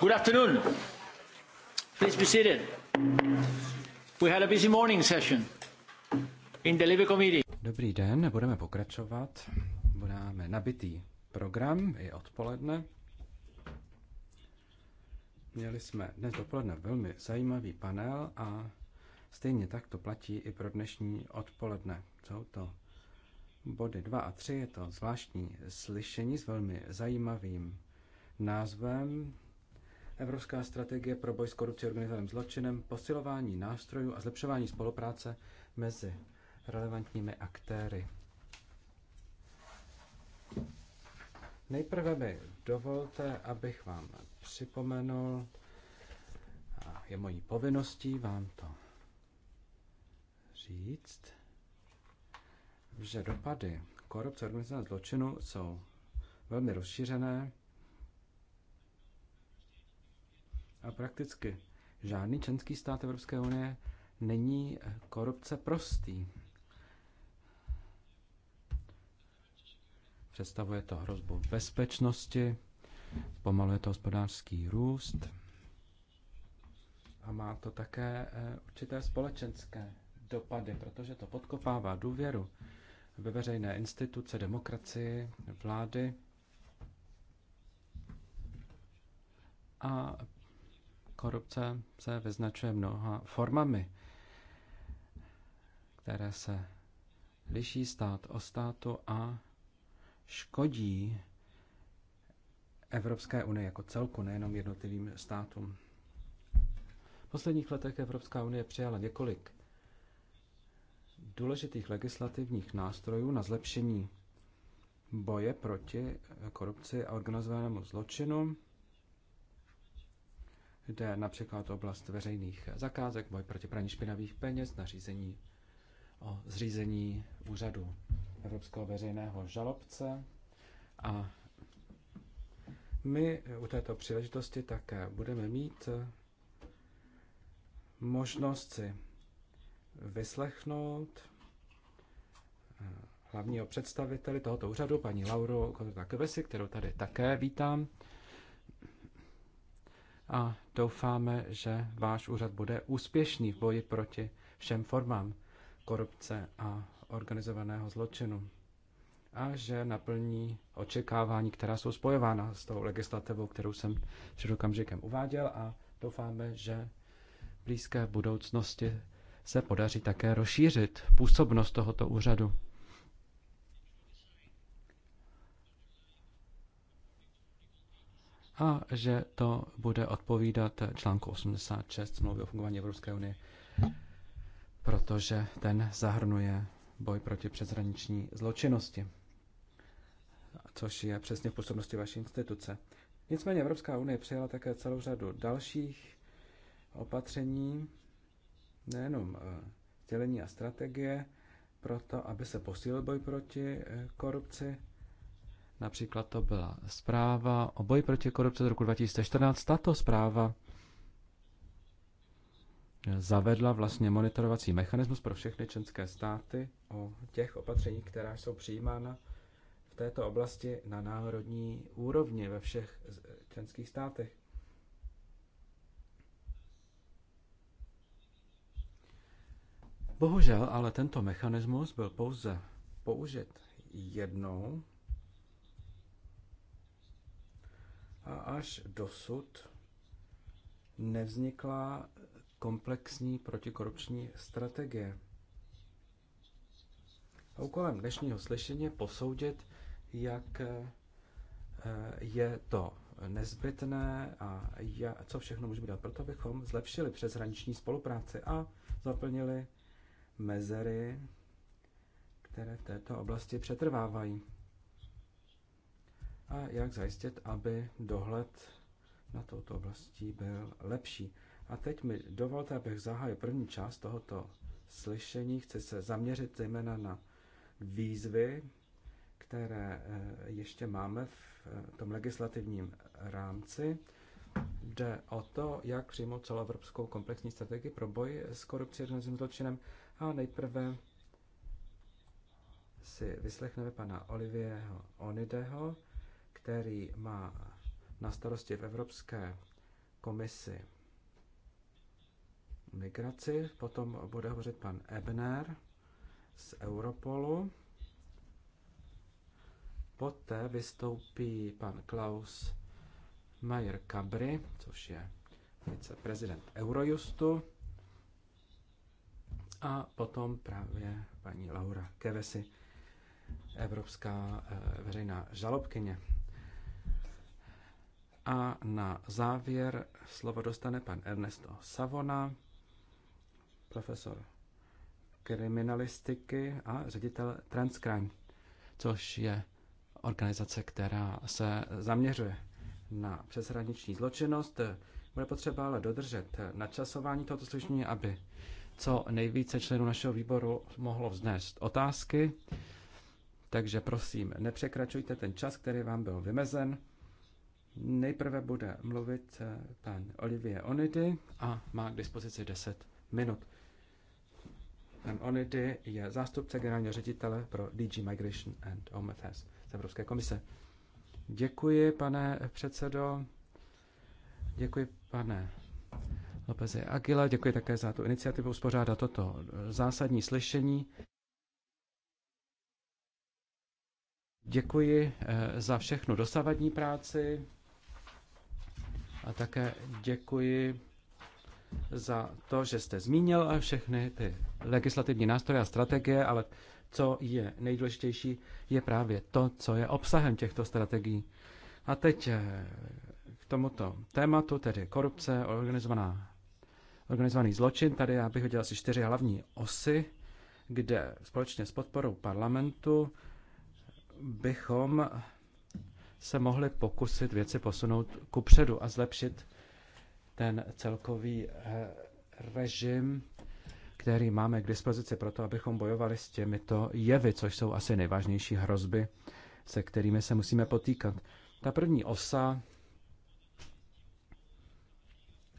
Good afternoon. Please be seated. We had a busy morning session in the Libre Committee. Dobrý den, budeme pokračovat. Budeme nabitý program i odpoledne. Měli jsme dnes dopoledne velmi zajímavý panel a stejně tak to platí i pro dnešní odpoledne. Jsou to body 2 a 3, je to zvláštní slyšení s velmi zajímavým názvem Evropská strategie pro boj s korupcí a organizovaným zločinem, posilování nástrojů a zlepšování spolupráce mezi relevantními aktéry. Nejprve mi dovolte, abych vám připomenul, a je mojí povinností vám to říct, že dopady korupce a organizovaného zločinu jsou velmi rozšířené A prakticky žádný členský stát Evropské unie není korupce prostý. Představuje to hrozbu bezpečnosti, zpomaluje to hospodářský růst a má to také eh, určité společenské dopady, protože to podkopává důvěru ve veřejné instituce, demokracii, vlády a Korupce se vyznačuje mnoha formami, které se liší stát o státu a škodí Evropské unie jako celku, nejenom jednotlivým státům. V posledních letech Evropská unie přijala několik důležitých legislativních nástrojů na zlepšení boje proti korupci a organizovanému zločinu. Jde například oblast veřejných zakázek, boj proti praní špinavých peněz, nařízení o zřízení úřadu Evropského veřejného žalobce. A my u této příležitosti také budeme mít možnost si vyslechnout eh, hlavního představiteli tohoto úřadu, paní Lauru Kvesi, kterou tady také vítám a doufáme, že váš úřad bude úspěšný v boji proti všem formám korupce a organizovaného zločinu a že naplní očekávání, která jsou spojována s tou legislativou, kterou jsem před okamžikem uváděl a doufáme, že v blízké budoucnosti se podaří také rozšířit působnost tohoto úřadu. a že to bude odpovídat článku 86 smlouvy o fungování Evropské unie, protože ten zahrnuje boj proti přeshraniční zločinnosti, což je přesně v působnosti vaší instituce. Nicméně Evropská unie přijala také celou řadu dalších opatření, nejenom eh, dělení a strategie, proto, aby se posílil boj proti eh, korupci, Například to byla zpráva o boji proti korupci z roku 2014. Tato zpráva zavedla vlastně monitorovací mechanismus pro všechny členské státy o těch opatření, která jsou přijímána v této oblasti na národní úrovni ve všech členských státech. Bohužel ale tento mechanismus byl pouze použit jednou a až dosud nevznikla komplexní protikorupční strategie. A úkolem dnešního slyšení je posoudit, jak eh, je to nezbytné a co všechno můžeme dělat proto, abychom zlepšili přeshraniční spolupráci a zaplnili mezery, které v této oblasti přetrvávají a jak zajistit, aby dohled na touto oblastí byl lepší. A teď mi dovolte, abych zahájil první část tohoto slyšení. Chci se zaměřit zejména na výzvy, které eh, ještě máme v eh, tom legislativním rámci. Jde o to, jak přijmout celoevropskou komplexní strategii pro boj s korupcí a zločinem. A nejprve si vyslechneme pana Olivieho Onideho, který má na starosti v Evropské komisi migraci. Potom bude hovořit pan Ebner z Europolu. Poté vystoupí pan Klaus Mayer Cabry, což je viceprezident Eurojustu. A potom právě paní Laura Kevesi, evropská eh, veřejná žalobkyně. A na závěr slovo dostane pan Ernesto Savona, profesor kriminalistiky a ředitel Transcrime, což je organizace, která se zaměřuje na přeshraniční zločinnost. Bude potřeba ale dodržet načasování tohoto slyšení, aby co nejvíce členů našeho výboru mohlo vznést otázky. Takže prosím, nepřekračujte ten čas, který vám byl vymezen. Nejprve bude mluvit eh, pan Olivier Onidy a má k dispozici 10 minut. Pan Onidy je zástupce generálního ředitele pro DG Migration and Home Affairs z Evropské komise. Děkuji, pane předsedo. Děkuji, pane Lopezi Aguila. Děkuji také za tu iniciativu uspořádat toto zásadní slyšení. Děkuji eh, za všechnu dosavadní práci. A také děkuji za to, že jste zmínil všechny ty legislativní nástroje a strategie, ale co je nejdůležitější, je právě to, co je obsahem těchto strategií. A teď eh, k tomuto tématu, tedy korupce, organizovaná, organizovaný zločin. Tady já bych viděl asi čtyři hlavní osy, kde společně s podporou parlamentu bychom se mohli pokusit věci posunout ku předu a zlepšit ten celkový eh, režim, který máme k dispozici pro to, abychom bojovali s těmito jevy, což jsou asi nejvážnější hrozby, se kterými se musíme potýkat. Ta první osa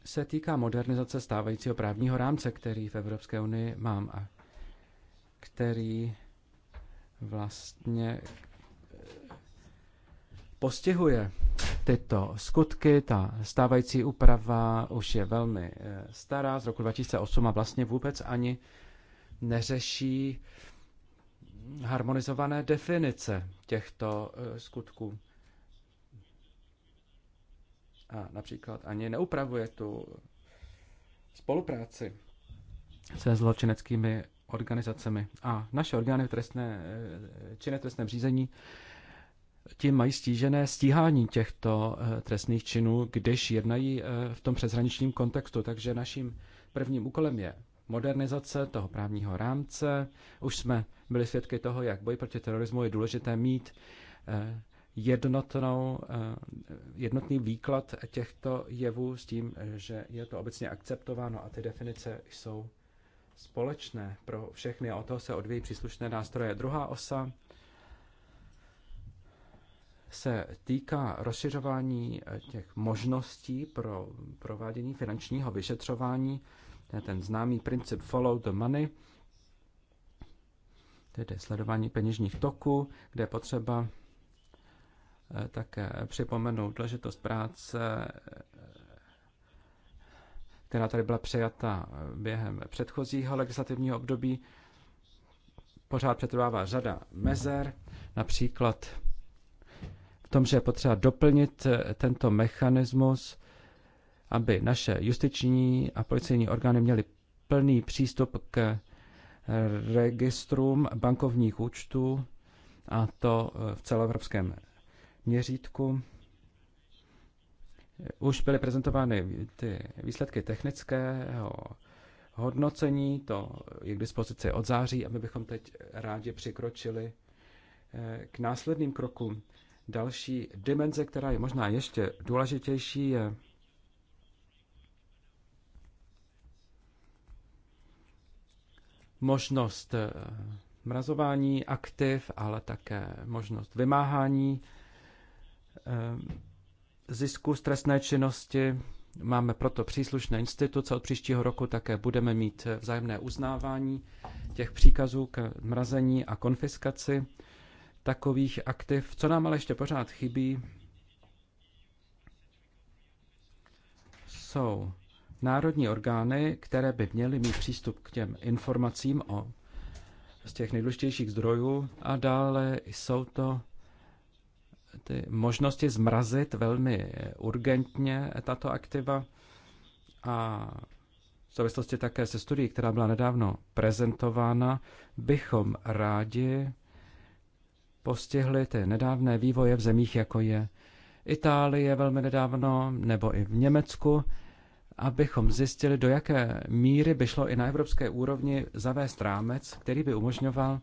se týká modernizace stávajícího právního rámce, který v Evropské unii mám a který vlastně postihuje tyto skutky. Ta stávající úprava už je velmi eh, stará, z roku 2008 a vlastně vůbec ani neřeší harmonizované definice těchto eh, skutků. A například ani neupravuje tu spolupráci se zločineckými organizacemi. A naše orgány v trestné, eh, činné trestném řízení ti mají stížené stíhání těchto eh, trestných činů, když jednají eh, v tom přeshraničním kontextu. Takže naším prvním úkolem je modernizace toho právního rámce. Už jsme byli svědky toho, jak boj proti terorismu je důležité mít eh, jednotnou, jednotný výklad těchto jevů s tím, že je to obecně akceptováno a ty definice jsou společné pro všechny a o toho se odvíjí příslušné nástroje. Druhá osa se týká rozšiřování eh, těch možností pro provádění finančního vyšetřování. To je ten známý princip follow the money, tedy sledování peněžních toků, kde je potřeba eh, také připomenout důležitost práce, eh, která tady byla přijata během předchozího legislativního období. Pořád přetrvává řada mezer, například tom, že je potřeba doplnit eh, tento mechanismus, aby naše justiční a policejní orgány měly plný přístup k eh, registrům bankovních účtů, a to eh, v celoevropském měřítku. Už byly prezentovány ty výsledky technického hodnocení, to je k dispozici od září a my bychom teď rádi přikročili k následným krokům. Další dimenze, která je možná ještě důležitější, je možnost eh, mrazování aktiv, ale také možnost vymáhání eh, zisku z trestné činnosti. Máme proto příslušné instituce. Od příštího roku také budeme mít eh, vzájemné uznávání těch příkazů k mrazení a konfiskaci takových aktiv. Co nám ale ještě pořád chybí, jsou národní orgány, které by měly mít přístup k těm informacím o z těch nejdůležitějších zdrojů a dále jsou to ty možnosti zmrazit velmi urgentně tato aktiva a v souvislosti také se studií, která byla nedávno prezentována, bychom rádi postihly ty nedávné vývoje v zemích, jako je Itálie velmi nedávno, nebo i v Německu, abychom zjistili, do jaké míry by šlo i na evropské úrovni zavést rámec, který by umožňoval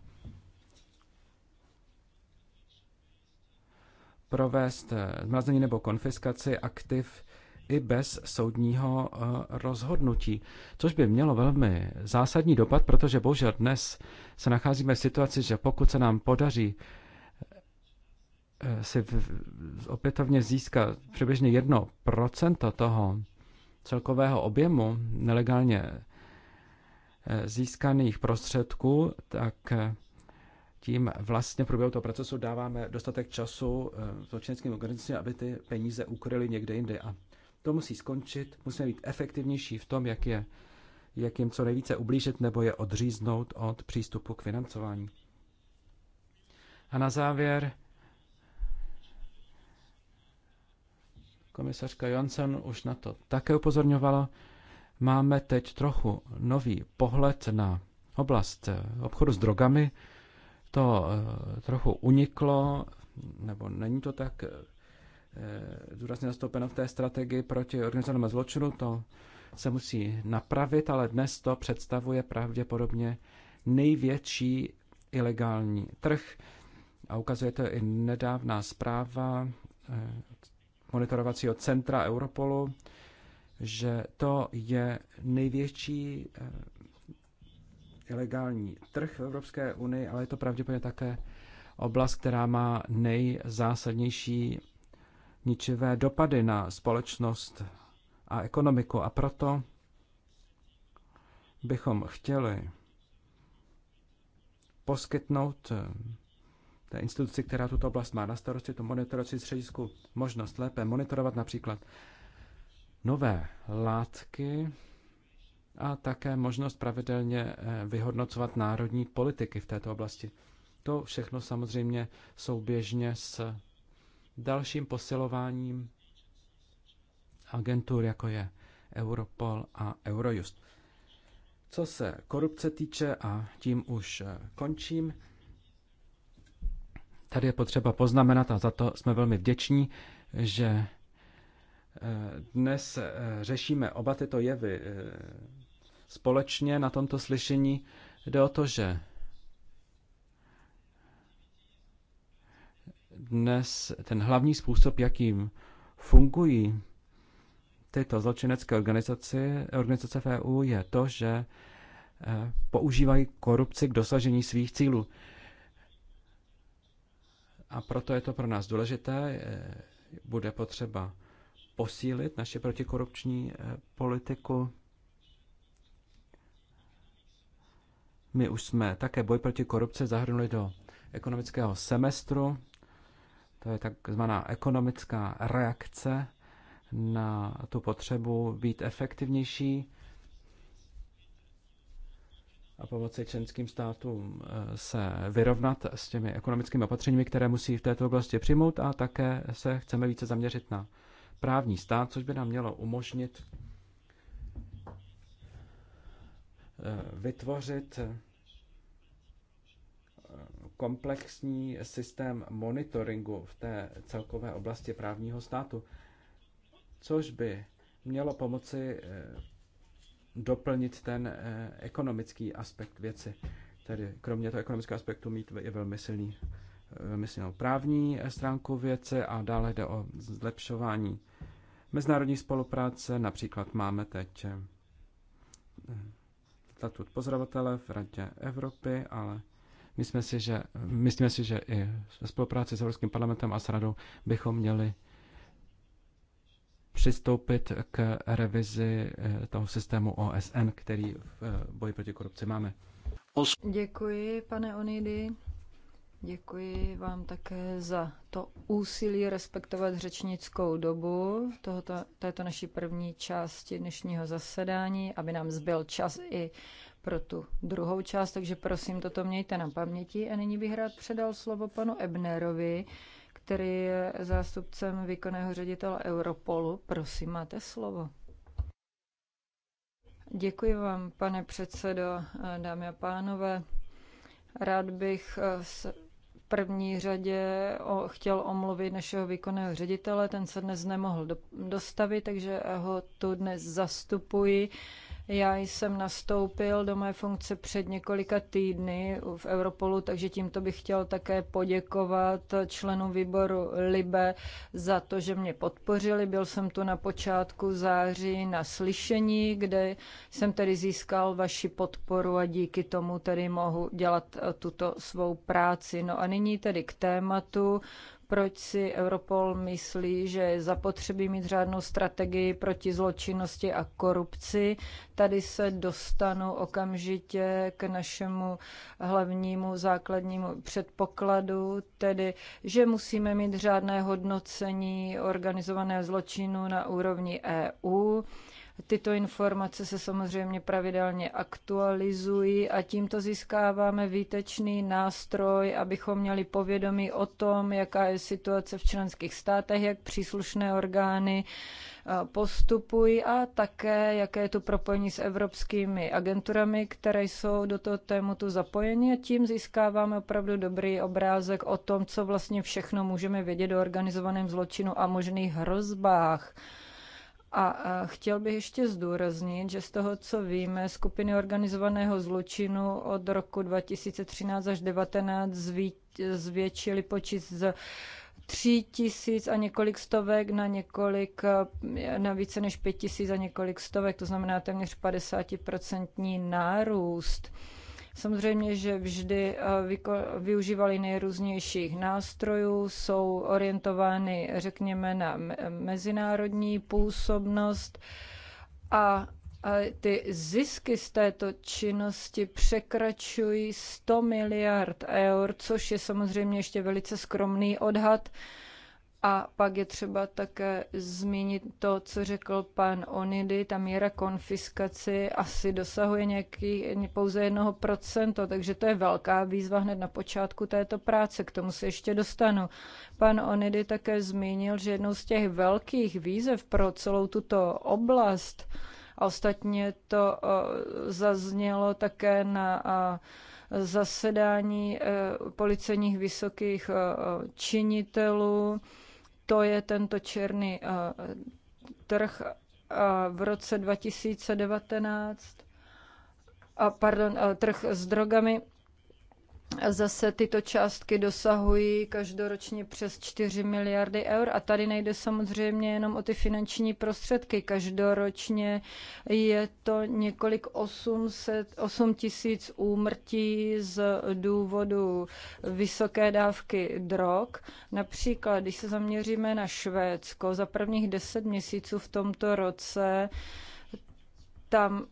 provést eh, zmrazení nebo konfiskaci aktiv i bez soudního eh, rozhodnutí, což by mělo velmi zásadní dopad, protože bohužel dnes se nacházíme v situaci, že pokud se nám podaří Eh, si opětovně získá přibližně 1% toho celkového objemu nelegálně eh, získaných prostředků, tak eh, tím vlastně v průběhu toho procesu dáváme dostatek času zločineckým organizacím, aby ty peníze ukryly někde jinde. A to musí skončit, musíme být efektivnější v tom, jak, je, jak jim co nejvíce ublížit nebo je odříznout od přístupu k financování. A na závěr Komisařka Johnson už na to také upozorňovala. Máme teď trochu nový pohled na oblast eh, obchodu s drogami. To eh, trochu uniklo, nebo není to tak eh, důrazně zastoupeno v té strategii proti organizovanému zločinu. To se musí napravit, ale dnes to představuje pravděpodobně největší ilegální trh. A ukazuje to i nedávná zpráva monitorovacího centra Europolu, že to je největší eh, ilegální trh v Evropské unii, ale je to pravděpodobně také oblast, která má nejzásadnější ničivé dopady na společnost a ekonomiku. A proto bychom chtěli poskytnout eh, té instituci, která tuto oblast má na starosti, tu monitorovací středisku, možnost lépe monitorovat například nové látky a také možnost pravidelně eh, vyhodnocovat národní politiky v této oblasti. To všechno samozřejmě souběžně s dalším posilováním agentur, jako je Europol a Eurojust. Co se korupce týče, a tím už eh, končím, Tady je potřeba poznamenat, a za to jsme velmi vděční, že eh, dnes eh, řešíme oba tyto jevy eh, společně na tomto slyšení. Jde o to, že dnes ten hlavní způsob, jakým fungují tyto zločinecké organizace, organizace FU, je to, že používají korupci k dosažení svých cílů. A proto je to pro nás důležité. Eh, bude potřeba posílit naši protikorupční eh, politiku. My už jsme také boj proti korupci zahrnuli do ekonomického semestru. To je takzvaná ekonomická reakce na tu potřebu být efektivnější a pomoci členským státům eh, se vyrovnat s těmi ekonomickými opatřeními, které musí v této oblasti přijmout a také se chceme více zaměřit na právní stát, což by nám mělo umožnit eh, vytvořit eh, komplexní systém monitoringu v té celkové oblasti právního státu, což by mělo pomoci doplnit ten eh, ekonomický aspekt věci. Tedy kromě toho ekonomického aspektu mít je velmi silný eh, velmi silnou právní eh, stránku věce a dále jde o zlepšování mezinárodní spolupráce. Například máme teď statut pozorovatele v Radě Evropy, ale myslíme si, že, myslíme si, že i ve spolupráci s Evropským parlamentem a s Radou bychom měli přistoupit k revizi eh, toho systému OSN, který v eh, boji proti korupci máme. Děkuji, pane Onidy. Děkuji vám také za to úsilí respektovat řečnickou dobu tohoto, této naší první části dnešního zasedání, aby nám zbyl čas i pro tu druhou část, takže prosím, toto mějte na paměti. A nyní bych rád předal slovo panu Ebnerovi, který je zástupcem výkonného ředitele Europolu. Prosím, máte slovo. Děkuji vám, pane předsedo, dámy a pánové. Rád bych v první řadě o, chtěl omluvit našeho výkonného ředitele, ten se dnes nemohl do, dostavit, takže ho tu dnes zastupuji. Já jsem nastoupil do mé funkce před několika týdny v Europolu, takže tímto bych chtěl také poděkovat členům výboru Libe za to, že mě podpořili. Byl jsem tu na počátku září na slyšení, kde jsem tedy získal vaši podporu a díky tomu tedy mohu dělat tuto svou práci. No a nyní tedy k tématu proč si Europol myslí, že je zapotřebí mít řádnou strategii proti zločinnosti a korupci. Tady se dostanu okamžitě k našemu hlavnímu základnímu předpokladu, tedy, že musíme mít řádné hodnocení organizovaného zločinu na úrovni EU Tyto informace se samozřejmě pravidelně aktualizují a tímto získáváme výtečný nástroj, abychom měli povědomí o tom, jaká je situace v členských státech, jak příslušné orgány postupují a také, jaké je to propojení s evropskými agenturami, které jsou do toho tématu zapojeny a tím získáváme opravdu dobrý obrázek o tom, co vlastně všechno můžeme vědět o organizovaném zločinu a možných hrozbách. A chtěl bych ještě zdůraznit, že z toho, co víme, skupiny organizovaného zločinu od roku 2013 až 2019 zvětšily počet z tří tisíc a několik stovek na několik, na více než pět tisíc a několik stovek, to znamená téměř 50% nárůst. Samozřejmě, že vždy eh, využívali nejrůznějších nástrojů, jsou orientovány, řekněme, na mezinárodní působnost a ty zisky z této činnosti překračují 100 miliard eur, což je samozřejmě ještě velice skromný odhad. A pak je třeba také zmínit to, co řekl pan Onidy, ta míra konfiskaci asi dosahuje nějaký, pouze jednoho procento, takže to je velká výzva hned na počátku této práce, k tomu se ještě dostanu. Pan Onidy také zmínil, že jednou z těch velkých výzev pro celou tuto oblast, a ostatně to zaznělo také na zasedání e, policejních vysokých činitelů, to je tento černý eh, trh eh, v roce 2019, a pardon, eh, trh s drogami Zase tyto částky dosahují každoročně přes 4 miliardy eur a tady nejde samozřejmě jenom o ty finanční prostředky. Každoročně je to několik 800, 8 tisíc úmrtí z důvodu vysoké dávky drog. Například, když se zaměříme na Švédsko, za prvních 10 měsíců v tomto roce tam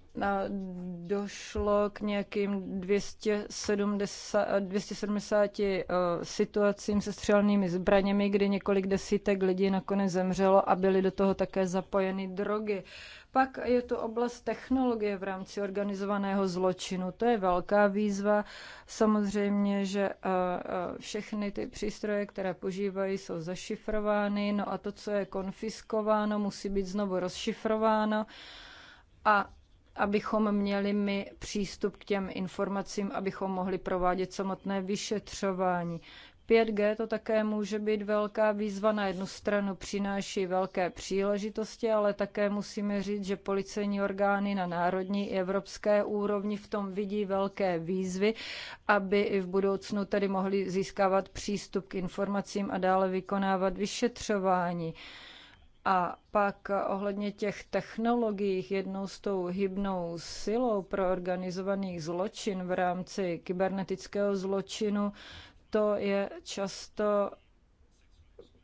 došlo k nějakým 270, 270 e, situacím se střelnými zbraněmi, kdy několik desítek lidí nakonec zemřelo a byly do toho také zapojeny drogy. Pak je to oblast technologie v rámci organizovaného zločinu. To je velká výzva. Samozřejmě, že e, e, všechny ty přístroje, které požívají, jsou zašifrovány, no a to, co je konfiskováno, musí být znovu rozšifrováno a abychom měli my přístup k těm informacím, abychom mohli provádět samotné vyšetřování. 5G to také může být velká výzva. Na jednu stranu přináší velké příležitosti, ale také musíme říct, že policejní orgány na národní i evropské úrovni v tom vidí velké výzvy, aby i v budoucnu tedy mohli získávat přístup k informacím a dále vykonávat vyšetřování. A pak ohledně těch technologií, jednou s tou hybnou silou pro organizovaný zločin v rámci kybernetického zločinu, to je často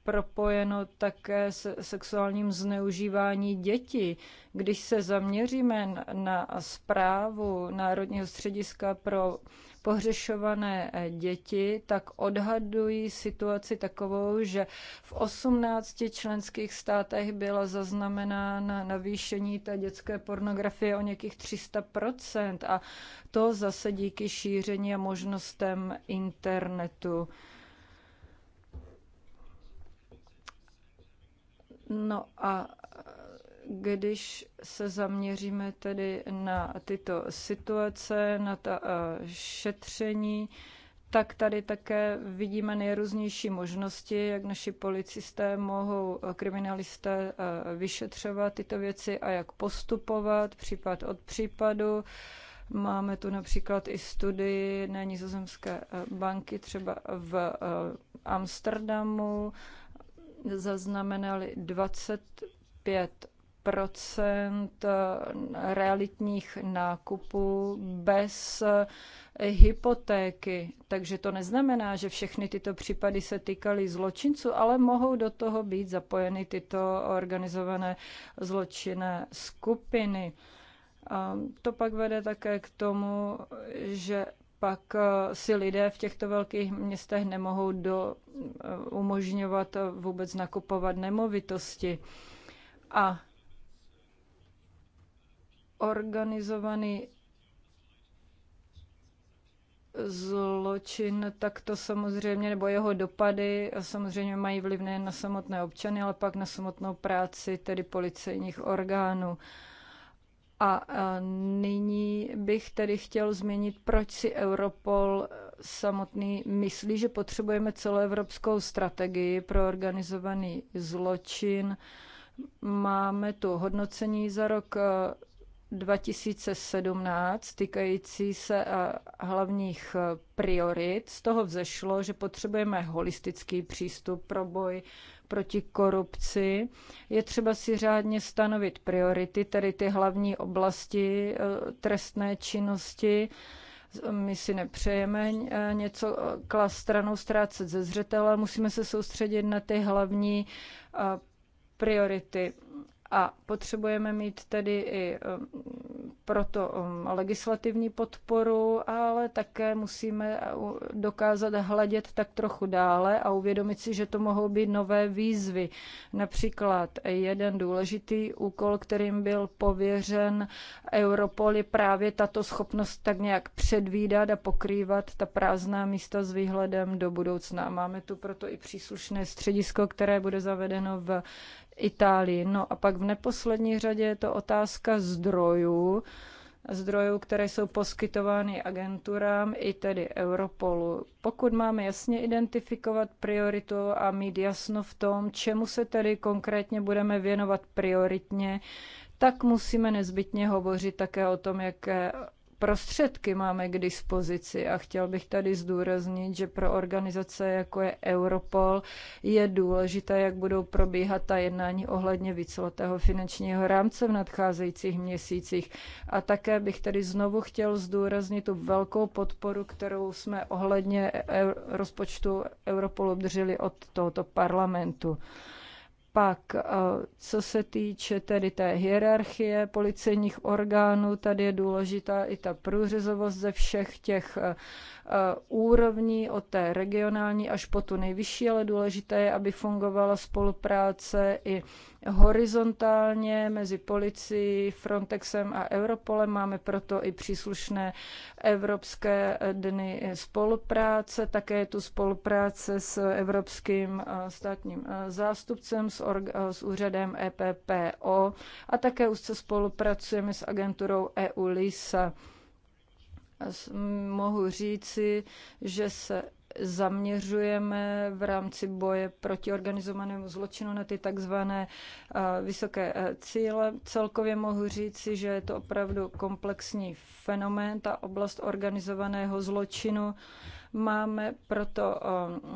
propojeno také s sexuálním zneužívání dětí. Když se zaměříme na zprávu Národního střediska pro pohřešované eh, děti, tak odhadují situaci takovou, že v 18 členských státech byla zaznamenána navýšení té dětské pornografie o nějakých 300% a to zase díky šíření a možnostem internetu. No a když se zaměříme tedy na tyto situace, na ta eh, šetření, tak tady také vidíme nejrůznější možnosti, jak naši policisté mohou eh, kriminalisté eh, vyšetřovat tyto věci a jak postupovat případ od případu. Máme tu například i studii na nizozemské banky, třeba v Amsterdamu zaznamenali 25 procent eh, realitních nákupů bez eh, hypotéky. Takže to neznamená, že všechny tyto případy se týkaly zločinců, ale mohou do toho být zapojeny tyto organizované zločinné skupiny. A to pak vede také k tomu, že pak eh, si lidé v těchto velkých městech nemohou do, umožňovat vůbec nakupovat nemovitosti. A organizovaný zločin, tak to samozřejmě, nebo jeho dopady samozřejmě mají vliv nejen na samotné občany, ale pak na samotnou práci tedy policejních orgánů. A nyní bych tedy chtěl změnit, proč si Europol samotný myslí, že potřebujeme celoevropskou strategii pro organizovaný zločin. Máme tu hodnocení za rok 2017 týkající se eh, hlavních eh, priorit. Z toho vzešlo, že potřebujeme holistický přístup pro boj proti korupci. Je třeba si řádně stanovit priority, tedy ty hlavní oblasti eh, trestné činnosti. My si nepřejeme něco klas stranou ztrácet ze zřetele, musíme se soustředit na ty hlavní priority a potřebujeme mít tedy i um, proto um, legislativní podporu, ale také musíme uh, dokázat hledět tak trochu dále a uvědomit si, že to mohou být nové výzvy. Například jeden důležitý úkol, kterým byl pověřen Europol, je právě tato schopnost tak nějak předvídat a pokrývat ta prázdná místa s výhledem do budoucna. Máme tu proto i příslušné středisko, které bude zavedeno v Itálii. No a pak v neposlední řadě je to otázka zdrojů, zdrojů, které jsou poskytovány agenturám i tedy Europolu. Pokud máme jasně identifikovat prioritu a mít jasno v tom, čemu se tedy konkrétně budeme věnovat prioritně, tak musíme nezbytně hovořit také o tom, jaké prostředky máme k dispozici a chtěl bych tady zdůraznit, že pro organizace jako je Europol je důležité, jak budou probíhat ta jednání ohledně víceletého finančního rámce v nadcházejících měsících. A také bych tady znovu chtěl zdůraznit tu velkou podporu, kterou jsme ohledně e- e- rozpočtu Europolu obdrželi od tohoto parlamentu. Pak, eh, co se týče tedy té hierarchie policejních orgánů, tady je důležitá i ta průřezovost ze všech těch eh, Eh, úrovni, od té regionální až po tu nejvyšší, ale důležité je, aby fungovala spolupráce i horizontálně mezi policií, Frontexem a Europolem. Máme proto i příslušné evropské dny spolupráce, také je tu spolupráce s evropským eh, státním eh, zástupcem, s, org- s úřadem EPPO a také už se spolupracujeme s agenturou EU-LISA mohu říci, že se zaměřujeme v rámci boje proti organizovanému zločinu na ty takzvané eh, vysoké eh, cíle. Celkově mohu říci, že je to opravdu komplexní fenomén, ta oblast organizovaného zločinu Máme proto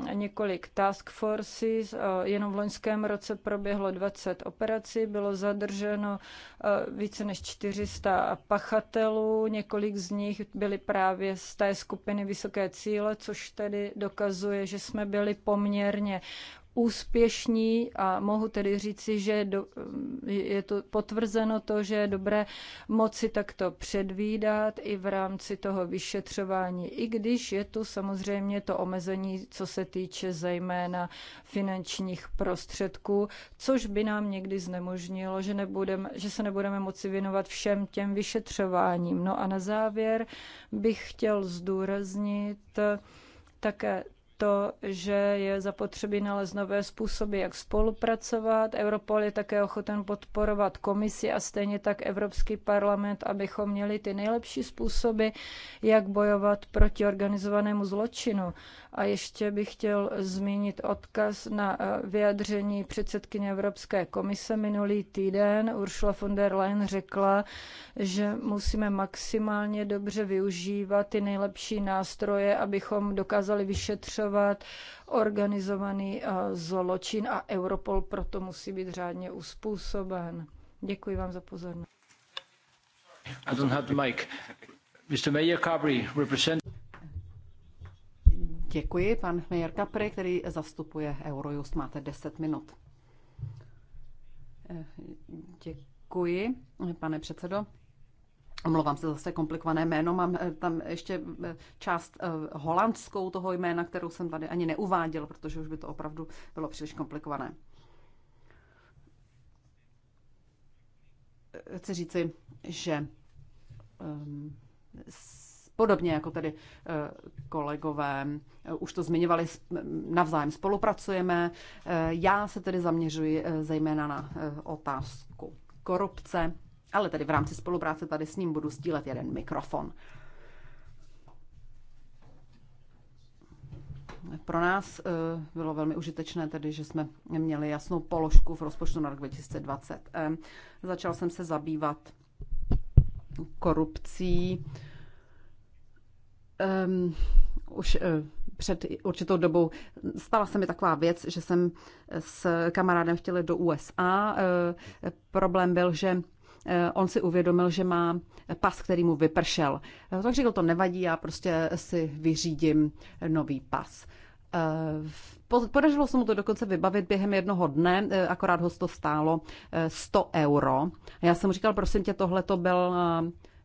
eh, několik task forces. Eh, jenom v loňském roce proběhlo 20 operací, bylo zadrženo eh, více než 400 pachatelů, několik z nich byly právě z té skupiny Vysoké cíle, což tedy dokazuje, že jsme byli poměrně úspěšní a mohu tedy říci, že do, mm, je to potvrzeno to, že je dobré moci takto předvídat i v rámci toho vyšetřování, i když je tu samozřejmě to omezení, co se týče zejména finančních prostředků, což by nám někdy znemožnilo, že, nebudem, že se nebudeme moci věnovat všem těm vyšetřováním. No a na závěr bych chtěl zdůraznit, také to, že je zapotřebí nalézt nové způsoby, jak spolupracovat. Europol je také ochoten podporovat komisi a stejně tak Evropský parlament, abychom měli ty nejlepší způsoby, jak bojovat proti organizovanému zločinu. A ještě bych chtěl zmínit odkaz na eh, vyjadření předsedkyně Evropské komise minulý týden. Ursula von der Leyen řekla, že musíme maximálně dobře využívat ty nejlepší nástroje, abychom dokázali vyšetřovat vyšetřovat organizovaný eh, zločin a Europol proto musí být řádně uspůsoben. Děkuji vám za pozornost. I don't have the mic. Mr. Mayor Cabri, represent... Děkuji, pan Mayor Capri, který zastupuje Eurojust. Máte 10 minut. Eh, děkuji, pane předsedo. Omlouvám se zase komplikované jméno, mám eh, tam ještě eh, část eh, holandskou toho jména, kterou jsem tady ani neuváděl, protože už by to opravdu bylo příliš komplikované. Chci říci, že ehm, podobně jako tedy kolegové už to zmiňovali, navzájem spolupracujeme. Já se tedy zaměřuji zejména na otázku korupce ale tady v rámci spolupráce tady s ním budu sdílet jeden mikrofon. Pro nás eh, bylo velmi užitečné tedy, že jsme měli jasnou položku v rozpočtu na rok 2020. Eh, začal jsem se zabývat korupcí um, už uh, před určitou dobou stala se mi taková věc, že jsem s kamarádem chtěli do USA. Uh, problém byl, že Eh, on si uvědomil, že má pas, který mu vypršel. Eh, tak řekl, to nevadí, já prostě si vyřídím nový pas. Eh, podařilo se mu to dokonce vybavit během jednoho dne, akorát ho to stálo 100 euro. já jsem mu říkal, prosím tě, tohle to byl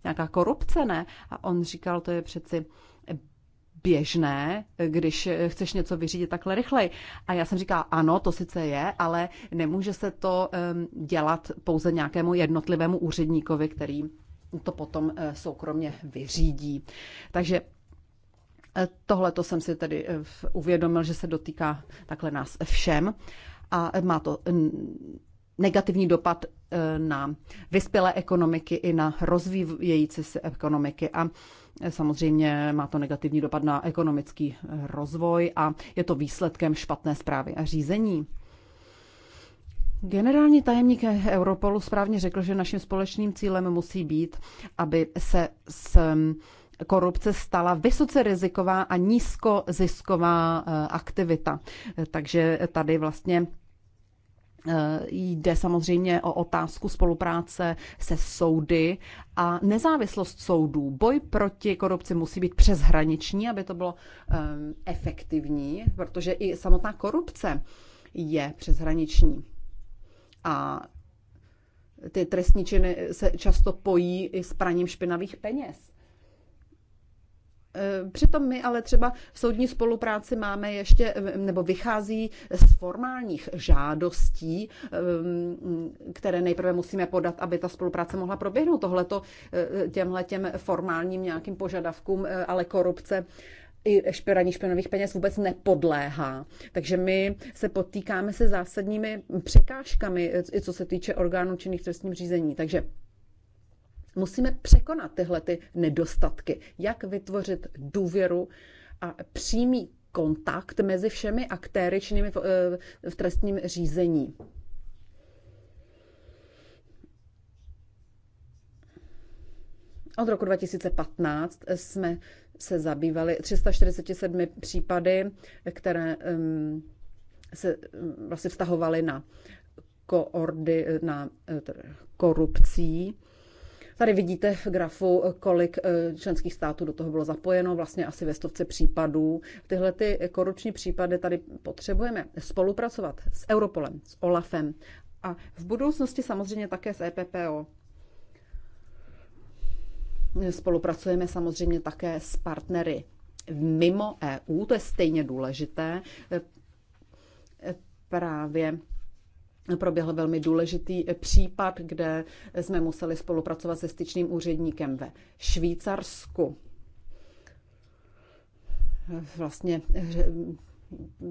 nějaká korupce, ne? A on říkal, to je přeci běžné, když chceš něco vyřídit takhle rychleji. A já jsem říkala, ano, to sice je, ale nemůže se to dělat pouze nějakému jednotlivému úředníkovi, který to potom eh, soukromně vyřídí. Takže eh, tohle to jsem si tedy eh, uvědomil, že se dotýká takhle nás všem a má to negativní dopad Eh, na vyspělé ekonomiky i na rozvíjející se ekonomiky a eh, Samozřejmě má to negativní dopad na ekonomický eh, rozvoj a je to výsledkem špatné zprávy a řízení. Generální tajemník Europolu správně řekl, že naším společným cílem musí být, aby se s mm, korupce stala vysoce riziková a nízkozisková aktivita. Takže tady vlastně Eh, jde samozřejmě o otázku spolupráce se soudy a nezávislost soudů. Boj proti korupci musí být přeshraniční, aby to bylo um, efektivní, protože i samotná korupce je přeshraniční. A ty trestní činy se často pojí i s praním špinavých peněz. Eh, přitom my ale třeba v soudní spolupráci máme ještě, eh, nebo vychází z formálních žádostí, eh, které nejprve musíme podat, aby ta spolupráce mohla proběhnout. Tohle to těmhle těm formálním nějakým požadavkům, ale korupce i špiraní špinových peněz vůbec nepodléhá. Takže my se potýkáme se zásadními překážkami, i co se týče orgánů činných trestním řízení. Takže Musíme překonat tyhle ty nedostatky. Jak vytvořit důvěru a přímý kontakt mezi všemi aktéry činnými v, eh, v trestním řízení. Od roku 2015 jsme se zabývali 347 případy, které ehm, se ehm, vlastně vztahovaly na, koordy, na eh, korupcí Tady vidíte v grafu, kolik e, členských států do toho bylo zapojeno, vlastně asi ve stovce případů. Tyhle ty korupční případy tady potřebujeme spolupracovat s Europolem, s OLAFem a v budoucnosti samozřejmě také s EPPO. Spolupracujeme samozřejmě také s partnery mimo EU, to je stejně důležité. E, právě proběhl velmi důležitý eh, případ, kde jsme museli spolupracovat se styčným úředníkem ve Švýcarsku. Vlastně eh,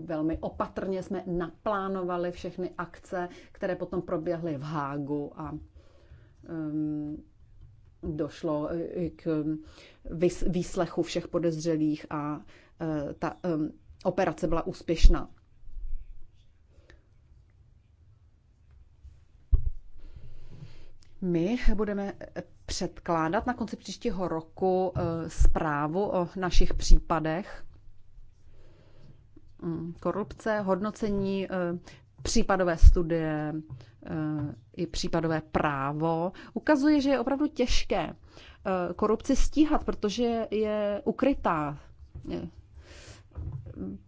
velmi opatrně jsme naplánovali všechny akce, které potom proběhly v Hágu a um, došlo eh, k výslechu všech podezřelých a uh, ta um, operace byla úspěšná. My budeme předkládat na konci příštího roku e, zprávu o našich případech mm, korupce, hodnocení e, případové studie e, i případové právo ukazuje, že je opravdu těžké korupci stíhat, protože je ukrytá.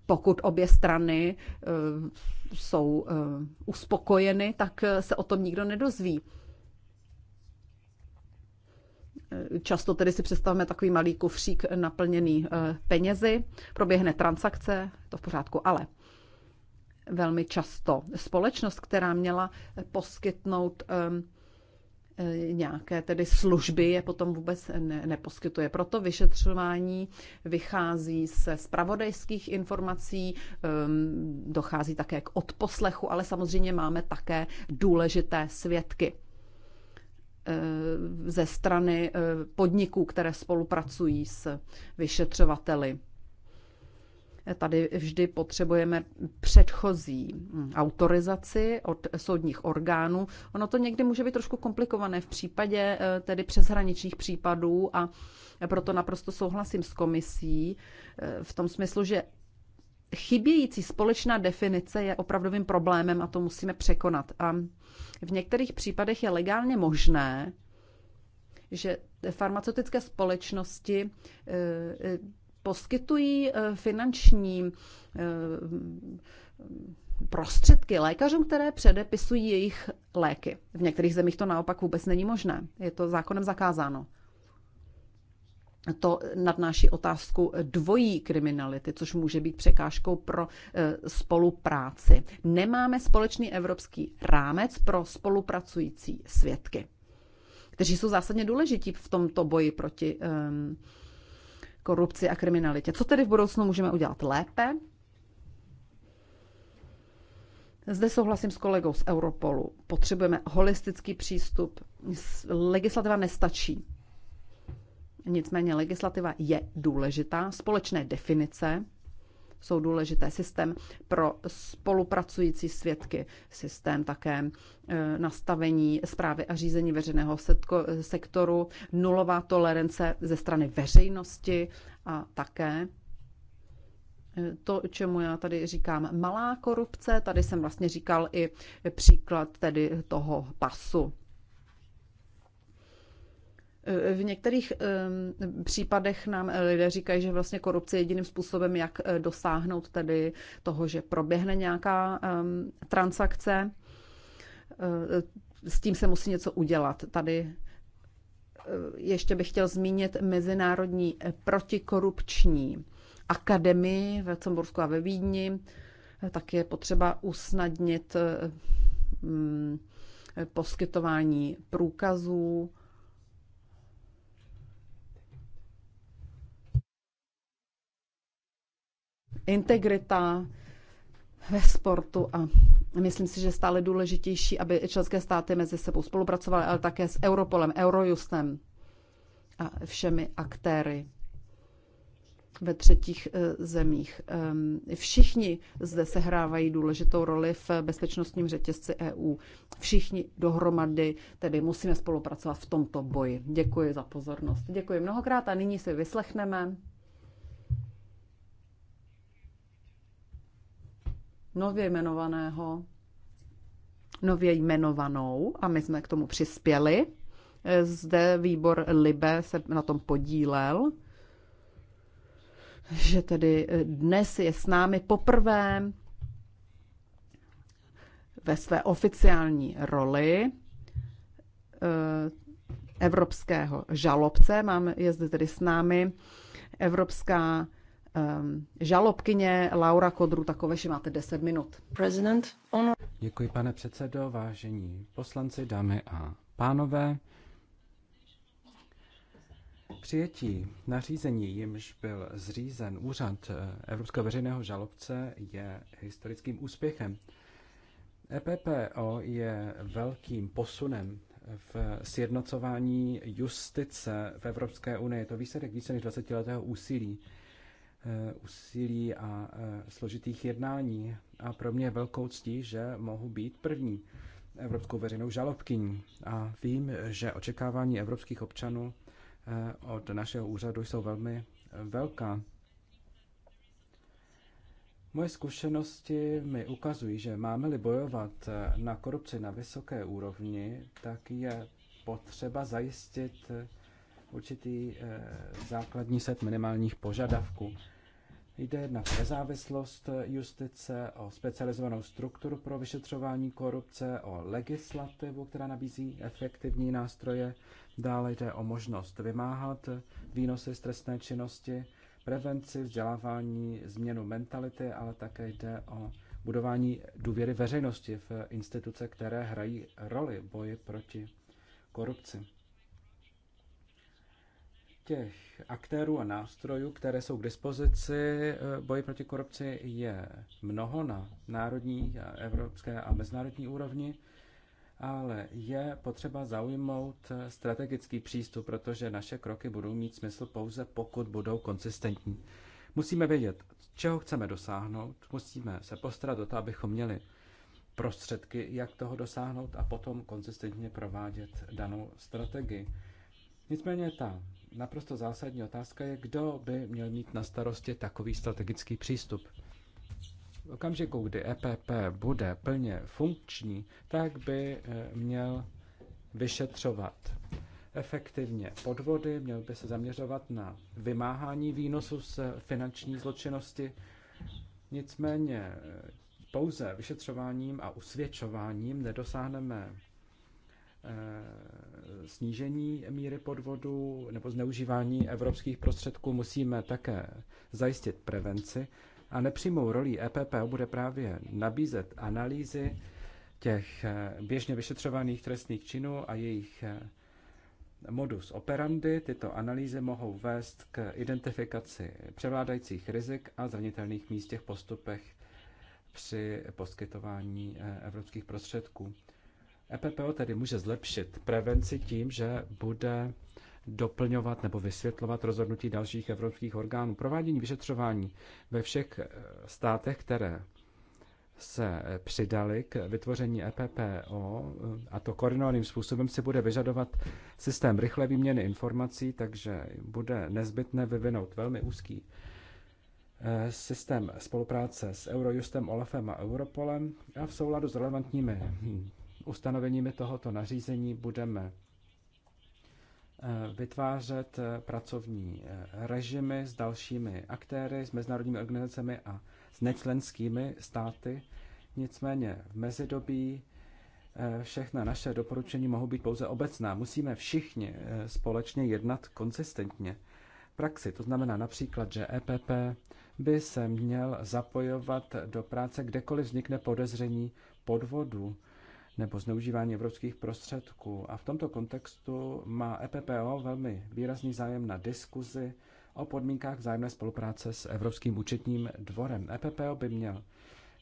Pokud obě strany jsou uspokojeny, tak se o tom nikdo nedozví. Často tedy si představíme takový malý kufřík naplněný eh, penězi, proběhne transakce, to v pořádku, ale velmi často společnost, která měla poskytnout ehm, eh, nějaké tedy služby je potom vůbec ne, neposkytuje. Proto vyšetřování vychází se zpravodajských informací, um, dochází také k odposlechu, ale samozřejmě máme také důležité svědky. Eh, ze strany eh, podniků, které spolupracují s vyšetřovateli. Tady vždy potřebujeme předchozí hm, autorizaci od soudních orgánů. Ono to někdy může být trošku komplikované v případě eh, tedy přeshraničních případů a proto naprosto souhlasím s komisí eh, v tom smyslu, že chybějící společná definice je opravdovým problémem a to musíme překonat. A v některých případech je legálně možné že farmaceutické společnosti eh, eh, poskytují eh, finanční prostředky lékařům, které předepisují jejich léky. V některých zemích to naopak vůbec není možné. Je to zákonem zakázáno. To nadnáší otázku dvojí kriminality, což může být překážkou pro spolupráci. Nemáme společný evropský rámec pro spolupracující svědky kteří jsou zásadně důležití v tomto boji proti korupci a kriminalitě. Co tedy v budoucnu můžeme udělat lépe? Zde souhlasím s kolegou z Europolu. Potřebujeme holistický přístup. Legislativa nestačí. Nicméně legislativa je důležitá, společné definice jsou důležité. Systém pro spolupracující svědky, systém také e, nastavení zprávy a řízení veřejného sektoru, nulová tolerance ze strany veřejnosti a také e, to, čemu já tady říkám malá korupce, tady jsem vlastně říkal i příklad tedy toho pasu. Eh, v některých ehm, případech nám eh, lidé říkají, že vlastně korupce je jediným způsobem, jak eh, dosáhnout tedy toho, že proběhne nějaká ehm, transakce. S tím se musí něco udělat. Tady ještě bych chtěl zmínit Mezinárodní protikorupční akademii v Lucembursku a ve Vídni. Tak je potřeba usnadnit mm, poskytování průkazů integrita ve sportu a myslím si, že stále důležitější, aby členské státy mezi sebou spolupracovaly, ale také s Europolem, Eurojustem a všemi aktéry ve třetích eh, zemích. Ehm, všichni zde sehrávají důležitou roli v bezpečnostním řetězci EU. Všichni dohromady tedy musíme spolupracovat v tomto boji. Děkuji za pozornost. Děkuji mnohokrát a nyní si vyslechneme nově jmenovaného, nově jmenovanou a my jsme k tomu přispěli. Eh, zde výbor Libe se na tom podílel, že tedy eh, dnes je s námi poprvé ve své oficiální roli eh, evropského žalobce. Mám, je zde tedy s námi evropská um, žalobkyně Laura Kodru že Máte 10 minut. President, ono... Děkuji, pane předsedo, vážení poslanci, dámy a pánové. Přijetí nařízení, jimž byl zřízen úřad eh, Evropského veřejného žalobce, je historickým úspěchem. EPPO je velkým posunem v sjednocování justice v Evropské unii. Je to výsledek více než 20 letého úsilí Eh, úsilí a eh, složitých jednání. A pro mě je velkou ctí, že mohu být první evropskou veřejnou žalobkyní. A vím, že očekávání evropských občanů eh, od našeho úřadu jsou velmi velká. Moje zkušenosti mi ukazují, že máme-li bojovat na korupci na vysoké úrovni, tak je potřeba zajistit určitý eh, základní set minimálních požadavků. Jde jednak o nezávislost justice, o specializovanou strukturu pro vyšetřování korupce, o legislativu, která nabízí efektivní nástroje. Dále jde o možnost vymáhat výnosy z trestné činnosti, prevenci, vzdělávání, změnu mentality, ale také jde o budování důvěry veřejnosti v instituce, které hrají roli v boji proti korupci těch aktérů a nástrojů, které jsou k dispozici eh, boji proti korupci, je mnoho na národní, eh, evropské a mezinárodní úrovni, ale je potřeba zaujmout eh, strategický přístup, protože naše kroky budou mít smysl pouze, pokud budou konsistentní. Musíme vědět, čeho chceme dosáhnout, musíme se postarat o to, abychom měli prostředky, jak toho dosáhnout a potom konzistentně provádět danou strategii. Nicméně ta naprosto zásadní otázka je, kdo by měl mít na starosti takový strategický přístup. V okamžiku, kdy EPP bude plně funkční, tak by eh, měl vyšetřovat efektivně podvody, měl by se zaměřovat na vymáhání výnosu z finanční zločinnosti. Nicméně eh, pouze vyšetřováním a usvědčováním nedosáhneme Eh, snížení míry podvodu nebo zneužívání evropských prostředků musíme také zajistit prevenci. A nepřímou rolí EPPO bude právě nabízet analýzy těch eh, běžně vyšetřovaných trestných činů a jejich eh, modus operandi. Tyto analýzy mohou vést k identifikaci převládajících rizik a zranitelných míst těch postupech při poskytování evropských prostředků. EPPO tedy může zlepšit prevenci tím, že bude doplňovat nebo vysvětlovat rozhodnutí dalších evropských orgánů. Provádění vyšetřování ve všech eh, státech, které se eh, přidali k vytvoření EPPO, eh, a to koordinovaným způsobem, si bude vyžadovat systém rychlé výměny informací, takže bude nezbytné vyvinout velmi úzký systém spolupráce s Eurojustem, Olafem a Europolem a v souladu s relevantními hm, ustanoveními tohoto nařízení budeme eh, vytvářet eh, pracovní eh, režimy s dalšími aktéry, s mezinárodními organizacemi a s nečlenskými státy. Nicméně v mezidobí všechna naše doporučení mohou být pouze obecná. Musíme všichni společně jednat konsistentně v praxi. To znamená například, že EPP by se měl zapojovat do práce, kdekoliv vznikne podezření podvodu nebo zneužívání evropských prostředků. A v tomto kontextu má EPPO velmi výrazný zájem na diskuzi o podmínkách vzájemné spolupráce s Evropským účetním dvorem. EPPO by měl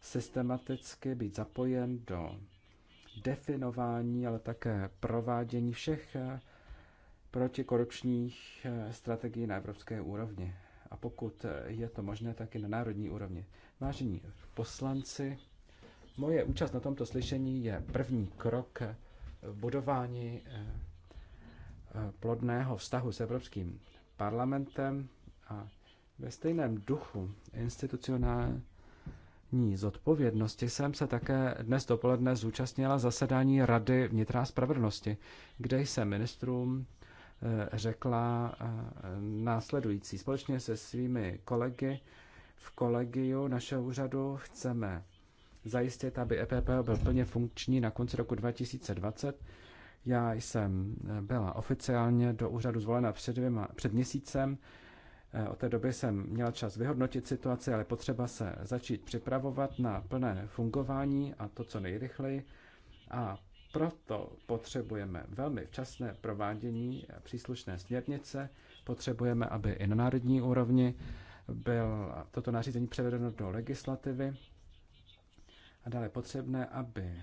systematicky být zapojen do definování, ale také provádění všech protikorupčních strategií na evropské úrovni. A pokud je to možné, tak i na národní úrovni. Vážení poslanci, Moje účast na tomto slyšení je první krok v budování eh, eh, plodného vztahu s Evropským parlamentem a ve stejném duchu institucionální zodpovědnosti jsem se také dnes dopoledne zúčastnila zasedání Rady vnitra spravedlnosti, kde jsem ministrům eh, řekla následující. Společně se svými kolegy v kolegiu našeho úřadu chceme zajistit, aby EPP byl plně funkční na konci roku 2020. Já jsem eh, byla oficiálně do úřadu zvolena před, dvěma, před měsícem. Eh, od té doby jsem měla čas vyhodnotit situaci, ale potřeba se začít připravovat na plné fungování a to, co nejrychleji. A proto potřebujeme velmi včasné provádění příslušné směrnice. Potřebujeme, aby i na národní úrovni bylo toto nařízení převedeno do legislativy a dále potřebné, aby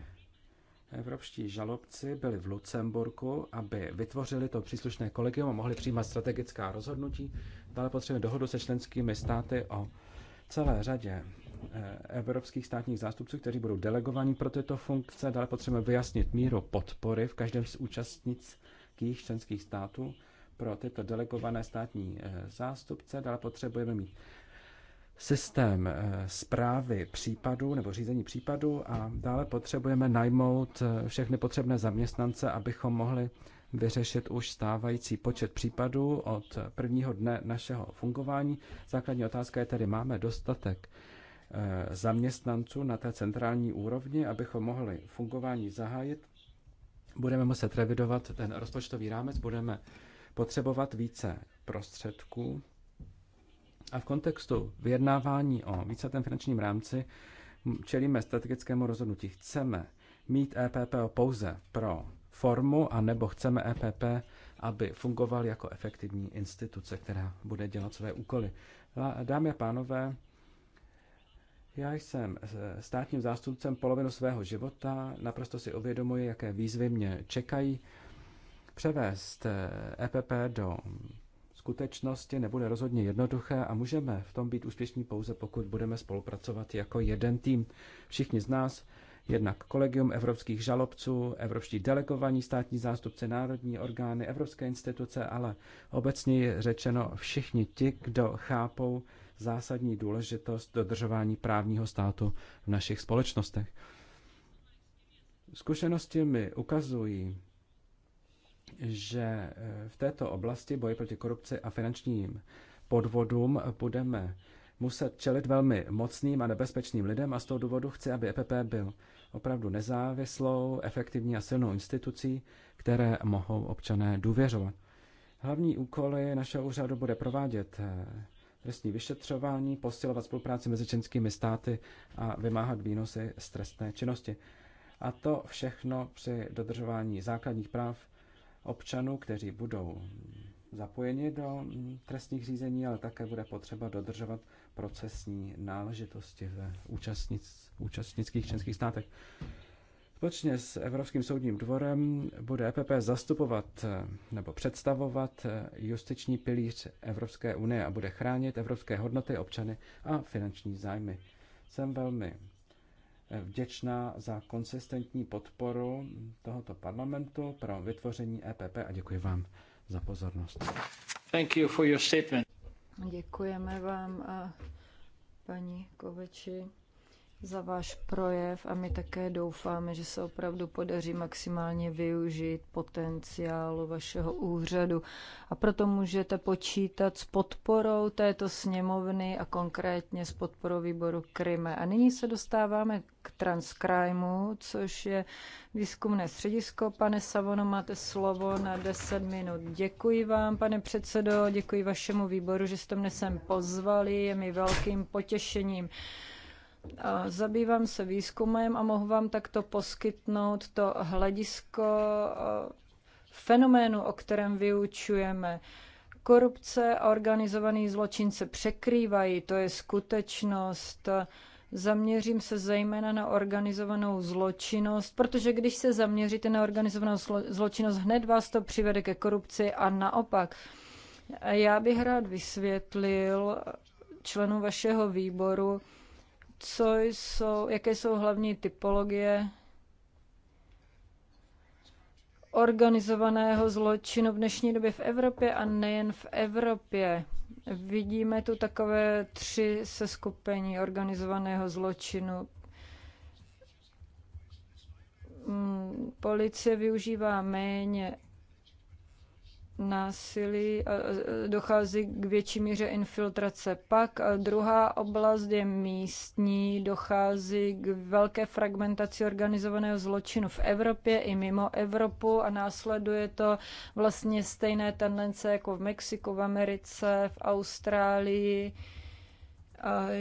evropští žalobci byli v Lucemburku, aby vytvořili to příslušné kolegium a mohli přijímat strategická rozhodnutí. Dále potřebujeme dohodu se členskými státy o celé řadě eh, evropských státních zástupců, kteří budou delegovaní pro tyto funkce. Dále potřebujeme vyjasnit míru podpory v každém z účastnických členských států pro tyto delegované státní eh, zástupce. Dále potřebujeme mít systém zprávy eh, případů nebo řízení případů a dále potřebujeme najmout eh, všechny potřebné zaměstnance, abychom mohli vyřešit už stávající počet případů od prvního dne našeho fungování. Základní otázka je tedy, máme dostatek eh, zaměstnanců na té centrální úrovni, abychom mohli fungování zahájit. Budeme muset revidovat ten rozpočtový rámec, budeme potřebovat více prostředků a v kontextu vyjednávání o víceletém finančním rámci čelíme strategickému rozhodnutí. Chceme mít EPP pouze pro formu, anebo chceme EPP, aby fungoval jako efektivní instituce, která bude dělat své úkoly. Dámy a pánové, já jsem státním zástupcem polovinu svého života, naprosto si uvědomuji, jaké výzvy mě čekají. Převést EPP do skutečnosti nebude rozhodně jednoduché a můžeme v tom být úspěšní pouze, pokud budeme spolupracovat jako jeden tým. Všichni z nás, jednak kolegium evropských žalobců, evropští delegovaní státní zástupce, národní orgány, evropské instituce, ale obecně řečeno všichni ti, kdo chápou zásadní důležitost dodržování právního státu v našich společnostech. Zkušenosti mi ukazují, že e, v této oblasti boje proti korupci a finančním podvodům budeme muset čelit velmi mocným a nebezpečným lidem a z toho důvodu chci, aby EPP byl opravdu nezávislou, efektivní a silnou institucí, které mohou občané důvěřovat. Hlavní úkoly našeho úřadu bude provádět e, trestní vyšetřování, posilovat spolupráci mezi českými státy a vymáhat výnosy z trestné činnosti. A to všechno při dodržování základních práv občanů, kteří budou zapojeni do trestních řízení, ale také bude potřeba dodržovat procesní náležitosti ve účastnic, účastnických členských státech. Společně s Evropským soudním dvorem bude EPP zastupovat nebo představovat justiční pilíř Evropské unie a bude chránit evropské hodnoty, občany a finanční zájmy. Jsem velmi vděčná za konsistentní podporu tohoto parlamentu pro vytvoření EPP a děkuji vám za pozornost. Thank you for your statement. Děkujeme vám, a eh, paní Koveči za váš projev a my také doufáme, že se opravdu podaří maximálně využít potenciálu vašeho úřadu. A proto můžete počítat s podporou této sněmovny a konkrétně s podporou výboru Kryme. A nyní se dostáváme k Transcrimu, což je výzkumné středisko. Pane Savono, máte slovo na 10 minut. Děkuji vám, pane předsedo, děkuji vašemu výboru, že jste mne sem pozvali. Je mi velkým potěšením. Zabývám se výzkumem a mohu vám takto poskytnout to hledisko eh, fenoménu, o kterém vyučujeme. Korupce a organizovaný zločin se překrývají, to je skutečnost. Zaměřím se zejména na organizovanou zločinnost, protože když se zaměříte na organizovanou zločinnost, hned vás to přivede ke korupci a naopak. Já bych rád vysvětlil členu vašeho výboru, co jsou, jaké jsou hlavní typologie organizovaného zločinu v dnešní době v Evropě a nejen v Evropě. Vidíme tu takové tři seskupení organizovaného zločinu. Hmm, policie využívá méně násilí, eh, eh, dochází k větší míře infiltrace. Pak eh, druhá oblast je místní, dochází k velké fragmentaci organizovaného zločinu v Evropě i mimo Evropu a následuje to vlastně stejné tendence jako v Mexiku, v Americe, v Austrálii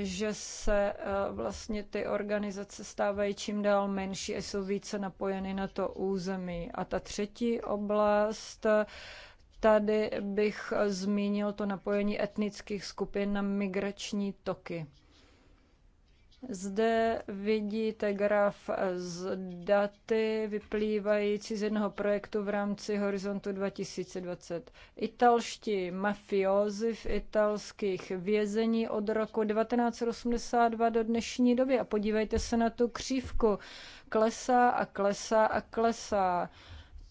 že se vlastně ty organizace stávají čím dál menší a jsou více napojeny na to území. A ta třetí oblast Tady bych zmínil to napojení etnických skupin na migrační toky. Zde vidíte graf z daty vyplývající z jednoho projektu v rámci Horizontu 2020. Italští mafiozi v italských vězení od roku 1982 do dnešní doby. A podívejte se na tu křívku. Klesá a klesá a klesá.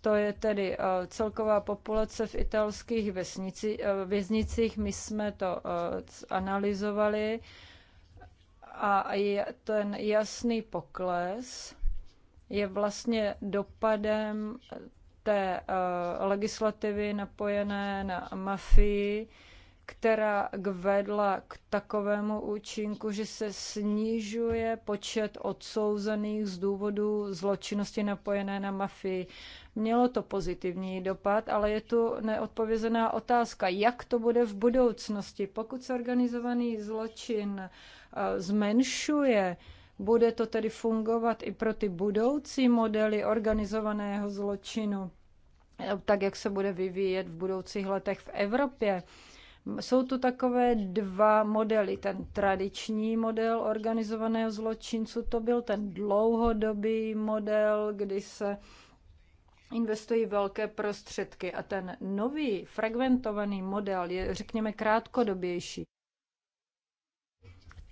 To je tedy eh, celková populace v italských vesnici, eh, věznicích. My jsme to eh, analyzovali a ten jasný pokles je vlastně dopadem té legislativy napojené na mafii, která vedla k takovému účinku, že se snižuje počet odsouzených z důvodu zločinnosti napojené na mafii. Mělo to pozitivní dopad, ale je tu neodpovězená otázka, jak to bude v budoucnosti. Pokud se organizovaný zločin eh, zmenšuje, bude to tedy fungovat i pro ty budoucí modely organizovaného zločinu, eh, tak jak se bude vyvíjet v budoucích letech v Evropě. Jsou tu takové dva modely. Ten tradiční model organizovaného zločincu, to byl ten dlouhodobý model, kdy se investují velké prostředky a ten nový fragmentovaný model je, řekněme, krátkodobější.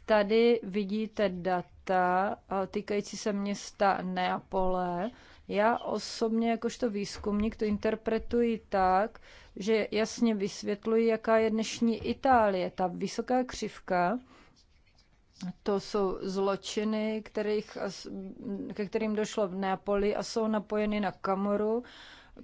Tady vidíte data eh, týkající se města Neapole. Já osobně, jakožto výzkumník, to interpretuji tak, že jasně vysvětlují, jaká je dnešní Itálie. Ta vysoká křivka, to jsou zločiny, kterých, ke kterým došlo v Neapoli a jsou napojeny na Kamoru.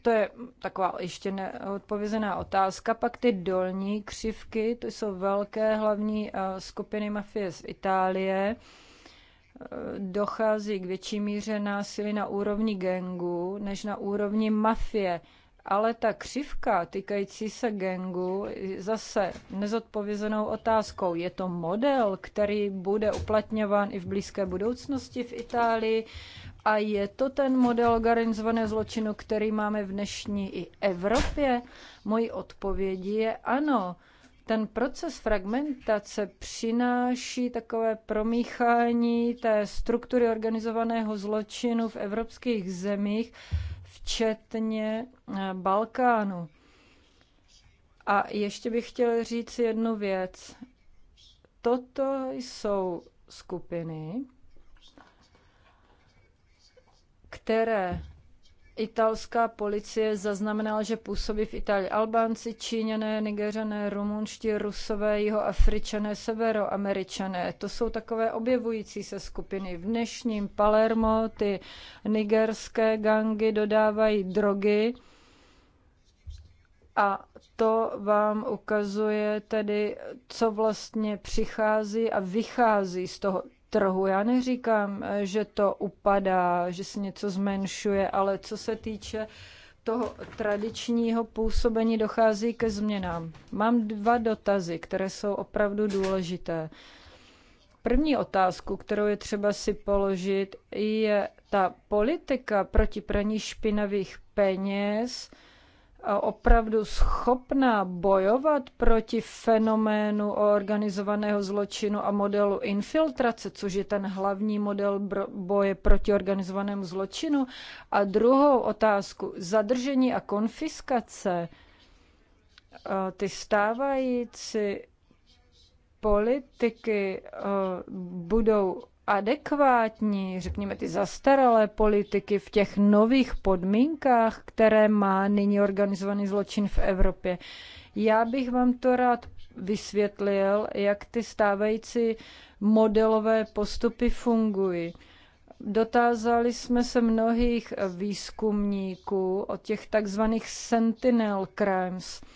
To je taková ještě neodpovězená otázka. Pak ty dolní křivky, to jsou velké hlavní eh, skupiny mafie z Itálie. Eh, dochází k větší míře násilí na úrovni gengu než na úrovni mafie. Ale ta křivka týkající se gengu zase nezodpovězenou otázkou. Je to model, který bude uplatňován i v blízké budoucnosti v Itálii a je to ten model organizované zločinu, který máme v dnešní i Evropě? Mojí odpovědi je ano. Ten proces fragmentace přináší takové promíchání té struktury organizovaného zločinu v evropských zemích včetně eh, Balkánu. A ještě bych chtěl říct jednu věc. Toto jsou skupiny, které italská policie zaznamenala, že působí v Itálii Albánci, Číňané, Nigeřané, Rumunští, Rusové, Jihoafričané, Severoameričané. To jsou takové objevující se skupiny. V dnešním Palermo ty nigerské gangy dodávají drogy a to vám ukazuje tedy, co vlastně přichází a vychází z toho trhu. Já neříkám, eh, že to upadá, že se něco zmenšuje, ale co se týče toho tradičního působení dochází ke změnám. Mám dva dotazy, které jsou opravdu důležité. První otázku, kterou je třeba si položit, je ta politika proti praní špinavých peněz, opravdu schopná bojovat proti fenoménu organizovaného zločinu a modelu infiltrace, což je ten hlavní model boje proti organizovanému zločinu. A druhou otázku, zadržení a konfiskace. Ty stávající politiky budou adekvátní, řekněme, ty zastaralé politiky v těch nových podmínkách, které má nyní organizovaný zločin v Evropě. Já bych vám to rád vysvětlil, jak ty stávající modelové postupy fungují. Dotázali jsme se mnohých výzkumníků o těch takzvaných sentinel crimes –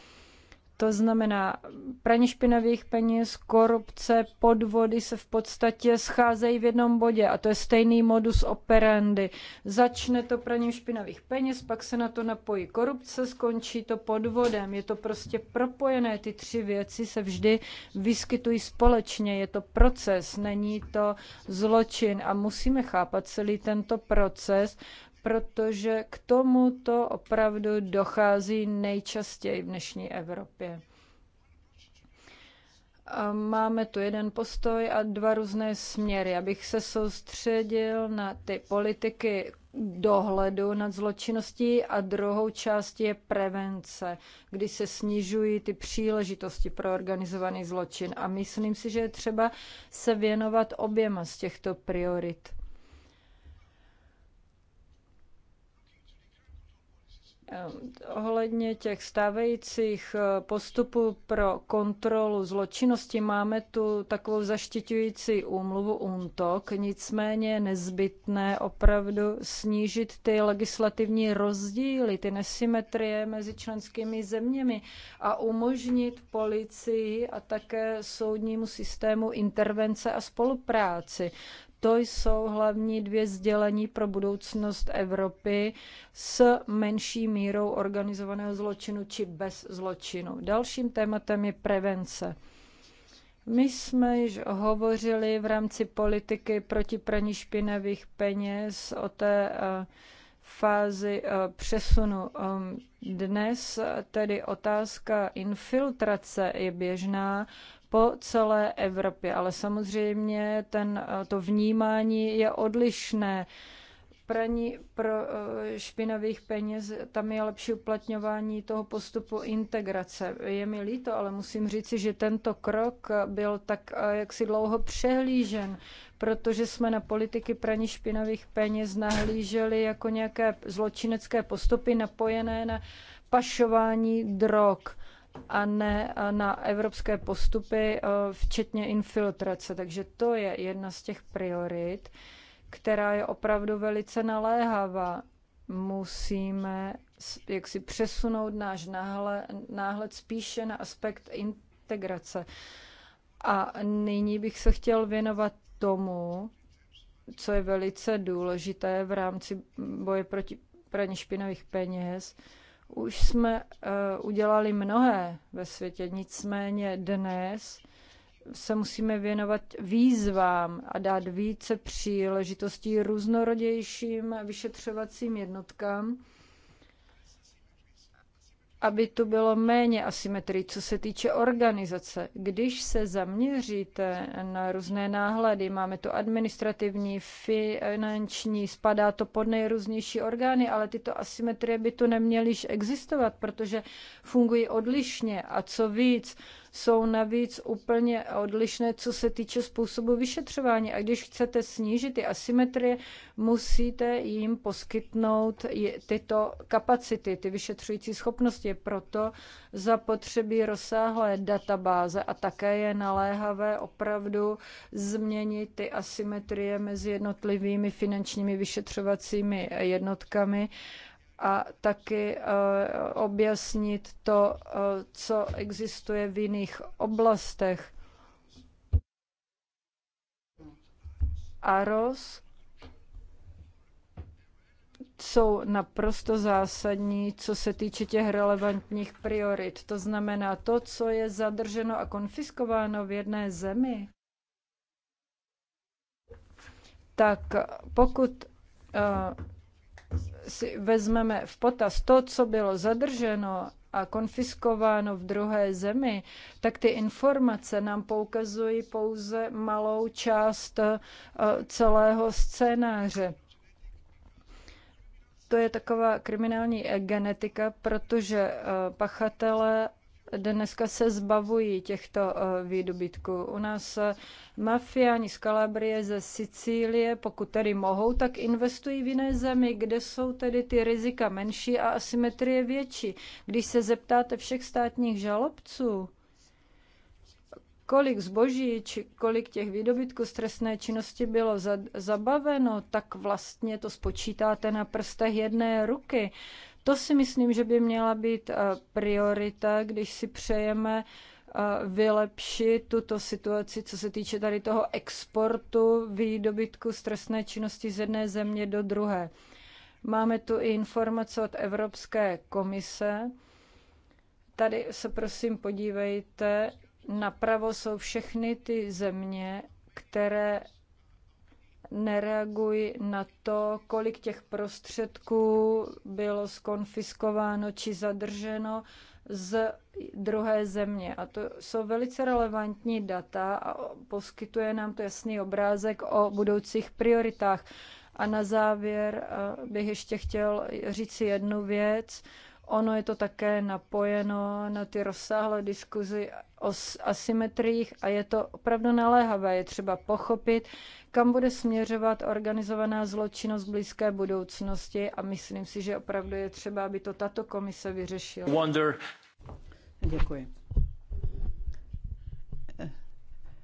to znamená, praní špinavých peněz, korupce, podvody se v podstatě scházejí v jednom bodě a to je stejný modus operandi. Začne to praní špinavých peněz, pak se na to napojí korupce, skončí to podvodem. Je to prostě propojené, ty tři věci se vždy vyskytují společně. Je to proces, není to zločin a musíme chápat celý tento proces, protože k tomuto opravdu dochází nejčastěji v dnešní Evropě. A máme tu jeden postoj a dva různé směry. Abych se soustředil na ty politiky dohledu nad zločinností a druhou částí je prevence, kdy se snižují ty příležitosti pro organizovaný zločin. A myslím si, že je třeba se věnovat oběma z těchto priorit. Ehm, ohledně těch stávajících eh, postupů pro kontrolu zločinnosti máme tu takovou zaštiťující úmluvu UNTOK, nicméně je nezbytné opravdu snížit ty legislativní rozdíly, ty nesymetrie mezi členskými zeměmi a umožnit policii a také soudnímu systému intervence a spolupráci. To jsou hlavní dvě sdělení pro budoucnost Evropy s menší mírou organizovaného zločinu či bez zločinu. Dalším tématem je prevence. My jsme již hovořili v rámci politiky proti praní špinavých peněz o té eh, fázi eh, přesunu. Ehm, dnes tedy otázka infiltrace je běžná po celé Evropě. Ale samozřejmě ten, eh, to vnímání je odlišné praní pro eh, špinavých peněz, tam je lepší uplatňování toho postupu integrace. Je mi líto, ale musím říci, že tento krok byl tak eh, jaksi dlouho přehlížen, protože jsme na politiky praní špinavých peněz nahlíželi jako nějaké zločinecké postupy napojené na pašování drog a ne na evropské postupy, e, včetně infiltrace. Takže to je jedna z těch priorit, která je opravdu velice naléhavá. Musíme jak si přesunout náš náhle, náhled spíše na aspekt integrace. A nyní bych se chtěl věnovat tomu, co je velice důležité v rámci boje proti praní špinavých peněz, už jsme eh, udělali mnohé ve světě, nicméně dnes se musíme věnovat výzvám a dát více příležitostí různorodějším vyšetřovacím jednotkám, aby to bylo méně asymetrií, co se týče organizace. Když se zaměříte na různé náhledy, máme to administrativní, finanční, spadá to pod nejrůznější orgány, ale tyto asymetrie by tu neměly existovat, protože fungují odlišně a co víc, jsou navíc úplně odlišné, co se týče způsobu vyšetřování. A když chcete snížit ty asymetrie, musíte jim poskytnout tyto kapacity, ty vyšetřující schopnosti. Proto zapotřebí rozsáhlé databáze a také je naléhavé opravdu změnit ty asymetrie mezi jednotlivými finančními vyšetřovacími jednotkami, a taky eh, objasnit to, eh, co existuje v jiných oblastech. AROS jsou naprosto zásadní, co se týče těch relevantních priorit. To znamená, to, co je zadrženo a konfiskováno v jedné zemi, tak pokud uh, si vezmeme v potaz to, co bylo zadrženo a konfiskováno v druhé zemi, tak ty informace nám poukazují pouze malou část eh, celého scénáře. To je taková kriminální eh, genetika, protože eh, pachatele dneska se zbavují těchto eh, výdobytků. U nás eh, mafiáni z Kalabrie, ze Sicílie, pokud tedy mohou, tak investují v jiné zemi, kde jsou tedy ty rizika menší a asymetrie větší. Když se zeptáte všech státních žalobců, kolik zboží či kolik těch výdobytků z trestné činnosti bylo zabaveno, tak vlastně to spočítáte na prstech jedné ruky. To si myslím, že by měla být eh, priorita, když si přejeme eh, vylepšit tuto situaci, co se týče tady toho exportu výdobytku z trestné činnosti z jedné země do druhé. Máme tu i informace od Evropské komise. Tady se prosím podívejte, napravo jsou všechny ty země, které nereaguji na to, kolik těch prostředků bylo skonfiskováno či zadrženo z druhé země. A to jsou velice relevantní data a poskytuje nám to jasný obrázek o budoucích prioritách. A na závěr eh, bych ještě chtěl říct si jednu věc. Ono je to také napojeno na ty rozsáhlé diskuzi o asymetriích a je to opravdu naléhavé. Je třeba pochopit, kam bude směřovat organizovaná zločinnost v blízké budoucnosti a myslím si, že opravdu je třeba, aby to tato komise vyřešila. Wonder. Děkuji.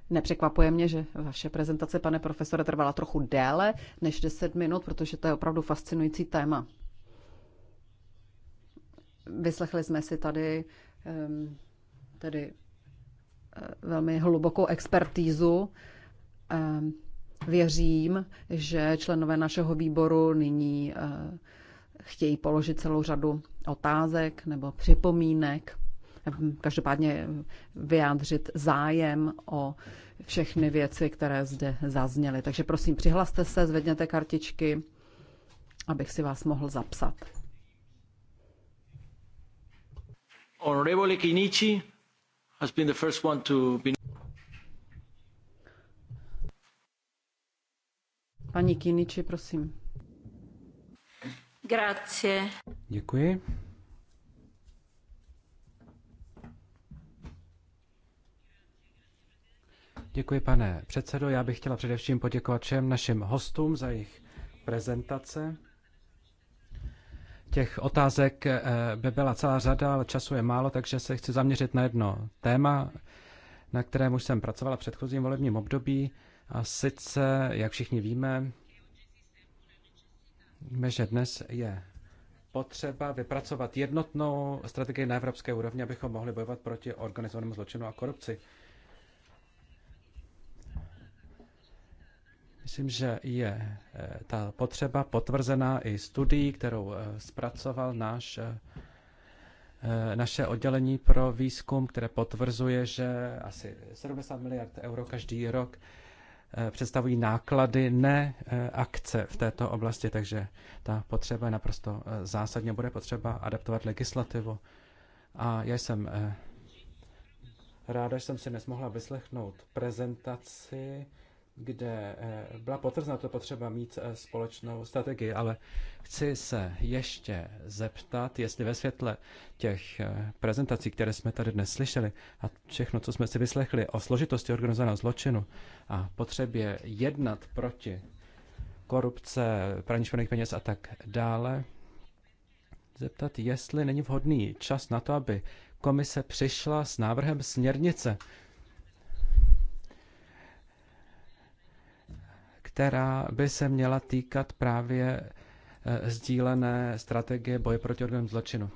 Nepřekvapuje mě, že vaše prezentace, pane profesore, trvala trochu déle než 10 minut, protože to je opravdu fascinující téma. Vyslechli jsme si tady tedy eh, velmi hlubokou expertízu. Věřím, že členové našeho výboru nyní eh, chtějí položit celou řadu otázek nebo připomínek, každopádně vyjádřit zájem o všechny věci, které zde zazněly. Takže prosím, přihlaste se, zvedněte kartičky, abych si vás mohl zapsat. Honorable Kinichi has been the first Paní Kiniči, prosím. Děkuji. Děkuji, pane předsedo. Já bych chtěla především poděkovat všem našim hostům za jejich prezentace. Těch otázek eh, by byla celá řada, ale času je málo, takže se chci zaměřit na jedno téma, na kterém už jsem pracovala v předchozím volebním období. A sice, jak všichni víme, víme, že dnes je potřeba vypracovat jednotnou strategii na evropské úrovni, abychom mohli bojovat proti organizovanému zločinu a korupci. Myslím, že je eh, ta potřeba potvrzená i studií, kterou eh, zpracoval náš, eh, naše oddělení pro výzkum, které potvrzuje, že asi 70 miliard euro každý rok představují náklady, ne akce v této oblasti, takže ta potřeba je naprosto zásadně. Bude potřeba adaptovat legislativu. A já jsem ráda, že jsem si nesmohla vyslechnout prezentaci kde eh, byla potrzena to potřeba mít eh, společnou strategii, ale chci se ještě zeptat, jestli ve světle těch eh, prezentací, které jsme tady dnes slyšeli a všechno, co jsme si vyslechli o složitosti organizovaného zločinu a potřebě jednat proti korupce, praní špinavých peněz a tak dále, zeptat, jestli není vhodný čas na to, aby komise přišla s návrhem směrnice která by se měla týkat právě eh, sdílené strategie boje proti organizovanému zločinu.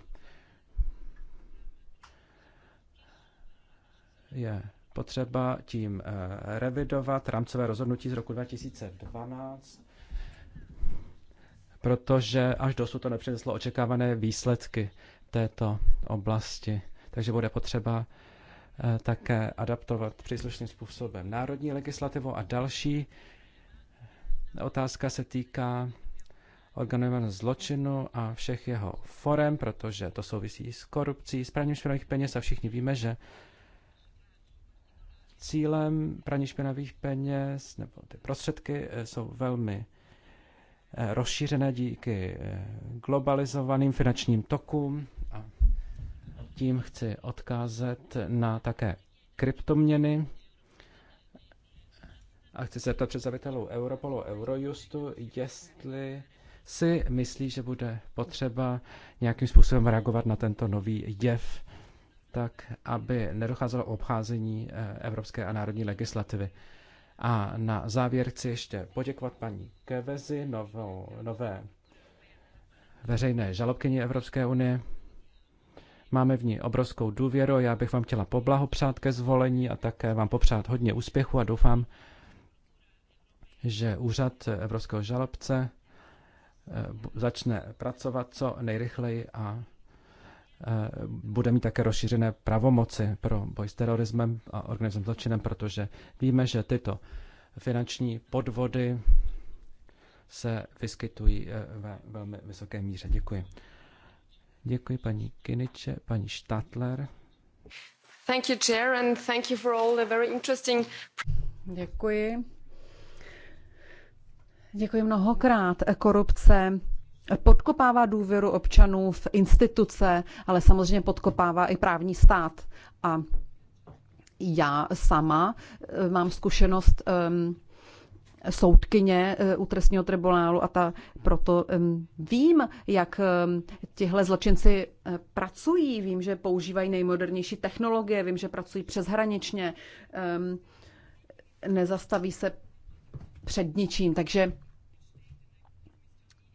Je potřeba tím eh, revidovat rámcové rozhodnutí z roku 2012, protože až dosud to nepřineslo očekávané výsledky této oblasti. Takže bude potřeba eh, také adaptovat příslušným způsobem národní legislativu a další Otázka se týká organizovaného zločinu a všech jeho forem, protože to souvisí s korupcí, s praním špinavých peněz a všichni víme, že cílem praní špinavých peněz nebo ty prostředky eh, jsou velmi eh, rozšířené díky eh, globalizovaným finančním tokům a tím chci odkázet na také kryptoměny, a chci se zeptat představitelů Europolu, Eurojustu, jestli si myslí, že bude potřeba nějakým způsobem reagovat na tento nový jev, tak aby nedocházelo obcházení eh, evropské a národní legislativy. A na závěr chci ještě poděkovat paní Kevezi, novou, nové veřejné žalobkyni Evropské unie. Máme v ní obrovskou důvěru. Já bych vám chtěla poblahopřát ke zvolení a také vám popřát hodně úspěchu a doufám, že úřad Evropského žalobce eh, začne pracovat co nejrychleji a eh, bude mít také rozšířené pravomoci pro boj s terorismem a organizovaným zločinem, protože víme, že tyto finanční podvody se vyskytují eh, ve velmi vysoké míře. Děkuji. Děkuji paní Kiniče, paní Štatler. Thank you, Chair, and thank you for all the very interesting... Děkuji Děkuji mnohokrát. Korupce podkopává důvěru občanů v instituce, ale samozřejmě podkopává i právní stát. A já sama eh, mám zkušenost um, soudkyně eh, u trestního tribunálu a ta proto ehm, vím, jak ehm, tihle zločinci eh, pracují. Vím, že používají nejmodernější technologie, vím, že pracují přeshraničně, nezastaví se před ničím. Takže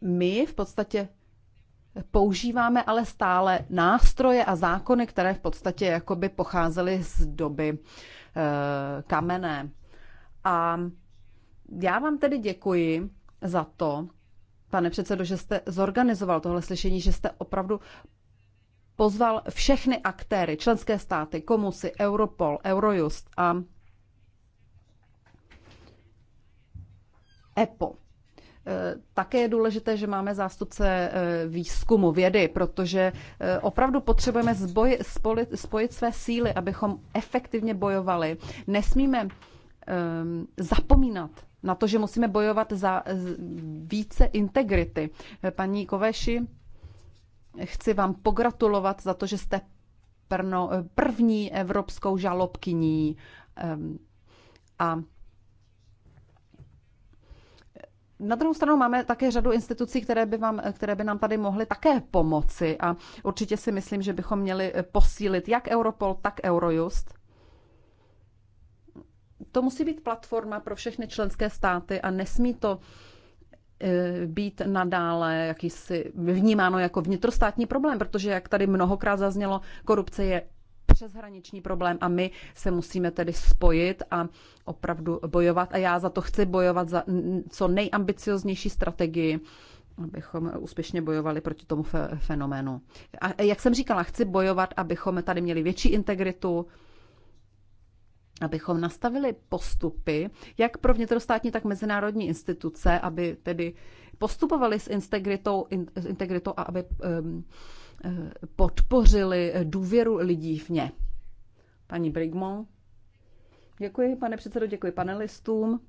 my v podstatě používáme ale stále nástroje a zákony, které v podstatě jakoby pocházely z doby e, kamenné. A já vám tedy děkuji za to, pane předsedo, že jste zorganizoval tohle slyšení, že jste opravdu pozval všechny aktéry, členské státy, komusy, Europol, Eurojust a EPO. Eh, také je důležité, že máme zástupce eh, výzkumu vědy, protože eh, opravdu potřebujeme zboj, spolit, spojit své síly, abychom efektivně bojovali. Nesmíme ehm, zapomínat na to, že musíme bojovat za více integrity. Paní Koveši, chci vám pogratulovat za to, že jste první evropskou žalobkyní ehm, a na druhou stranu máme také řadu institucí, které by, vám, které by nám tady mohly také pomoci a určitě si myslím, že bychom měli posílit jak Europol, tak Eurojust. To musí být platforma pro všechny členské státy a nesmí to e, být nadále jakýsi vnímáno jako vnitrostátní problém, protože jak tady mnohokrát zaznělo, korupce je přeshraniční problém a my se musíme tedy spojit a opravdu bojovat. A já za to chci bojovat za co nejambicioznější strategii, abychom úspěšně bojovali proti tomu fenoménu. A jak jsem říkala, chci bojovat, abychom tady měli větší integritu, abychom nastavili postupy, jak pro vnitrostátní, tak mezinárodní instituce, aby tedy postupovali s integritou, s integritou a aby um, Eh, podpořili eh, důvěru lidí v ně. Paní Brigmo. Děkuji, pane předsedo, děkuji panelistům.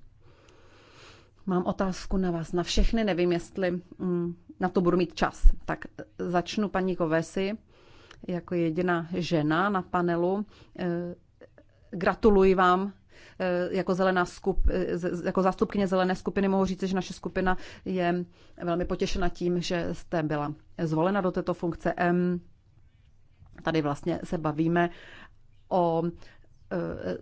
Mám otázku na vás, na všechny, nevím, jestli mm, na to budu mít čas. Tak eh, začnu paní Kovesi, jako jediná žena na panelu. Gratuluji vám Eh, jako, zelená skup, eh, jako zástupkyně zelené skupiny mohu říct, že naše skupina je velmi potěšena tím, že jste byla zvolena do této funkce Tady vlastně se bavíme o eh,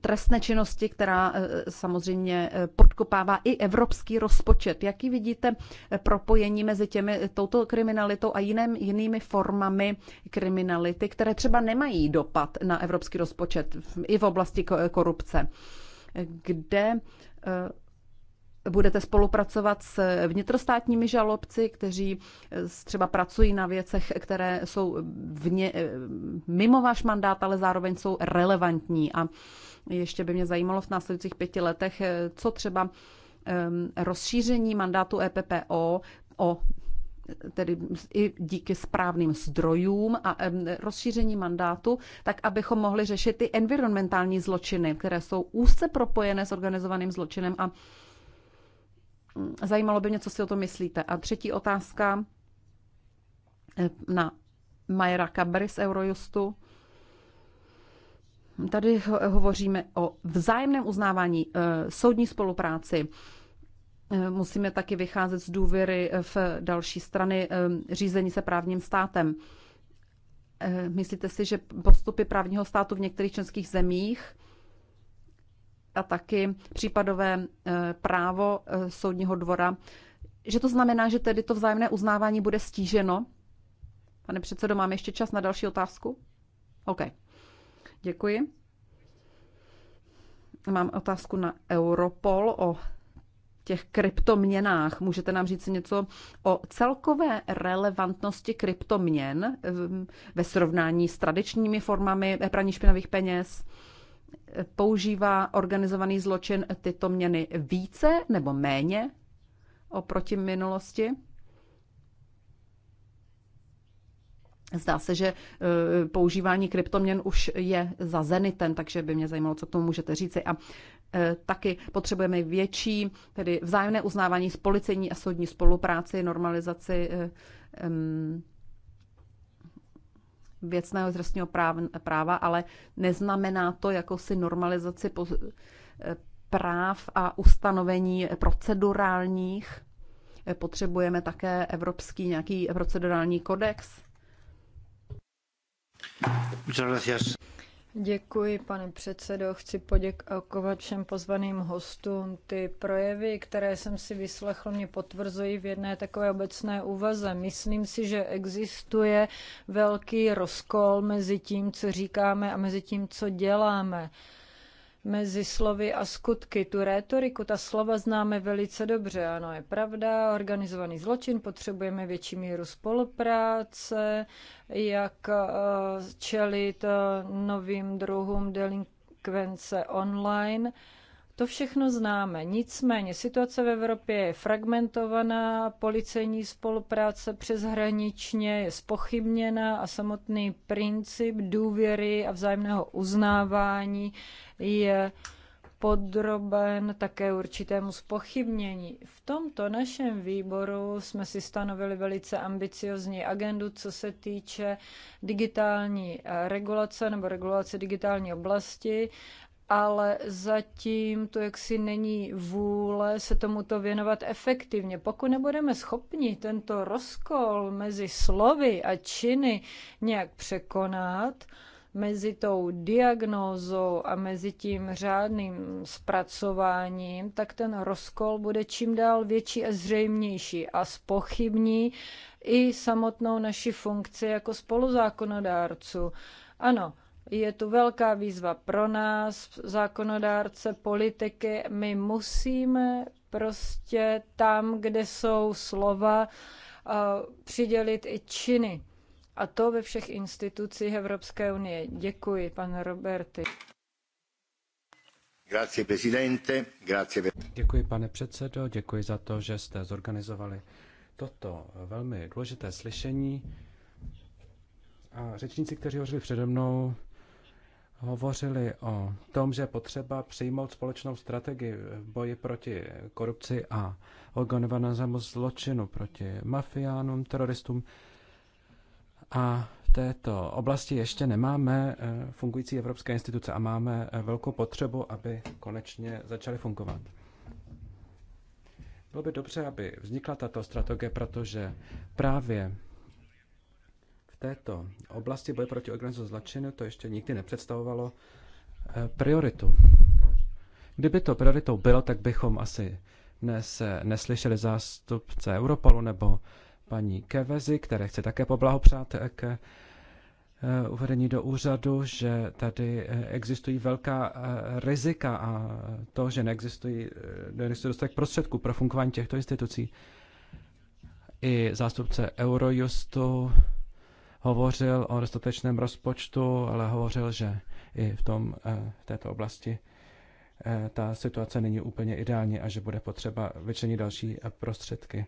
trestné činnosti, která e, samozřejmě e, podkopává i evropský rozpočet. Jaký vidíte e, propojení mezi těmi, touto kriminalitou a jiným, jinými formami kriminality, které třeba nemají dopad na evropský rozpočet i v oblasti korupce? Kde budete spolupracovat s vnitrostátními žalobci, kteří třeba pracují na věcech, které jsou vně, mimo váš mandát, ale zároveň jsou relevantní a ještě by mě zajímalo v následujících pěti letech, eh, co třeba ehm, rozšíření mandátu EPPO o tedy i díky správným zdrojům a ehm, rozšíření mandátu, tak abychom mohli řešit ty environmentální zločiny, které jsou úzce propojené s organizovaným zločinem a mm, zajímalo by mě, co si o to myslíte. A třetí otázka eh, na Majera Kabry z Eurojustu. Tady hovoříme o vzájemném uznávání eh, soudní spolupráci. Eh, musíme taky vycházet z důvěry eh, v další strany řízení se právním státem. Myslíte si, že postupy právního státu v některých českých zemích a taky případové právo soudního dvora, že to znamená, že tedy to vzájemné uznávání bude stíženo? Pane předsedo, máme ještě čas na další otázku? OK. Děkuji. Mám otázku na Europol o těch kryptoměnách. Můžete nám říct něco o celkové relevantnosti kryptoměn ehm, ve srovnání s tradičními formami praní špinavých peněz? Používá organizovaný zločin tyto měny více nebo méně oproti minulosti? Zdá se, že eh, používání kryptoměn už je za zenitem, takže by mě zajímalo, co k tomu můžete říci. A eh, taky potřebujeme větší, tedy vzájemné uznávání s policejní a soudní spolupráci, normalizaci eh, věcného trestního práva, ale neznamená to jakousi normalizaci práv a ustanovení procedurálních. Potřebujeme také evropský nějaký procedurální kodex Děkuji, pane předsedo. Chci poděkovat všem pozvaným hostům. Ty projevy, které jsem si vyslechl, mě potvrzují v jedné takové obecné úvaze. Myslím si, že existuje velký rozkol mezi tím, co říkáme a mezi tím, co děláme mezi slovy a skutky. Tu rétoriku, ta slova známe velice dobře. Ano, je pravda, organizovaný zločin, potřebujeme větší míru spolupráce, jak eh, čelit eh, novým druhům delinkvence online – to všechno známe. Nicméně situace v Evropě je fragmentovaná, policejní spolupráce přeshraničně je spochybněna a samotný princip důvěry a vzájemného uznávání je podroben také určitému spochybnění. V tomto našem výboru jsme si stanovili velice ambiciozní agendu, co se týče digitální regulace nebo regulace digitální oblasti ale zatím to jaksi není vůle se tomuto věnovat efektivně. Pokud nebudeme schopni tento rozkol mezi slovy a činy nějak překonat, mezi tou diagnózou a mezi tím řádným zpracováním, tak ten rozkol bude čím dál větší a zřejmější a spochybní i samotnou naši funkci jako spoluzákonodárců. Ano, je tu velká výzva pro nás, zákonodárce, politiky. My musíme prostě tam, kde jsou slova, eh, přidělit i činy. A to ve všech institucích Evropské unie. Děkuji, pane Roberti. Grazie, presidente. Grazie. Děkuji, pane předsedo, děkuji za to, že jste zorganizovali toto velmi důležité slyšení. A řečníci, kteří hovořili přede mnou, hovořili o tom, že potřeba přijmout společnou strategii v boji proti korupci a organizovanému zločinu, proti mafiánům, teroristům. A v této oblasti ještě nemáme eh, fungující evropské instituce a máme eh, velkou potřebu, aby konečně začaly fungovat. Bylo by dobře, aby vznikla tato strategie, protože právě této oblasti boje proti organizovanému zločinu to ještě nikdy nepředstavovalo eh, prioritu. Kdyby to prioritou bylo, tak bychom asi dnes eh, neslyšeli zástupce Europolu nebo paní Kevezi, které chci také poblahopřát eh, k uvedení do úřadu, že tady existují velká rizika a to, že neexistují, neexistuje dostatek prostředků pro fungování těchto institucí. I zástupce Eurojustu hovořil o dostatečném rozpočtu, ale hovořil, že i v tom, eh, v této oblasti eh, ta situace není úplně ideální a že bude potřeba vyčlenit další eh, prostředky.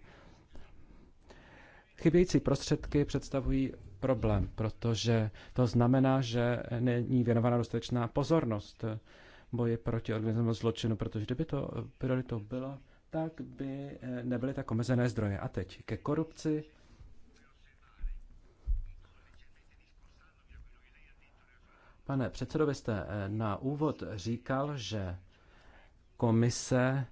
Chybějící prostředky představují problém, protože to znamená, že není věnována dostatečná pozornost boji proti organizovanému zločinu, protože kdyby to prioritou bylo, tak by nebyly tak omezené zdroje. A teď ke korupci Pane předsedo, vy jste eh, na úvod říkal, že komise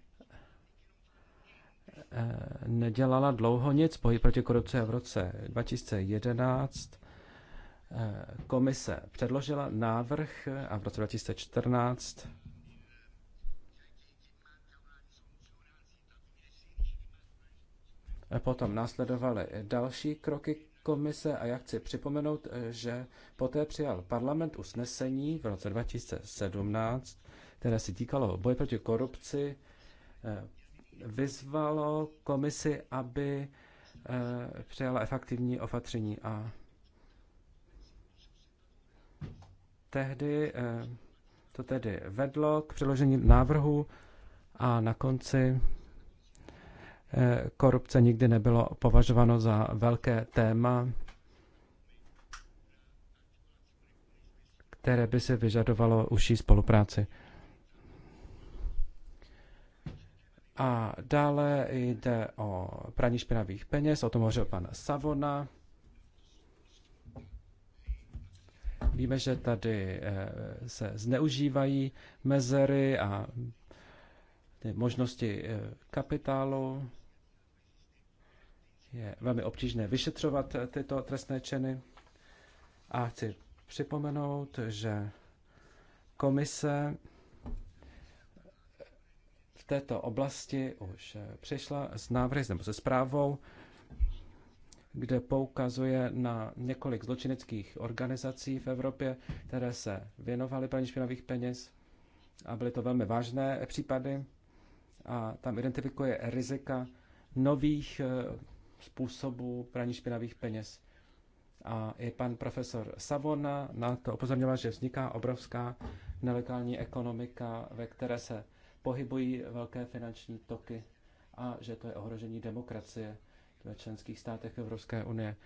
eh, nedělala dlouho nic boji proti korupci v roce 2011 eh, komise předložila návrh a v roce 2014 potom následovaly další kroky komise a já chci připomenout, eh, že poté přijal parlament usnesení v roce 2017, které se týkalo boje proti korupci, eh, vyzvalo komisi, aby eh, přijala efektivní opatření a tehdy to tedy vedlo k přeložení návrhu a na konci Eh, korupce nikdy nebylo považováno za velké téma, které by se vyžadovalo užší spolupráci. A dále jde o praní špinavých peněz, o tom hovořil pan Savona. Víme, že tady eh, se zneužívají mezery a ty možnosti eh, kapitálu je velmi obtížné vyšetřovat tyto trestné činy. A chci připomenout, že komise v této oblasti už přišla s návrhy nebo se zprávou, kde poukazuje na několik zločineckých organizací v Evropě, které se věnovaly praní špinavých peněz a byly to velmi vážné případy a tam identifikuje rizika nových eh, způsobu praní špinavých peněz. A i pan profesor Savona na to upozorňoval, že vzniká obrovská nelegální ekonomika, ve které se pohybují velké finanční toky a že to je ohrožení demokracie ve členských státech Evropské unie.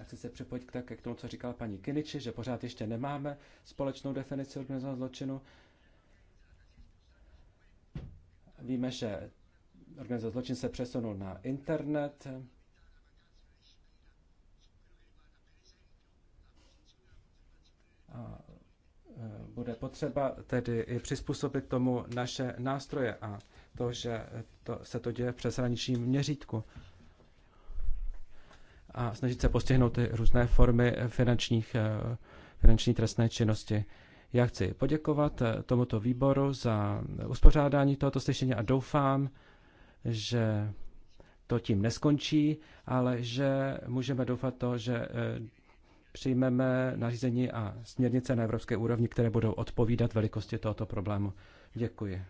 A chci se připojit tak k tomu, co říkala paní Kiniči, že pořád ještě nemáme společnou definici organizovaného zločinu. Víme, že organizace zločin se přesunul na internet. A e, bude potřeba tedy i přizpůsobit tomu naše nástroje a to, že to, se to děje v přeshraničním měřítku a snažit se postihnout ty různé formy finančních, e, finanční trestné činnosti. Já chci poděkovat eh, tomuto výboru za eh, uspořádání tohoto slyšení a doufám, že to tím neskončí, ale že můžeme doufat to, že eh, přijmeme nařízení a směrnice na evropské úrovni, které budou odpovídat velikosti tohoto problému. Děkuji.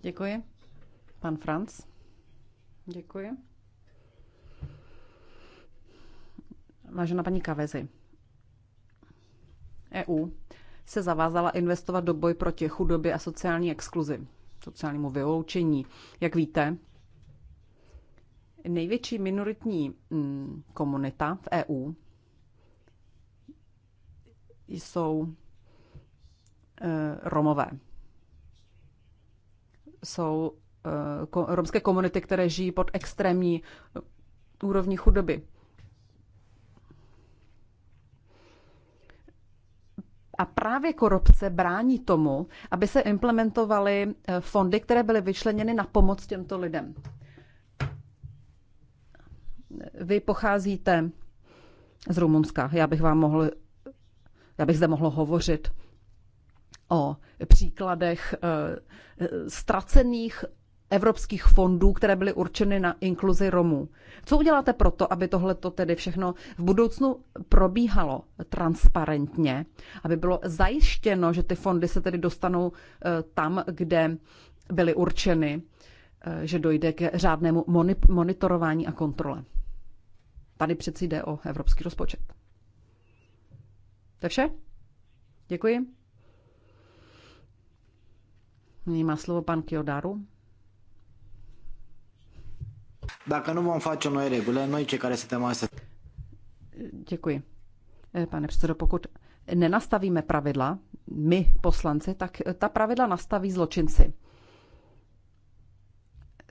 Děkuji. Pan Franz. Děkuji. Vážená paní Kavezi, EU se zavázala investovat do boj proti chudobě a sociální exkluzi, sociálnímu vyloučení. Jak víte, největší minoritní mm, komunita v EU jsou e, Romové. Jsou e, romské komunity, které žijí pod extrémní úrovní chudoby. A právě korupce brání tomu, aby se implementovaly eh, fondy, které byly vyčleněny na pomoc těmto lidem. Vy pocházíte z Rumunska. Já bych vám mohl, já bych zde mohl hovořit o příkladech eh, eh, ztracených evropských fondů, které byly určeny na inkluzi Romů. Co uděláte proto, aby tohle to tedy všechno v budoucnu probíhalo transparentně, aby bylo zajištěno, že ty fondy se tedy dostanou eh, tam, kde byly určeny, eh, že dojde k řádnému monitorování a kontrole. Tady přeci jde o evropský rozpočet. To je vše? Děkuji. Nyní má slovo pan Kiodaru. Dacă nu vom face noi regulile, noi cei care suntem astăzi. Děkuji. Eh, pane předsedo, pokud nenastavíme pravidla, my poslanci, tak eh, ta pravidla nastaví zločinci.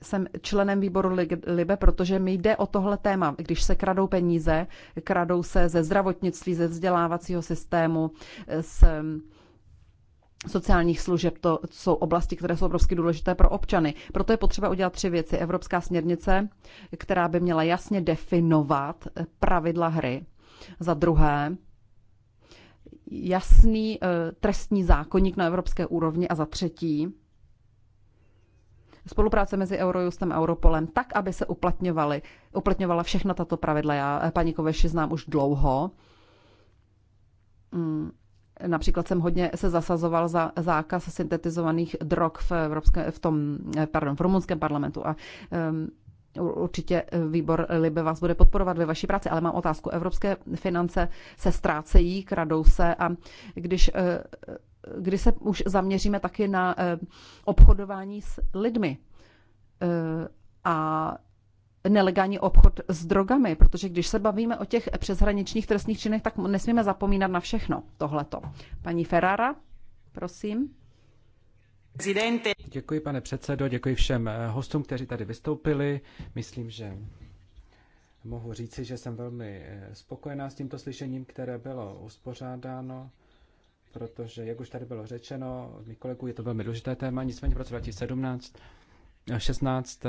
Jsem členem výboru Libe, protože mi jde o tohle téma. Když se kradou peníze, kradou se ze zdravotnictví, ze vzdělávacího systému, z eh, sociálních služeb, to jsou oblasti, které jsou obrovsky důležité pro občany. Proto je potřeba udělat tři věci. Evropská směrnice, která by měla jasně definovat pravidla hry. Za druhé, jasný eh, trestní zákonník na evropské úrovni a za třetí, spolupráce mezi Eurojustem a Europolem tak, aby se uplatňovaly, uplatňovala všechna tato pravidla. Já eh, paní Koveši znám už dlouho. Mm, Například jsem hodně se zasazoval za zákaz syntetizovaných drog v, Evropské, v, tom, eh, pardon, v rumunském parlamentu a um, Určitě eh, výbor Libe vás bude podporovat ve vaší práci, ale mám otázku. Evropské finance se ztrácejí, kradou se a když, eh, když se už zaměříme taky na obchodování s lidmi a nelegální obchod s drogami, protože když se bavíme o těch přeshraničních trestních činech, tak nesmíme zapomínat na všechno tohleto. Paní Ferrara, prosím. Děkuji, pane předsedo, děkuji všem eh, hostům, kteří tady vystoupili. Myslím, že mohu říci, že jsem velmi eh, spokojená s tímto slyšením, které bylo uspořádáno, protože, jak už tady bylo řečeno mých kolegů, je to velmi důležité téma, nicméně v roce 2017 16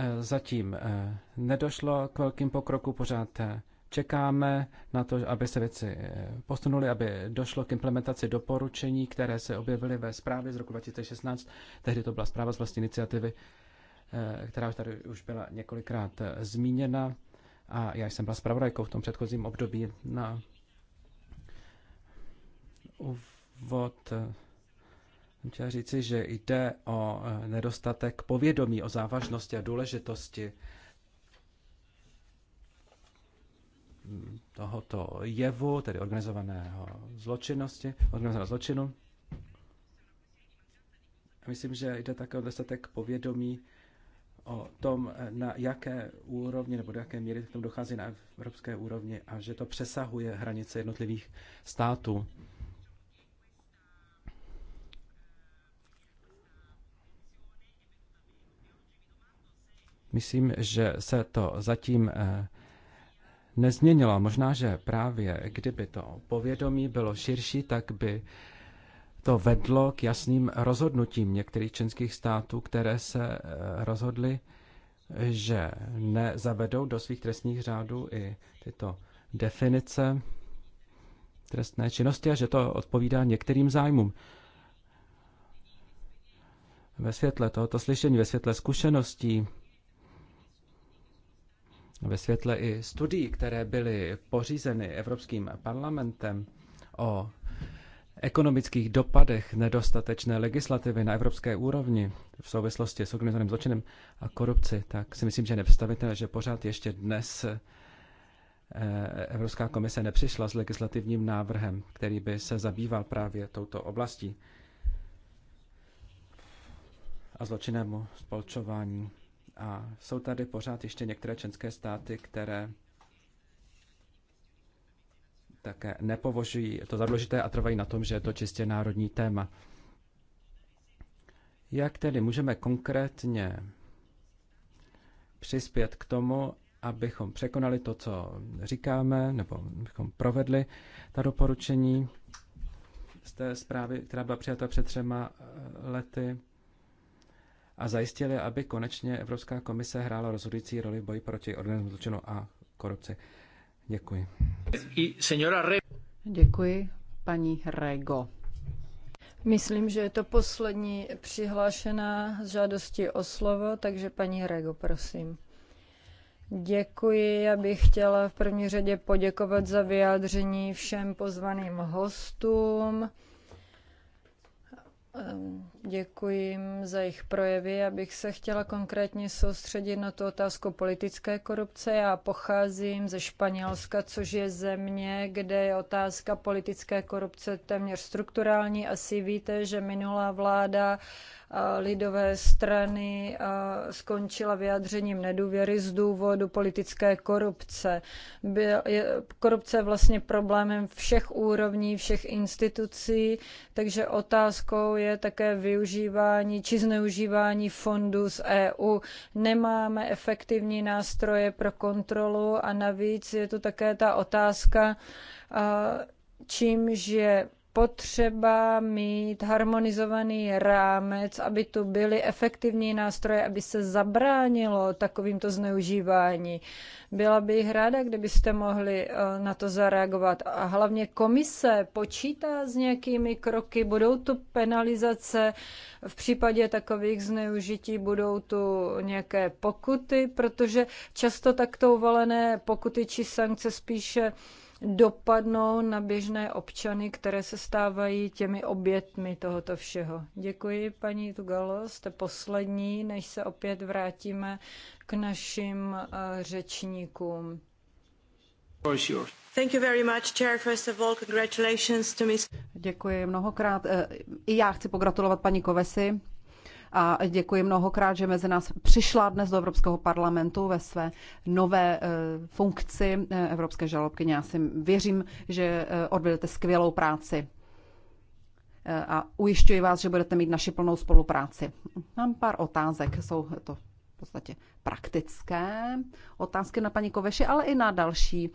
E, zatím e, nedošlo k velkým pokroku, pořád e, čekáme na to, aby se věci posunuly, aby došlo k implementaci doporučení, které se objevily ve zprávě z roku 2016. Tehdy to byla zpráva z vlastní iniciativy, která už tady už byla několikrát zmíněna. A já jsem byla zpravodajkou v tom předchozím období na úvod Chtěl říci, že jde o eh, nedostatek povědomí o závažnosti a důležitosti tohoto jevu, tedy organizovaného zločinnosti, organizovaného zločinu. Myslím, že jde také o dostatek povědomí o tom, eh, na jaké úrovni nebo do jaké míry k tomu dochází na evropské úrovni a že to přesahuje hranice jednotlivých států. Myslím, že se to zatím eh, nezměnilo. Možná, že právě kdyby to povědomí bylo širší, tak by to vedlo k jasným rozhodnutím některých členských států, které se eh, rozhodly, že nezavedou do svých trestních řádů i tyto definice trestné činnosti a že to odpovídá některým zájmům. Ve světle tohoto slyšení, ve světle zkušeností ve světle i studií, které byly pořízeny Evropským parlamentem o ekonomických dopadech nedostatečné legislativy na evropské úrovni v souvislosti s organizovaným zločinem a korupci, tak si myslím, že je nepředstavitelné, že pořád ještě dnes eh, Evropská komise nepřišla s legislativním návrhem, který by se zabýval právě touto oblastí a zločinnému spolčování a jsou tady pořád ještě některé členské státy, které také nepovožují to za důležité a trvají na tom, že je to čistě národní téma. Jak tedy můžeme konkrétně přispět k tomu, abychom překonali to, co říkáme, nebo abychom provedli ta doporučení z té zprávy, která byla přijata před třema eh, lety a zajistili, aby konečně Evropská komise hrála rozhodující roli v boji proti organismu zločinu a korupci. Děkuji. Děkuji, paní Rego. Myslím, že je to poslední přihlášená z žádosti o slovo, takže paní Rego, prosím. Děkuji, já bych chtěla v první řadě poděkovat za vyjádření všem pozvaným hostům. Ehm, děkuji za jejich projevy. Abych se chtěla konkrétně soustředit na tu otázku politické korupce. Já pocházím ze Španělska, což je země, kde je otázka politické korupce téměř strukturální. Asi víte, že minulá vláda lidové strany skončila vyjádřením nedůvěry z důvodu politické korupce. Korupce je vlastně problémem všech úrovní, všech institucí, takže otázkou je také využívání či zneužívání fondů z EU. Nemáme efektivní nástroje pro kontrolu a navíc je tu také ta otázka, čím, je potřeba mít harmonizovaný rámec, aby tu byly efektivní nástroje, aby se zabránilo takovýmto zneužívání. Byla bych ráda, kdybyste mohli eh, na to zareagovat. A hlavně komise počítá s nějakými kroky, budou tu penalizace v případě takových zneužití, budou tu nějaké pokuty, protože často takto uvolené pokuty či sankce spíše dopadnou na běžné občany, které se stávají těmi obětmi tohoto všeho. Děkuji, paní Tugalo, jste poslední, než se opět vrátíme k našim eh, řečníkům. Thank you very much, Chair. First of all, congratulations to Miss. Děkuji mnohokrát. Eh, I já chci pogratulovat paní Kovesi a děkuji mnohokrát, že mezi nás přišla dnes do Evropského parlamentu ve své nové eh, funkci eh, Evropské žalobkyně. Já si věřím, že eh, odvedete skvělou práci a ujišťuji vás, že budete mít naši plnou spolupráci. Mám pár otázek, jsou to v podstatě praktické otázky na paní Koveši, ale i na další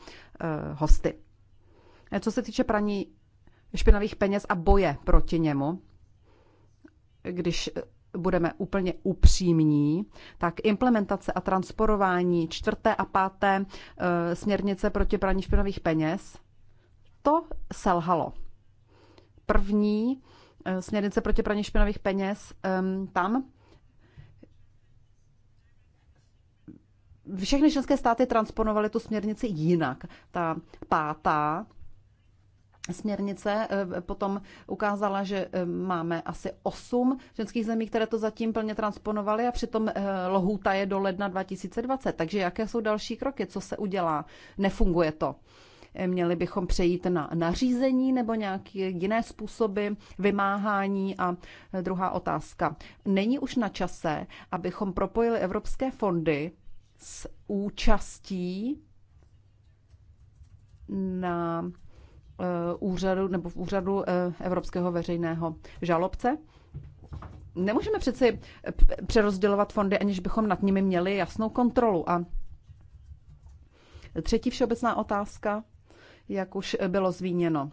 hosty. Co se týče praní špinavých peněz a boje proti němu, když budeme úplně upřímní, tak implementace a transporování čtvrté a páté eh, směrnice proti praní špinavých peněz, to selhalo. První eh, směrnice proti praní špinavých peněz, ehm, tam všechny členské státy transponovaly tu směrnici jinak. Ta pátá Směrnice eh, potom ukázala, že eh, máme asi 8 ženských zemí, které to zatím plně transponovaly a přitom eh, lohůta je do ledna 2020. Takže jaké jsou další kroky? Co se udělá? Nefunguje to. Měli bychom přejít na nařízení nebo nějaké jiné způsoby vymáhání? A druhá otázka. Není už na čase, abychom propojili evropské fondy s účastí na Eh, úřadu nebo v úřadu eh, Evropského veřejného žalobce. Nemůžeme přeci eh, přerozdělovat fondy, aniž bychom nad nimi měli jasnou kontrolu. A třetí všeobecná otázka, jak už bylo zmíněno,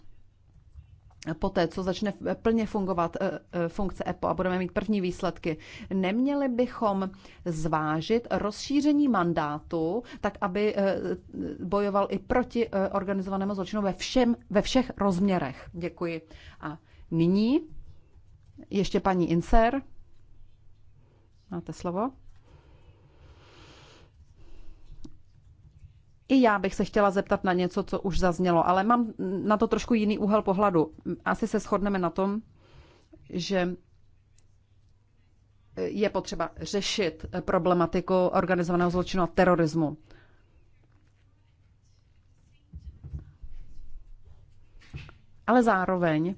poté, co začne plně fungovat eh, eh, funkce EPO a budeme mít první výsledky, neměli bychom zvážit rozšíření mandátu, tak aby eh, bojoval i proti organizovanému zločinu ve, všem, ve všech rozměrech. Děkuji. A nyní ještě paní Inser. Máte slovo. I já bych se chtěla zeptat na něco, co už zaznělo, ale mám na to trošku jiný úhel pohledu. Asi se shodneme na tom, že je potřeba řešit problematiku organizovaného zločinu a terorismu. Ale zároveň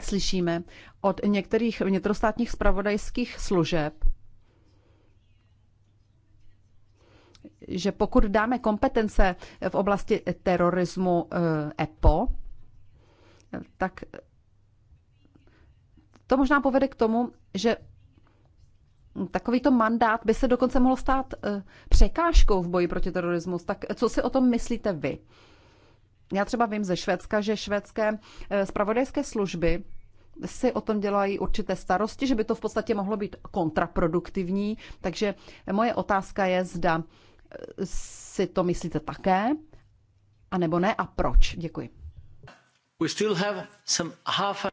slyšíme od některých vnitrostátních spravodajských služeb, že pokud dáme kompetence v oblasti terorismu EPO, eh, e tak to možná povede k tomu, že takovýto mandát by se dokonce mohl stát eh, překážkou v boji proti terorismu. Tak co si o tom myslíte vy? Já třeba vím ze Švédska, že švédské spravodajské eh, služby si o tom dělají určité starosti, že by to v podstatě mohlo být kontraproduktivní. Takže moje otázka je, zda si to myslíte také, a nebo ne a proč? Děkuji. We still have some half...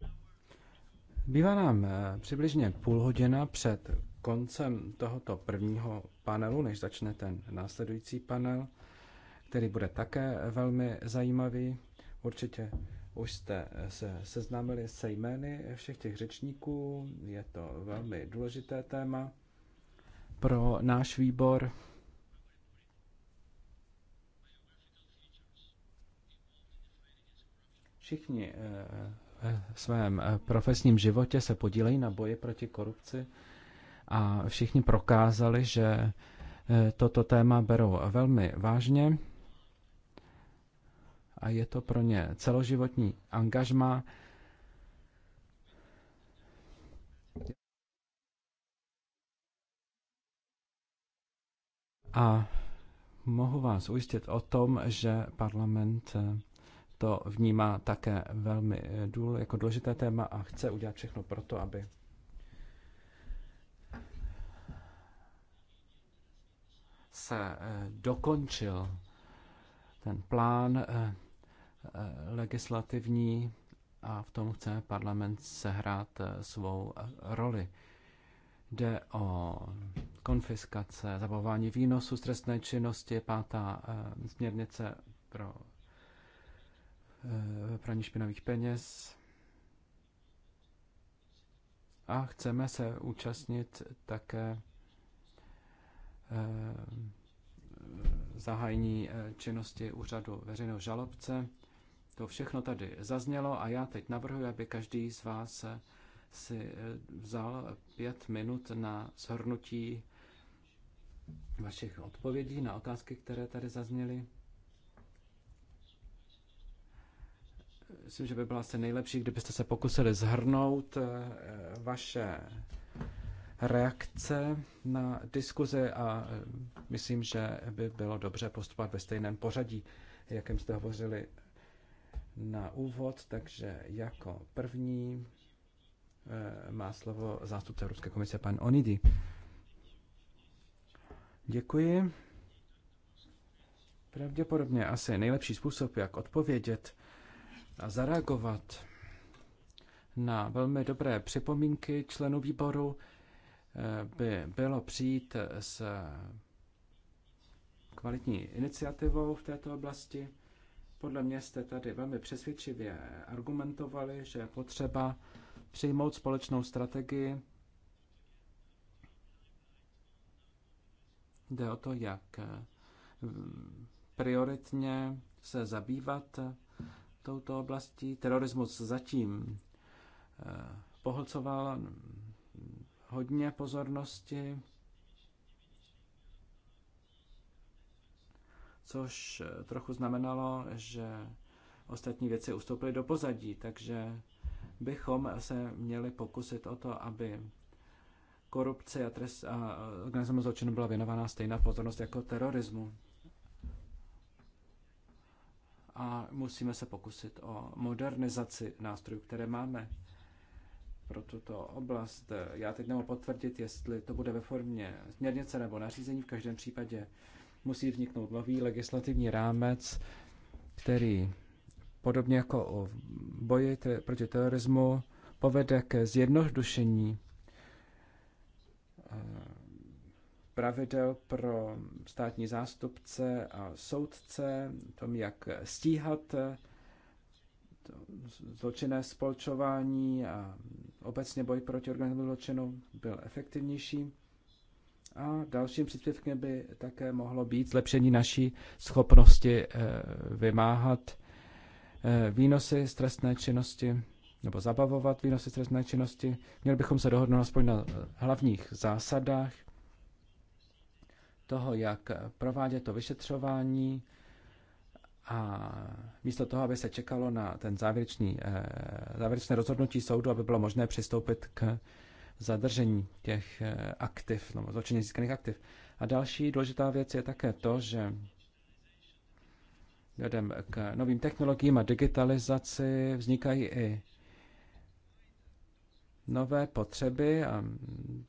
Bývá nám eh, přibližně půl hodina před koncem tohoto prvního panelu, než začne ten následující panel, který bude také velmi zajímavý. Určitě už jste eh, se seznámili se jmény všech těch řečníků. Je to velmi důležité téma pro náš výbor. Všichni eh, eh, ve svém eh, profesním životě se podílejí na boji proti korupci a všichni prokázali, že toto téma berou velmi vážně a je to pro ně celoživotní angažma. A mohu vás ujistit o tom, že parlament to vnímá také velmi eh, důl, jako důležité téma a chce udělat všechno pro to, aby se eh, dokončil ten plán eh, legislativní a v tom chce parlament sehrát svou roli. Jde o konfiskace, zabavování výnosu z trestné činnosti, pátá směrnice pro Eh, praní špinavých peněz a chceme se účastnit také eh, zahájení eh, činnosti úřadu veřejného žalobce. To všechno tady zaznělo a já teď navrhuji, aby každý z vás si vzal pět minut na shrnutí vašich odpovědí na otázky, které tady zazněly. Myslím, že by bylo asi nejlepší, kdybyste se pokusili zhrnout eh, vaše reakce na diskuzi a eh, myslím, že by bylo dobře postupovat ve stejném pořadí, jakém jste hovořili na úvod. Takže jako první eh, má slovo zástupce ruské komise pan Onidy. Děkuji. Pravděpodobně asi nejlepší způsob, jak odpovědět zareagovat na velmi dobré připomínky členů výboru eh, by bylo přijít s kvalitní iniciativou v této oblasti. Podle mě jste tady velmi přesvědčivě argumentovali, že je potřeba přijmout společnou strategii. Jde o to, jak eh, prioritně se zabývat touto oblastí. Terorismus zatím eh, pohlcoval hodně pozornosti, což eh, trochu znamenalo, že ostatní věci ustoupily do pozadí, takže bychom se měli pokusit o to, aby korupce a, a organizovanému zločinu byla věnována stejná pozornost jako terorismu a musíme se pokusit o modernizaci nástrojů, které máme pro tuto oblast. Já teď nemohu potvrdit, jestli to bude ve formě směrnice nebo nařízení. V každém případě musí vzniknout nový legislativní rámec, který podobně jako o boji proti terorismu povede ke zjednodušení pravidel pro státní zástupce a soudce, tom, jak stíhat zločinné spolčování a obecně boj proti organizovanému zločinu byl efektivnější. A dalším příspěvkem by také mohlo být zlepšení naší schopnosti eh, vymáhat eh, výnosy z trestné činnosti nebo zabavovat výnosy z trestné činnosti. Měli bychom se dohodnout aspoň na hlavních zásadách toho, jak provádět to vyšetřování a místo toho, aby se čekalo na ten závěrečný, eh, závěrečné rozhodnutí soudu, aby bylo možné přistoupit k zadržení těch eh, aktiv, no, zločině získaných aktiv. A další důležitá věc je také to, že vzhledem k novým technologiím a digitalizaci vznikají i nové potřeby a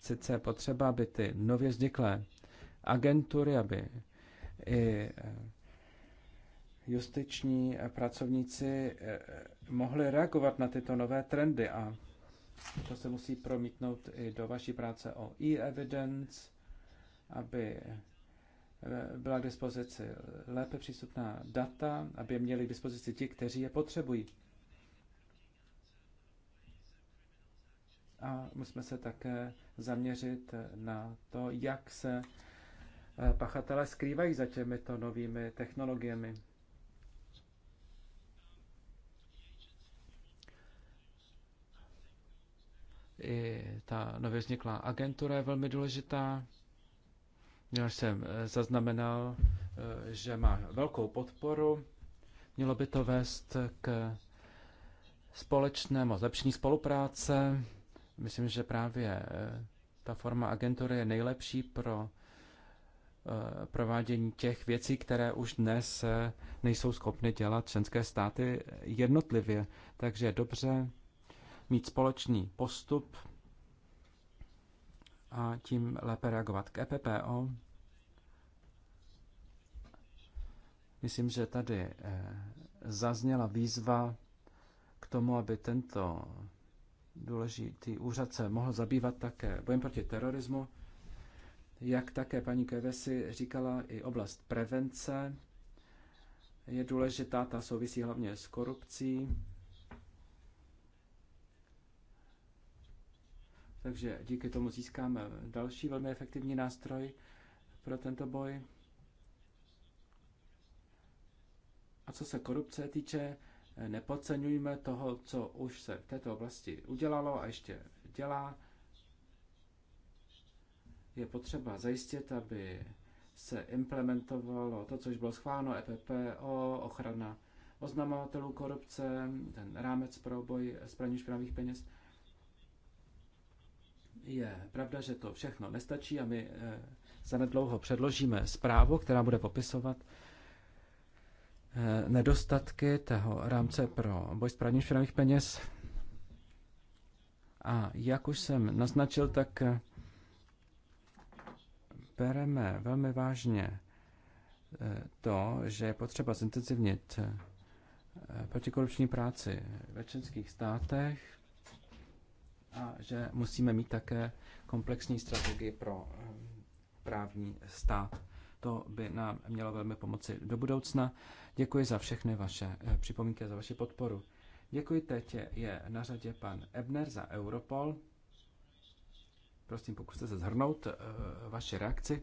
sice potřeba, aby ty nově vzniklé agentury, aby i eh, justiční eh, pracovníci eh, mohli reagovat na tyto nové trendy a to se musí promítnout i do vaší práce o e-evidence, aby byla k dispozici lépe přístupná data, aby je měli k dispozici ti, kteří je potřebují. A musíme se také zaměřit na to, jak se Eh, pachatelé skrývají za těmito novými technologiemi. I ta nově vzniklá agentura je velmi důležitá. Já jsem eh, zaznamenal, eh, že má velkou podporu. Mělo by to vést k společnému zlepšení spolupráce. Myslím, že právě ta forma agentury je nejlepší pro Eh, provádění těch věcí, které už dnes eh, nejsou schopny dělat členské státy jednotlivě. Takže je dobře mít společný postup a tím lépe reagovat k EPPO. Myslím, že tady eh, zazněla výzva k tomu, aby tento důležitý úřad se mohl zabývat také bojem proti terorismu. Jak také paní Kevesi říkala, i oblast prevence je důležitá, ta souvisí hlavně s korupcí. Takže díky tomu získáme další velmi efektivní nástroj pro tento boj. A co se korupce týče, nepodceňujme toho, co už se v této oblasti udělalo a ještě dělá je potřeba zajistit, aby se implementovalo to, což bylo schváleno EPPO, ochrana oznamovatelů korupce, ten rámec pro boj s praní špinavých peněz. Je pravda, že to všechno nestačí a my eh, zanedlouho předložíme zprávu, která bude popisovat eh, nedostatky toho rámce pro boj s praním špinavých peněz. A jak už jsem naznačil, tak eh, bereme velmi vážně eh, to, že je potřeba zintenzivnit eh, protikorupční práci ve členských státech a že musíme mít také komplexní strategii pro eh, právní stát. To by nám mělo velmi pomoci do budoucna. Děkuji za všechny vaše připomínky a za vaši podporu. Děkuji teď je na řadě pan Ebner za Europol. Prosím, pokuste se zhrnout eh, vaše reakci.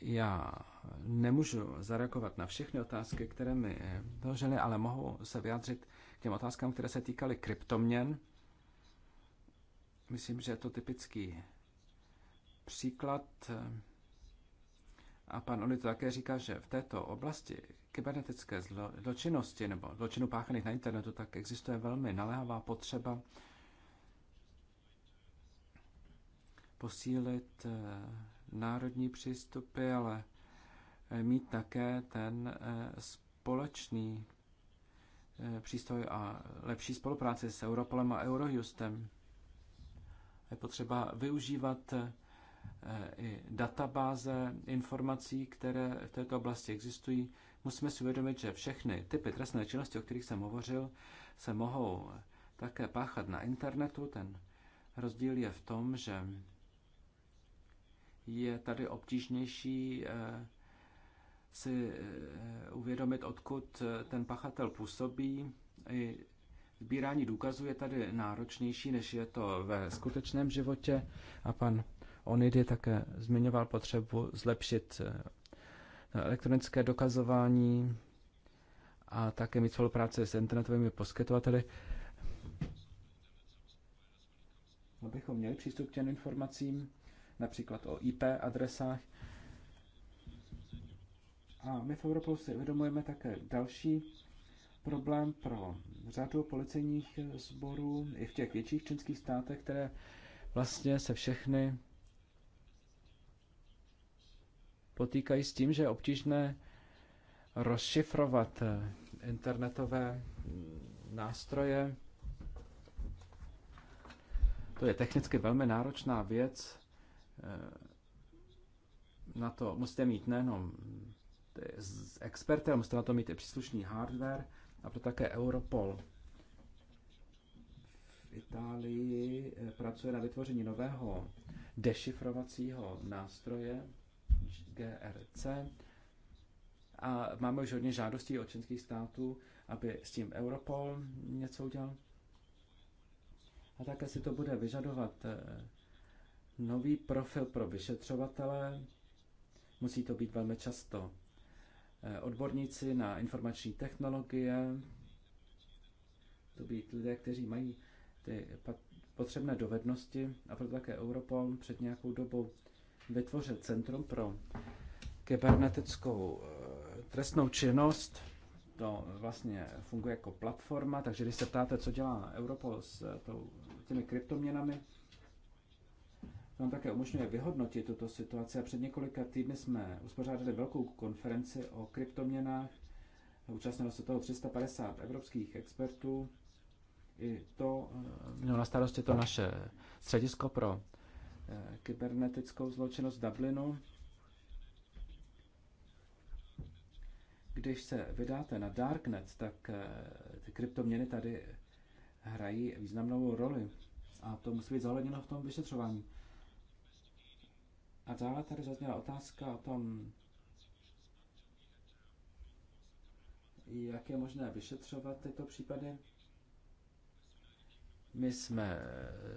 Já nemůžu zareagovat na všechny otázky, které mi eh, dožily, ale mohu se vyjádřit k těm otázkám, které se týkaly kryptoměn. Myslím, že je to typický příklad. Eh, a pan Oli také říká, že v této oblasti kybernetické zločinnosti nebo zločinu páchaných na internetu tak existuje velmi naléhavá potřeba posílit eh, národní přístupy, ale eh, mít také ten eh, společný přístoj a lepší spolupráci s Europolem a Eurojustem. Je potřeba využívat i databáze informací, které v této oblasti existují. Musíme si uvědomit, že všechny typy trestné činnosti, o kterých jsem hovořil, se mohou také páchat na internetu. Ten rozdíl je v tom, že je tady obtížnější eh, si eh, uvědomit, odkud eh, ten pachatel působí. I sbírání důkazů je tady náročnější, než je to ve skutečném životě. A pan Onidy také zmiňoval potřebu zlepšit elektronické dokazování a také mít spolupráce s internetovými poskytovateli. Abychom měli přístup k těm informacím, například o IP adresách. A my v Europolu si uvědomujeme také další problém pro řadu policejních sborů i v těch větších členských státech, které vlastně se všechny potýkají s tím, že je obtížné rozšifrovat eh, internetové nástroje. To je technicky velmi náročná věc Eh, na to musíte mít nejenom experty, ale musíte na to mít i příslušný hardware a pro také Europol. V Itálii eh, pracuje na vytvoření nového dešifrovacího nástroje GRC a máme už hodně žádostí od členských států, aby s tím Europol něco udělal. A také si to bude vyžadovat eh, nový profil pro vyšetřovatele. Musí to být velmi často eh, odborníci na informační technologie, to být lidé, kteří mají ty potřebné dovednosti a proto také Europol před nějakou dobou vytvořil Centrum pro kybernetickou eh, trestnou činnost. To vlastně funguje jako platforma, takže když se ptáte, co dělá Europol s eh, tou, těmi kryptoměnami, nám také umožňuje vyhodnotit tuto situaci a před několika týdny jsme uspořádali velkou konferenci o kryptoměnách. Účastnilo se toho 350 evropských expertů. I to eh, mělo na starosti to naše středisko pro eh, kybernetickou zločinnost Dublinu. Když se vydáte na Darknet, tak eh, ty kryptoměny tady hrají významnou roli a to musí být zohledněno v tom vyšetřování. A dále tady zazněla otázka o tom, jak je možné vyšetřovat tyto případy. My jsme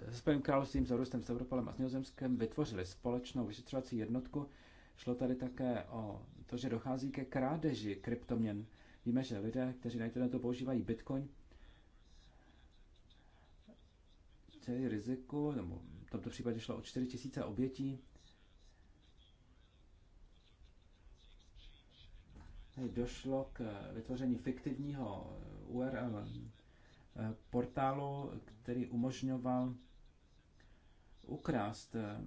s Spojeným královstvím, s Rustem, s Europolem a s Nizozemskem vytvořili společnou vyšetřovací jednotku. Šlo tady také o to, že dochází ke krádeži kryptoměn. Víme, že lidé, kteří na internetu používají bitcoin, celý riziku, nebo v tomto případě šlo o 4000 obětí, došlo k vytvoření fiktivního URL eh, portálu, který umožňoval ukrást eh,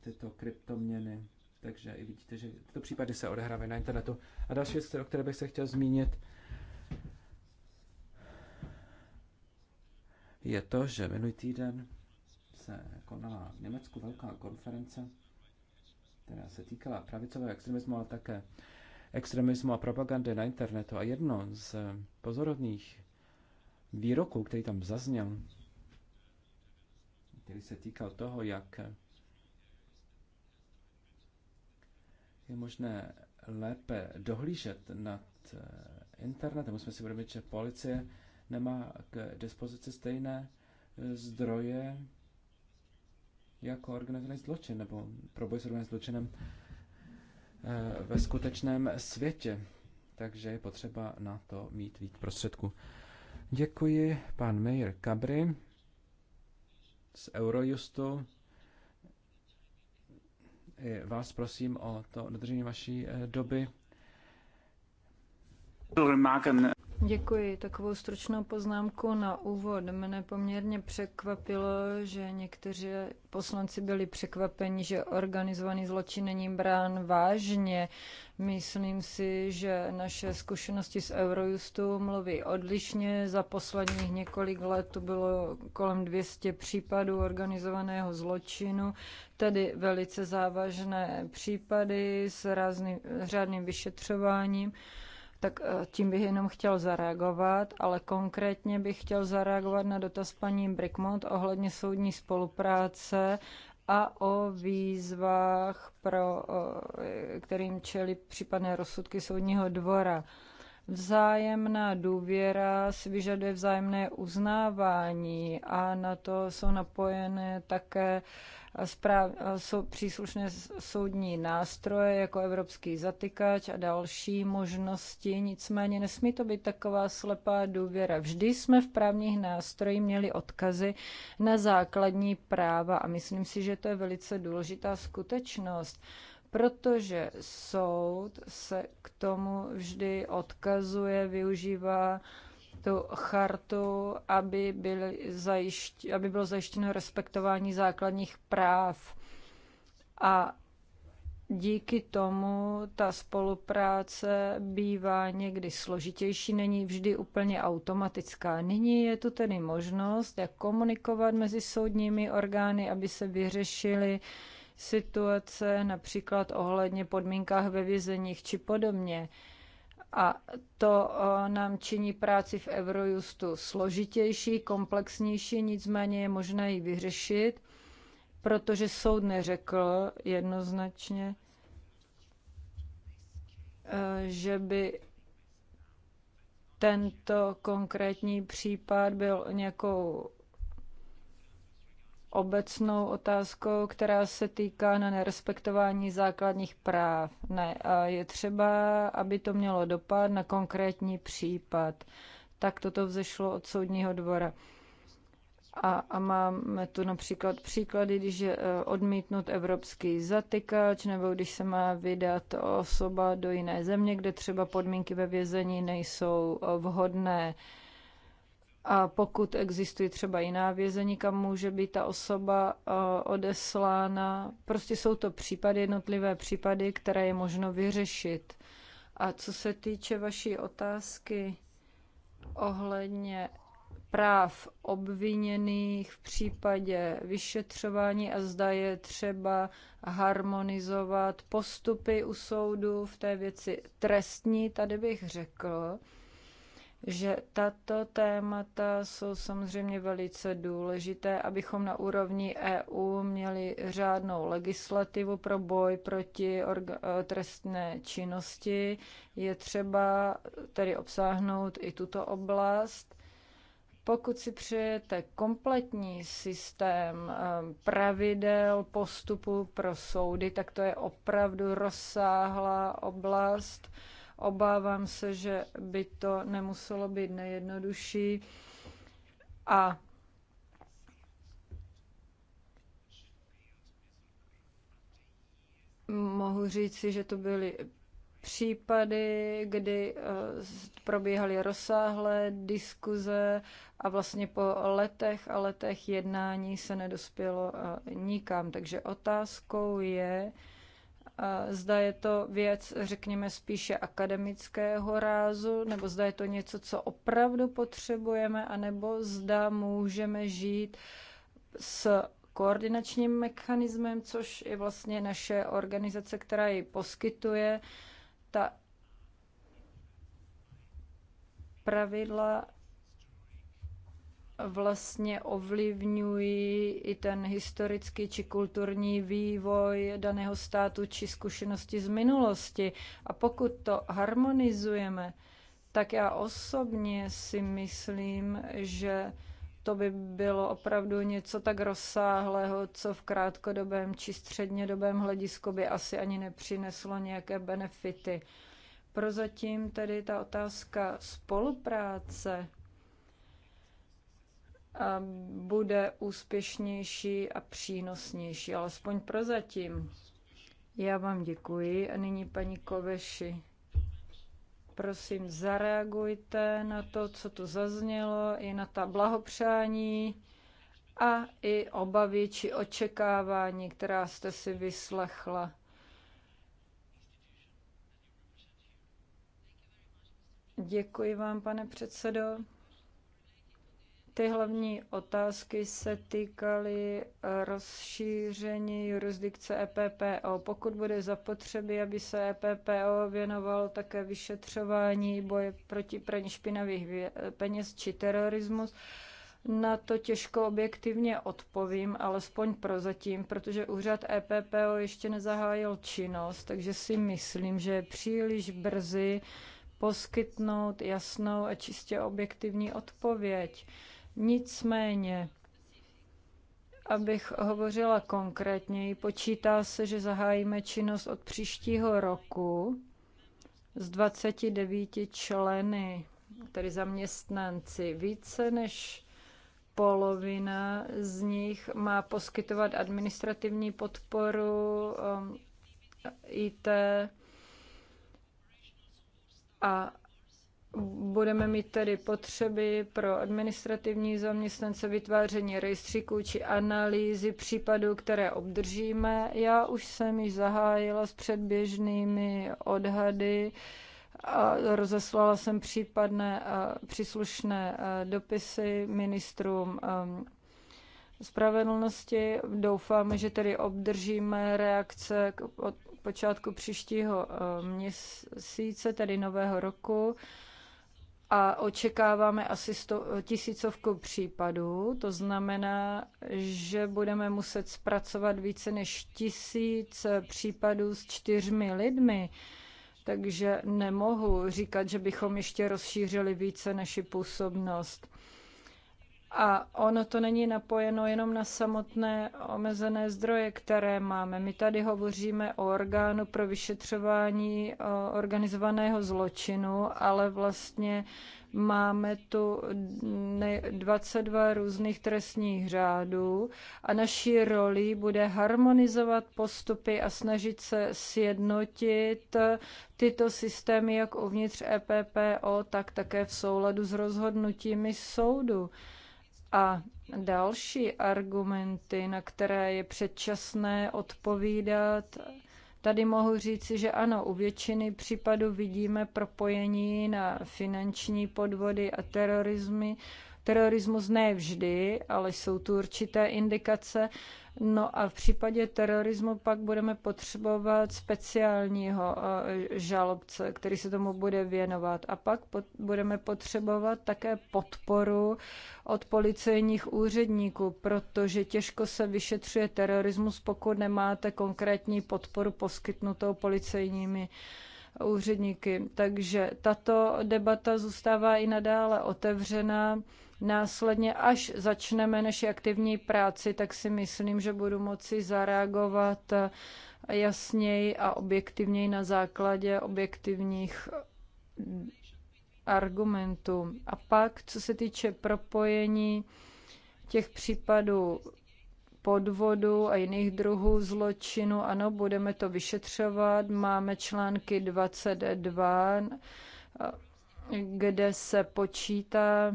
tyto kryptoměny. Takže i vidíte, že tyto případy se odehrávají na internetu. A další věc, o které bych se chtěl zmínit, je to, že minulý týden se konala v Německu velká konference, která se týkala pravicového extremismu, ale také extremismu a propagandy na internetu. A jedno z pozorovných výroků, který tam zazněl, který se týkal toho, jak je možné lépe dohlížet nad eh, internetem. Musíme si uvědomit, že policie nemá k dispozici stejné eh, zdroje jako organizovaný zločin nebo proboj s organizovaným zločinem Eh, ve skutečném světě. Takže je potřeba na to mít víc prostředků. Děkuji pan Meir Kabry z Eurojustu. I vás prosím o to dodržení vaší eh, doby. Děkuji. Takovou stručnou poznámku na úvod. Mne poměrně překvapilo, že někteří poslanci byli překvapeni, že organizovaný zločin není brán vážně. Myslím si, že naše zkušenosti s Eurojustu mluví odlišně. Za posledních několik let to bylo kolem 200 případů organizovaného zločinu, tedy velice závažné případy s rázným, řádným vyšetřováním. Tak eh, tím bych jenom chtěl zareagovat, ale konkrétně bych chtěl zareagovat na dotaz paní Brickmont ohledně soudní spolupráce a o výzvách, pro, eh, kterým čelí případné rozsudky soudního dvora. Vzájemná důvěra si vyžaduje vzájemné uznávání a na to jsou napojené také uh, správ, jsou příslušné soudní nástroje, jako evropský zatykač a další možnosti. Nicméně nesmí to být taková slepá důvěra. Vždy jsme v právních nástrojích měli odkazy na základní práva a myslím si, že to je velice důležitá skutečnost protože soud se k tomu vždy odkazuje, využívá tu chartu, aby, byly zajišť, aby bylo zajištěno respektování základních práv. A díky tomu ta spolupráce bývá někdy složitější, není vždy úplně automatická. Nyní je tu tedy možnost, jak komunikovat mezi soudními orgány, aby se vyřešily situace například ohledně podmínkách ve vězeních či podobně. A to nám činí práci v Eurojustu složitější, komplexnější, nicméně je možné ji vyřešit, protože soud neřekl jednoznačně, e, že by tento konkrétní případ byl nějakou obecnou otázkou, která se týká na nerespektování základních práv. Ne, a je třeba, aby to mělo dopad na konkrétní případ. Tak toto vzešlo od soudního dvora. A, a máme tu například příklady, když je e, odmítnut evropský zatykač, nebo když se má vydat osoba do jiné země, kde třeba podmínky ve vězení nejsou e, vhodné. A pokud existuje třeba jiná vězení, kam může být ta osoba eh, odeslána, prostě jsou to případy, jednotlivé případy, které je možno vyřešit. A co se týče vaší otázky ohledně práv obviněných v případě vyšetřování a zda je třeba harmonizovat postupy u soudu v té věci trestní, tady bych řekl, že tato témata jsou samozřejmě velice důležité, abychom na úrovni EU měli řádnou legislativu pro boj proti eh, trestné činnosti. Je třeba tedy obsáhnout i tuto oblast. Pokud si přejete kompletní systém eh, pravidel, postupu pro soudy, tak to je opravdu rozsáhlá oblast Obávám se, že by to nemuselo být nejjednodušší. A mohu říci, že to byly případy, kdy eh, probíhaly rozsáhlé diskuze a vlastně po letech a letech jednání se nedospělo eh, nikam. Takže otázkou je, Zda je to věc, řekněme, spíše akademického rázu, nebo zda je to něco, co opravdu potřebujeme, anebo zda můžeme žít s koordinačním mechanismem, což je vlastně naše organizace, která ji poskytuje. Ta pravidla vlastně ovlivňují i ten historický či kulturní vývoj daného státu či zkušenosti z minulosti. A pokud to harmonizujeme, tak já osobně si myslím, že to by bylo opravdu něco tak rozsáhlého, co v krátkodobém či střednědobém hledisku by asi ani nepřineslo nějaké benefity. Prozatím tedy ta otázka spolupráce bude úspěšnější a přínosnější, alespoň prozatím. Já vám děkuji a nyní paní Koveši. Prosím, zareagujte na to, co tu zaznělo, i na ta blahopřání a i obavy či očekávání, která jste si vyslechla. Děkuji vám, pane předsedo. Ty hlavní otázky se týkaly eh, rozšíření jurisdikce EPPO. Pokud bude zapotřebí, aby se EPPO věnoval také vyšetřování boje proti praní špinavých peněz či terorismus, na to těžko objektivně odpovím, alespoň prozatím, protože úřad EPPO ještě nezahájil činnost, takže si myslím, že je příliš brzy poskytnout jasnou a čistě objektivní odpověď. Nicméně, abych hovořila konkrétněji, počítá se, že zahájíme činnost od příštího roku z 29 členy, tedy zaměstnanci. Více než polovina z nich má poskytovat administrativní podporu um, IT a Budeme mít tedy potřeby pro administrativní zaměstnance vytváření rejstříků či analýzy případů, které obdržíme. Já už jsem již zahájila s předběžnými odhady a rozeslala jsem případné a eh, příslušné eh, dopisy ministrům eh, spravedlnosti. Doufám, že tedy obdržíme reakce od počátku příštího měsíce, tedy nového roku a očekáváme asi sto, tisícovku případů, to znamená, že budeme muset zpracovat více než tisíc případů s čtyřmi lidmi. Takže nemohu říkat, že bychom ještě rozšířili více naši působnost. A ono to není napojeno jenom na samotné omezené zdroje, které máme. My tady hovoříme o orgánu pro vyšetřování e, organizovaného zločinu, ale vlastně máme tu 22 různých trestních řádů a naší roli bude harmonizovat postupy a snažit se sjednotit tyto systémy jak uvnitř EPPO, tak také v souladu s rozhodnutími soudu. A další argumenty, na které je předčasné odpovídat, Tady mohu říci, že ano, u většiny případů vidíme propojení na finanční podvody a terorizmy. Terorismus ne vždy, ale jsou tu určité indikace, No a v případě terorismu pak budeme potřebovat speciálního eh, žalobce, který se tomu bude věnovat. A pak budeme potřebovat také podporu od policejních úředníků, protože těžko se vyšetřuje terorismus, pokud nemáte konkrétní podporu poskytnutou policejními úředníky. Takže tato debata zůstává i nadále otevřená Následně, až začneme naši aktivní práci, tak si myslím, že budu moci zareagovat eh, jasněji a objektivněji na základě objektivních mm, argumentů. A pak, co se týče propojení těch případů podvodu a jiných druhů zločinu, ano, budeme to vyšetřovat. Máme články 22, eh, kde se počítá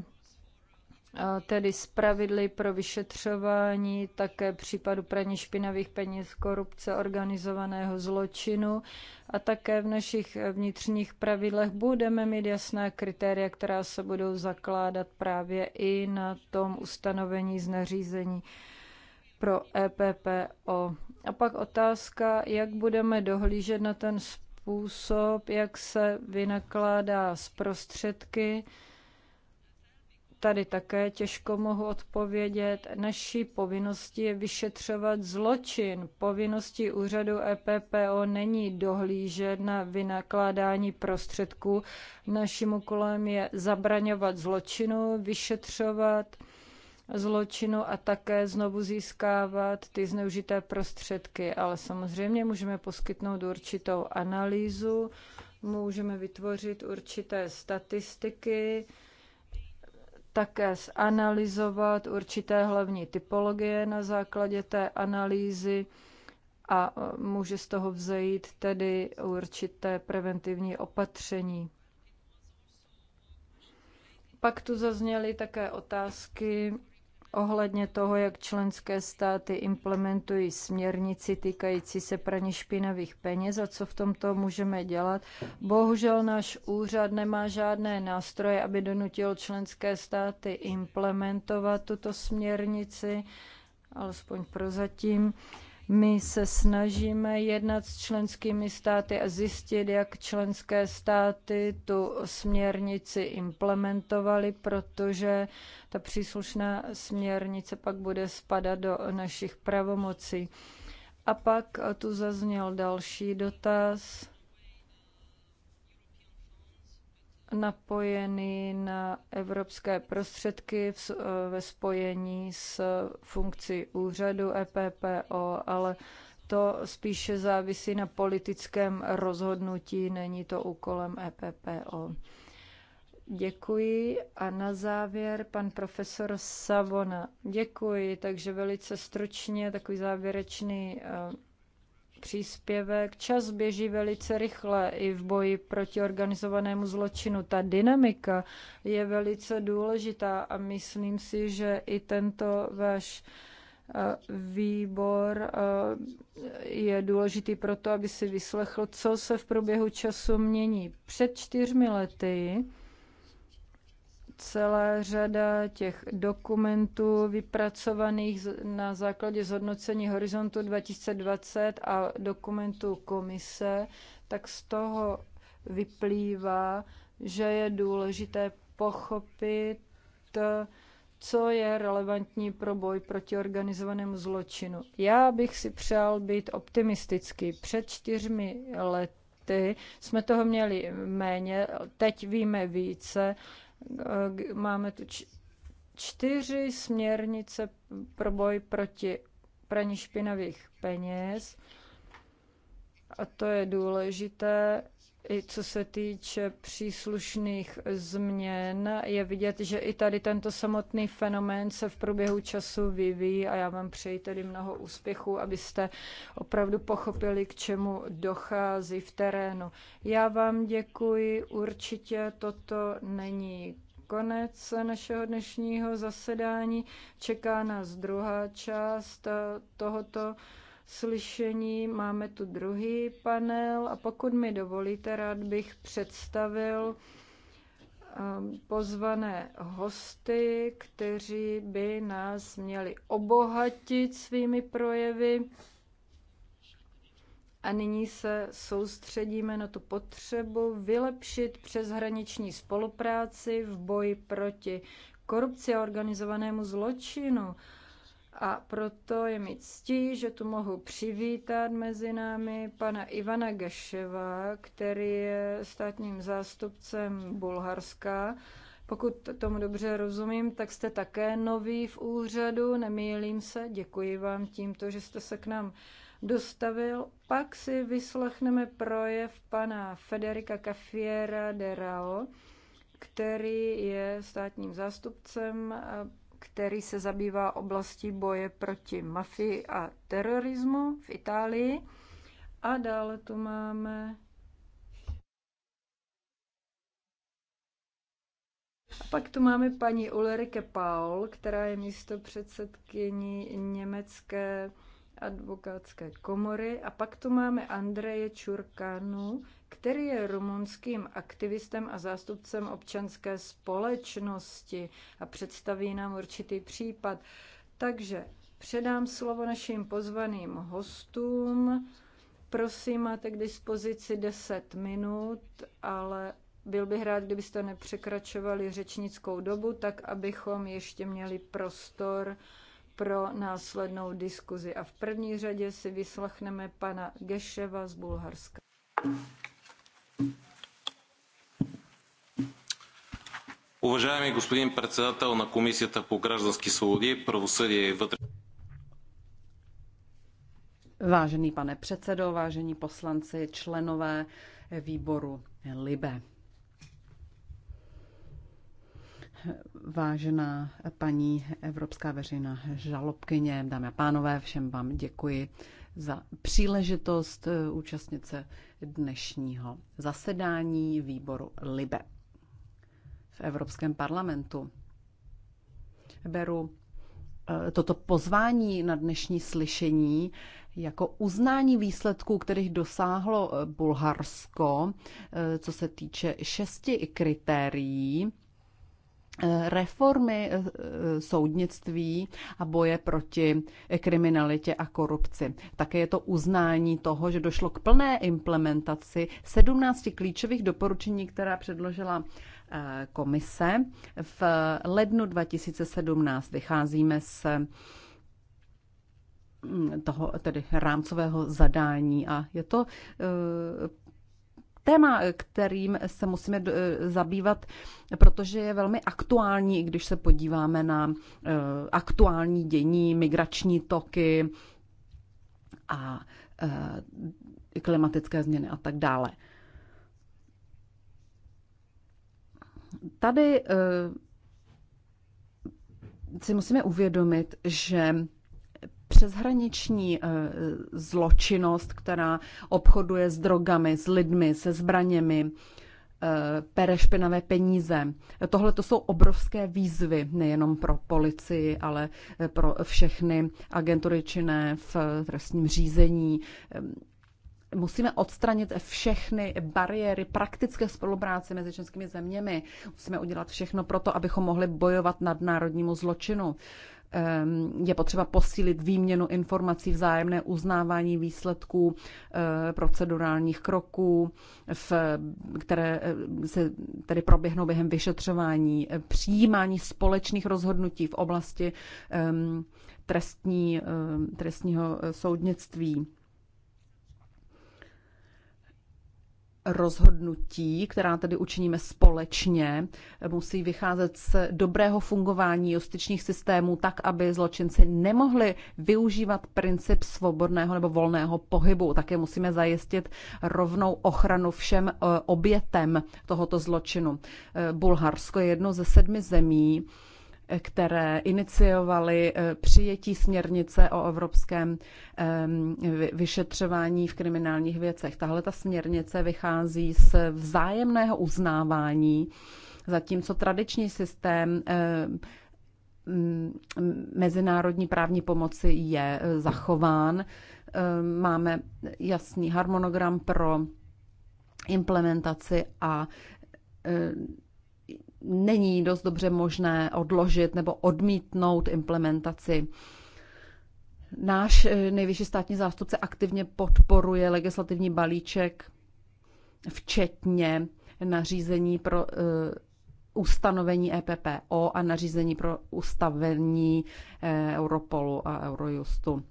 tedy zpravidly pro vyšetřování také případu praní špinavých peněz, korupce, organizovaného zločinu a také v našich eh, vnitřních pravidlech budeme mít jasná kritéria, která se budou zakládat právě i na tom ustanovení z nařízení pro EPPO. A pak otázka, jak budeme dohlížet na ten způsob, jak se vynakládá z prostředky, tady také těžko mohu odpovědět. Naší povinností je vyšetřovat zločin. Povinností úřadu EPPO není dohlížet na vynakládání prostředků. Naším úkolem je zabraňovat zločinu, vyšetřovat zločinu a také znovu získávat ty zneužité prostředky. Ale samozřejmě můžeme poskytnout určitou analýzu, můžeme vytvořit určité statistiky, také zanalizovat určité hlavní typologie na základě té analýzy a může z toho vzejít tedy určité preventivní opatření. Pak tu zazněly také otázky ohledně toho, jak členské státy implementují směrnici týkající se praní špinavých peněz a co v tomto můžeme dělat. Bohužel náš úřad nemá žádné nástroje, aby donutil členské státy implementovat tuto směrnici, alespoň prozatím. My se snažíme jednat s členskými státy a zjistit, jak členské státy tu směrnici implementovaly, protože ta příslušná směrnice pak bude spadat do našich pravomocí. A pak tu zazněl další dotaz napojeny na evropské prostředky v, eh, ve spojení s funkcí úřadu EPPO, ale to spíše závisí na politickém rozhodnutí, není to úkolem EPPO. Děkuji a na závěr pan profesor Savona. Děkuji, takže velice stručně takový závěrečný eh, příspěvek. Čas běží velice rychle i v boji proti organizovanému zločinu. Ta dynamika je velice důležitá a myslím si, že i tento váš eh, výbor eh, je důležitý proto, aby si vyslechl, co se v průběhu času mění. Před čtyřmi lety celá řada těch dokumentů vypracovaných na základě zhodnocení Horizontu 2020 a dokumentů komise, tak z toho vyplývá, že je důležité pochopit, co je relevantní pro boj proti organizovanému zločinu. Já bych si přál být optimistický. Před čtyřmi lety jsme toho měli méně, teď víme více Máme tu čtyři směrnice pro boj proti praní špinavých peněz. A to je důležité i co se týče příslušných změn, je vidět, že i tady tento samotný fenomén se v průběhu času vyvíjí a já vám přeji tedy mnoho úspěchů, abyste opravdu pochopili, k čemu dochází v terénu. Já vám děkuji, určitě toto není konec našeho dnešního zasedání. Čeká nás druhá část tohoto slyšení. Máme tu druhý panel a pokud mi dovolíte, rád bych představil ehm, pozvané hosty, kteří by nás měli obohatit svými projevy. A nyní se soustředíme na tu potřebu vylepšit přeshraniční spolupráci v boji proti korupci a organizovanému zločinu. A proto je mi ctí, že tu mohu přivítat mezi námi pana Ivana Geševa, který je státním zástupcem Bulharska. Pokud tomu dobře rozumím, tak jste také nový v úřadu, nemýlím se. Děkuji vám tímto, že jste se k nám dostavil. Pak si vyslechneme projev pana Federica Cafiera de Rao, který je státním zástupcem který se zabývá oblastí boje proti mafii a terorismu v Itálii. A dále tu máme A pak tu máme paní Ulrike Paul, která je místo předsedkyní německé advokátské komory. A pak tu máme Andreje Čurkanu, který je rumunským aktivistem a zástupcem občanské společnosti a představí nám určitý případ. Takže předám slovo našim pozvaným hostům. Prosím, máte k dispozici 10 minut, ale byl bych rád, kdybyste nepřekračovali řečnickou dobu, tak abychom ještě měli prostor pro následnou diskuzi. A v první řadě si vyslechneme pana Geševa z Bulharska. Уважаеми господин председател на Комисията по граждански свободи, правосъдие и вътре... Vážený pane předsedo, vážení poslanci, členové výboru LIBE. Vážená paní Evropská veřejná žalobkyně, dámy a pánové, všem vám děkuji za příležitost eh, účastnit se dnešního zasedání výboru LIBE v Evropském parlamentu. Beru eh, toto pozvání na dnešní slyšení jako uznání výsledků, kterých dosáhlo eh, Bulharsko, eh, co se týče šesti kritérií, reformy eh, eh, soudnictví a boje proti kriminalitě a korupci. Také je to uznání toho, že došlo k plné implementaci 17 klíčových doporučení, která předložila eh, komise. V lednu 2017 vycházíme z mm, toho tedy rámcového zadání a je to téma, kterým se musíme eh, zabývat, protože je velmi aktuální, i když se podíváme na eh, aktuální dění, migrační toky a eh, klimatické změny a tak dále. Tady si musíme uvědomit, že přeshraniční eh, zločinnost, která obchoduje s drogami, s lidmi, se zbraněmi, eh, pere špinavé peníze. Tohle to jsou obrovské výzvy nejenom pro policii, ale eh, pro všechny agentury činné v trestním řízení. Ehm, musíme odstranit všechny bariéry praktické spolupráce mezi českými zeměmi. Musíme udělat všechno pro to, abychom mohli bojovat nad národnímu zločinu. Ehm, je potřeba posílit výměnu informací, vzájemné uznávání výsledků eh, procedurálních kroků, v, které eh, se tedy proběhnou během vyšetřování, eh, přijímání společných rozhodnutí v oblasti ehm, trestní, ehm, trestního soudnictví rozhodnutí, která tedy učiníme společně, musí vycházet z dobrého fungování justičních systémů tak, aby zločinci nemohli využívat princip svobodného nebo volného pohybu. Také musíme zajistit rovnou ochranu všem eh, obětem tohoto zločinu. Eh, Bulharsko je jedno ze sedmi zemí, které iniciovaly eh, přijetí směrnice o evropském vyšetřování v kriminálních věcech. Tahle ta směrnice vychází z vzájemného uznávání, zatímco tradiční systém mezinárodní právní pomoci je eh, zachován. Máme jasný harmonogram pro implementaci a není dost dobře možné odložit nebo odmítnout implementaci. Náš eh, nejvyšší státní zástupce aktivně podporuje legislativní balíček, včetně nařízení pro uh, ustanovení EPPO a nařízení pro ustavení uh, Europolu a Eurojustu.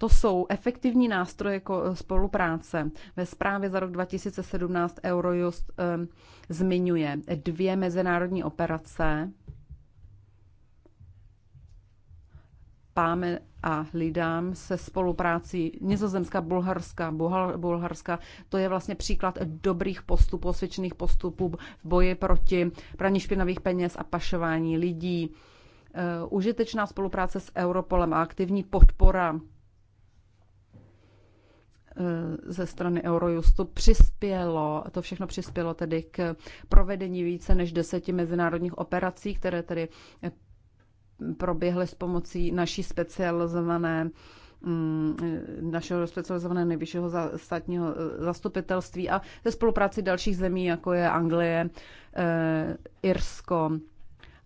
To jsou efektivní nástroje eh, spolupráce. Ve zprávě za rok 2017 Eurojust um, zmiňuje dvě mezinárodní operace. Páme a lidám se spoluprácí Nizozemska, Bulharska, Bulharska. To je vlastně příklad dobrých postupů, osvědčených postupů v boji proti praní špinavých peněz a pašování lidí. Eh, užitečná spolupráce s Europolem a aktivní podpora Eh, ze strany Eurojustu přispělo, to všechno přispělo tedy k provedení více než deseti mezinárodních operací, které tedy eh, proběhly s pomocí naší specializované mm, našeho specializovaného nejvyššího státního eh, zastupitelství a ze spolupráci dalších zemí, jako je Anglie, Irsko,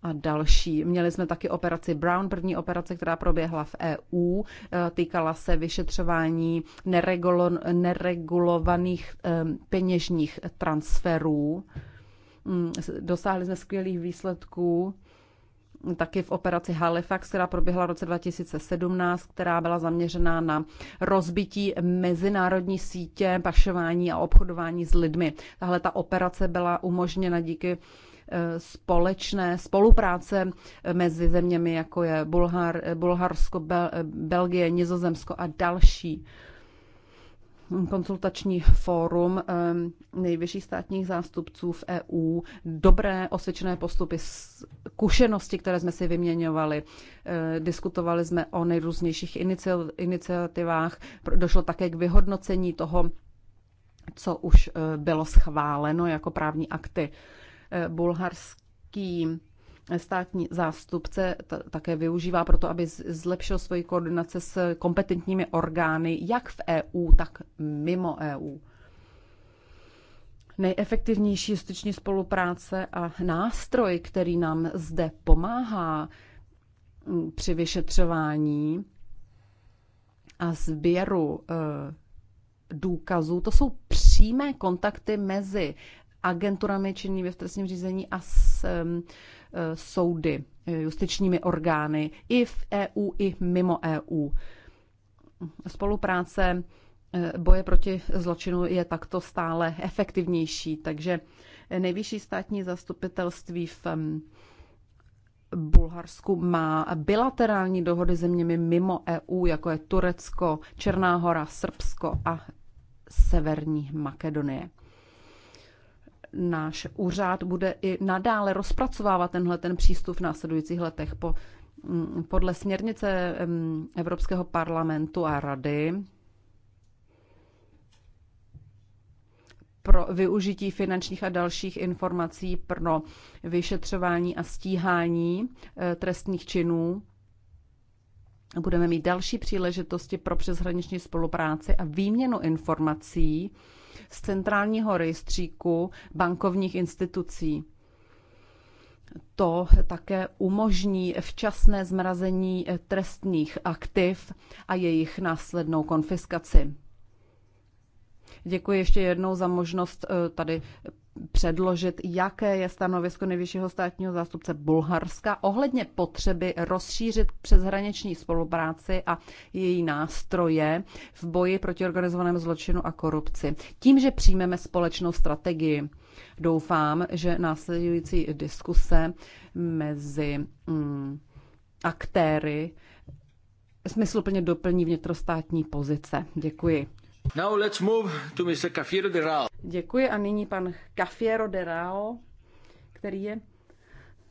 a další. Měli jsme taky operaci Brown, první operace, která proběhla v EU, eh, týkala se vyšetřování neregulo, neregulovaných peněžních transferů. Mm, dosáhli jsme skvělých výsledků taky v operaci Halifax, která proběhla v roce 2017, která byla zaměřená na rozbití mezinárodní sítě pašování a obchodování s lidmi. Tahle ta operace byla umožněna díky společné spolupráce mezi zeměmi, jako je Bulhar, Bulharsko, Bel, Belgie, Nizozemsko a další konsultační fórum nejvyšších státních zástupců v EU, dobré osvědčené postupy, zkušenosti, které jsme si vyměňovali. Eh, diskutovali jsme o nejrůznějších iniciativách, došlo také k vyhodnocení toho, co už eh, bylo schváleno jako právní akty bulharský státní zástupce také využívá proto, aby zlepšil svoji koordinace s kompetentními orgány, jak v EU, tak mimo EU. Nejefektivnější justiční spolupráce a nástroj, který nám zde pomáhá mm, při vyšetřování a sběru eh, důkazů, to jsou přímé kontakty mezi agenturami činnými v trestním řízení a s e, soudy, e, justičními orgány i v EU, i mimo EU. Spolupráce e, boje proti zločinu je takto stále efektivnější, takže nejvyšší státní zastupitelství v Bulharsku má bilaterální dohody zeměmi mimo EU, jako je Turecko, Černá hora, Srbsko a Severní Makedonie náš úřad bude i nadále rozpracovávat tenhle ten přístup v následujících letech. Po, mm, podle směrnice mm, Evropského parlamentu a rady pro využití finančních a dalších informací pro vyšetřování a stíhání eh, trestných činů. Budeme mít další příležitosti pro přeshraniční spolupráci a výměnu informací z centrálního rejstříku bankovních institucí. To také umožní včasné zmrazení trestných aktiv a jejich následnou konfiskaci. Děkuji ještě jednou za možnost eh, tady předložit, jaké je stanovisko nejvyššího státního zástupce Bulharska ohledně potřeby rozšířit přeshraniční spolupráci a její nástroje v boji proti organizovanému zločinu a korupci. Tím, že přijmeme společnou strategii, doufám, že následující diskuse mezi mm, aktéry smysluplně doplní vnitrostátní pozice. Děkuji. Now let's move to Mr. Cafiero de Rao. Děkuji a nyní pan Cafiero de Rao, který je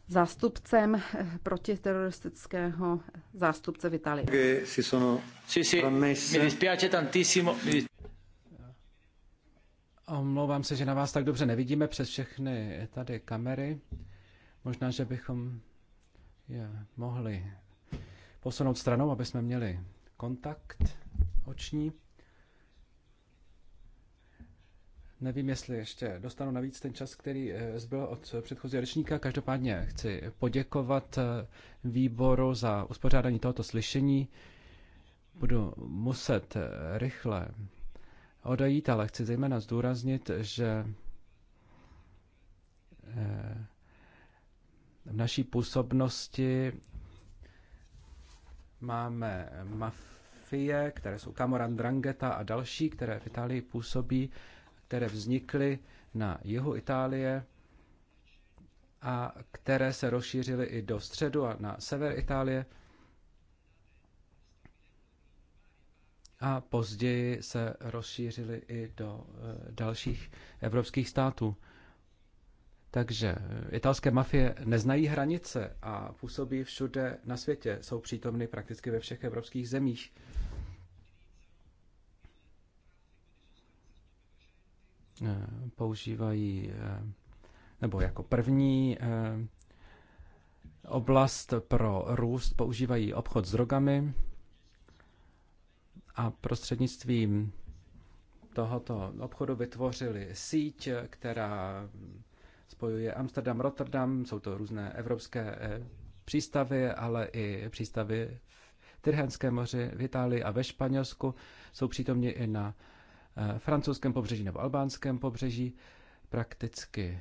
zástupcem eh, protiteroristického zástupce v Itálii. Si sono sì, mi dispiace tantissimo. Eh, omlouvám se, že na vás tak dobře nevidíme přes všechny tady kamery. Možná, že bychom je mohli posunout stranou, aby jsme měli kontakt oční. Nevím, jestli ještě dostanu navíc ten čas, který eh, zbyl od předchozího ročníka. Každopádně chci poděkovat eh, výboru za uspořádání tohoto slyšení. Budu muset eh, rychle odejít, ale chci zejména zdůraznit, že v naší působnosti máme mafie, které jsou Camoran Drangeta a další, které v Itálii působí které vznikly na jihu Itálie a které se rozšířily i do středu a na sever Itálie. A později se rozšířily i do eh, dalších evropských států. Takže eh, italské mafie neznají hranice a působí všude na světě. Jsou přítomny prakticky ve všech evropských zemích. Eh, používají eh, nebo jako první eh, oblast pro růst používají obchod s drogami a prostřednictvím tohoto obchodu vytvořili síť, která spojuje Amsterdam, Rotterdam, jsou to různé evropské přístavy, ale i přístavy v Tyrhenském moři, v Itálii a ve Španělsku. Jsou přítomni i na Eh, francouzském pobřeží nebo albánském pobřeží, prakticky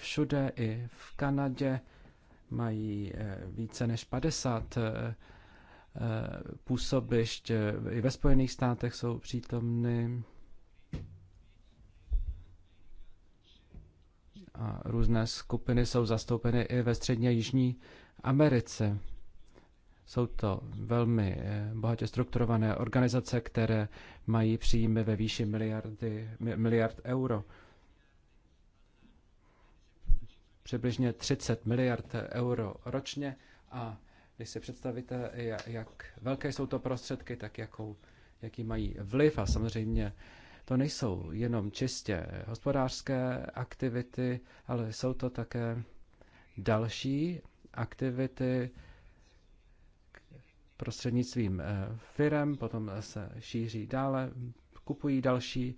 všude i v Kanadě mají eh, více než 50 eh, působišť, i ve Spojených státech jsou přítomny a různé skupiny jsou zastoupeny i ve střední a jižní Americe. Jsou to velmi eh, bohatě strukturované organizace, které mají příjmy ve výši miliardy, miliard euro. Přibližně 30 miliard euro ročně a když si představíte, jak velké jsou to prostředky, tak jakou, jaký mají vliv a samozřejmě to nejsou jenom čistě hospodářské aktivity, ale jsou to také další aktivity, prostřednictvím eh, firem, potom se šíří dále, kupují další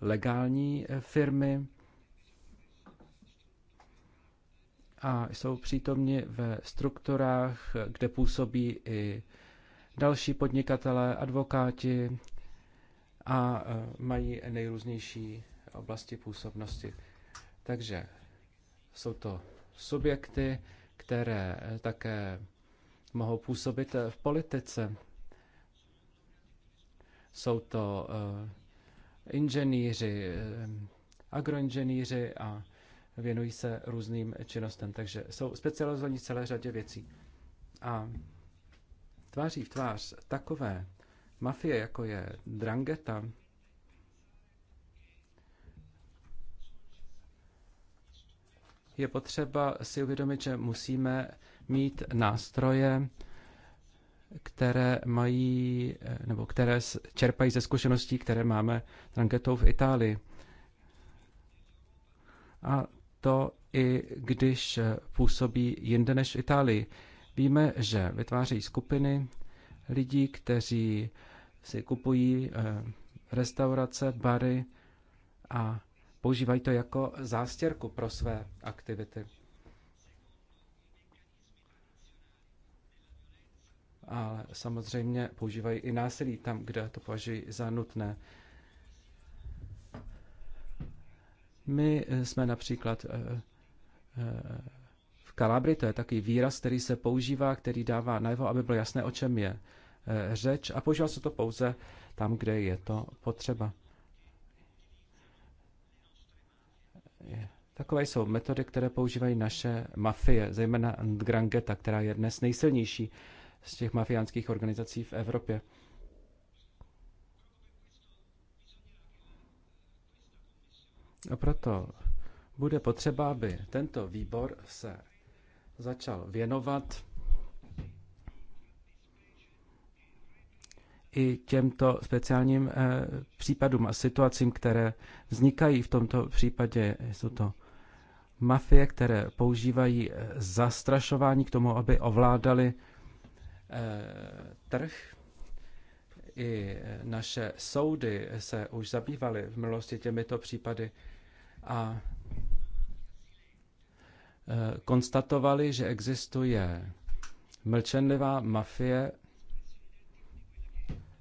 legální eh, firmy a jsou přítomni ve strukturách, kde působí i další podnikatelé, advokáti a eh, mají nejrůznější oblasti působnosti. Takže jsou to subjekty, které také mohou působit eh, v politice. Jsou to eh, inženýři, eh, agroinženýři a věnují se různým činnostem, takže jsou specializovaní celé řadě věcí. A tváří v tvář takové mafie, jako je Drangeta, je potřeba si uvědomit, že musíme mít nástroje, které mají, nebo které čerpají ze zkušeností, které máme s rangetou v Itálii. A to i když působí jinde než v Itálii. Víme, že vytvářejí skupiny lidí, kteří si kupují eh, restaurace, bary a používají to jako zástěrku pro své aktivity. ale samozřejmě používají i násilí tam, kde to považují za nutné. My jsme například eh, eh, v Kalabri, to je takový výraz, který se používá, který dává najevo, aby bylo jasné, o čem je eh, řeč a používá se to pouze tam, kde je to potřeba. Takové jsou metody, které používají naše mafie, zejména Grangeta, která je dnes nejsilnější z těch mafiánských organizací v Evropě. A proto bude potřeba, aby tento výbor se začal věnovat i těmto speciálním eh, případům a situacím, které vznikají v tomto případě. Jsou to mafie, které používají eh, zastrašování k tomu, aby ovládali Eh, trh. I eh, naše soudy se už zabývaly v minulosti těmito případy a eh, konstatovali, že existuje mlčenlivá mafie,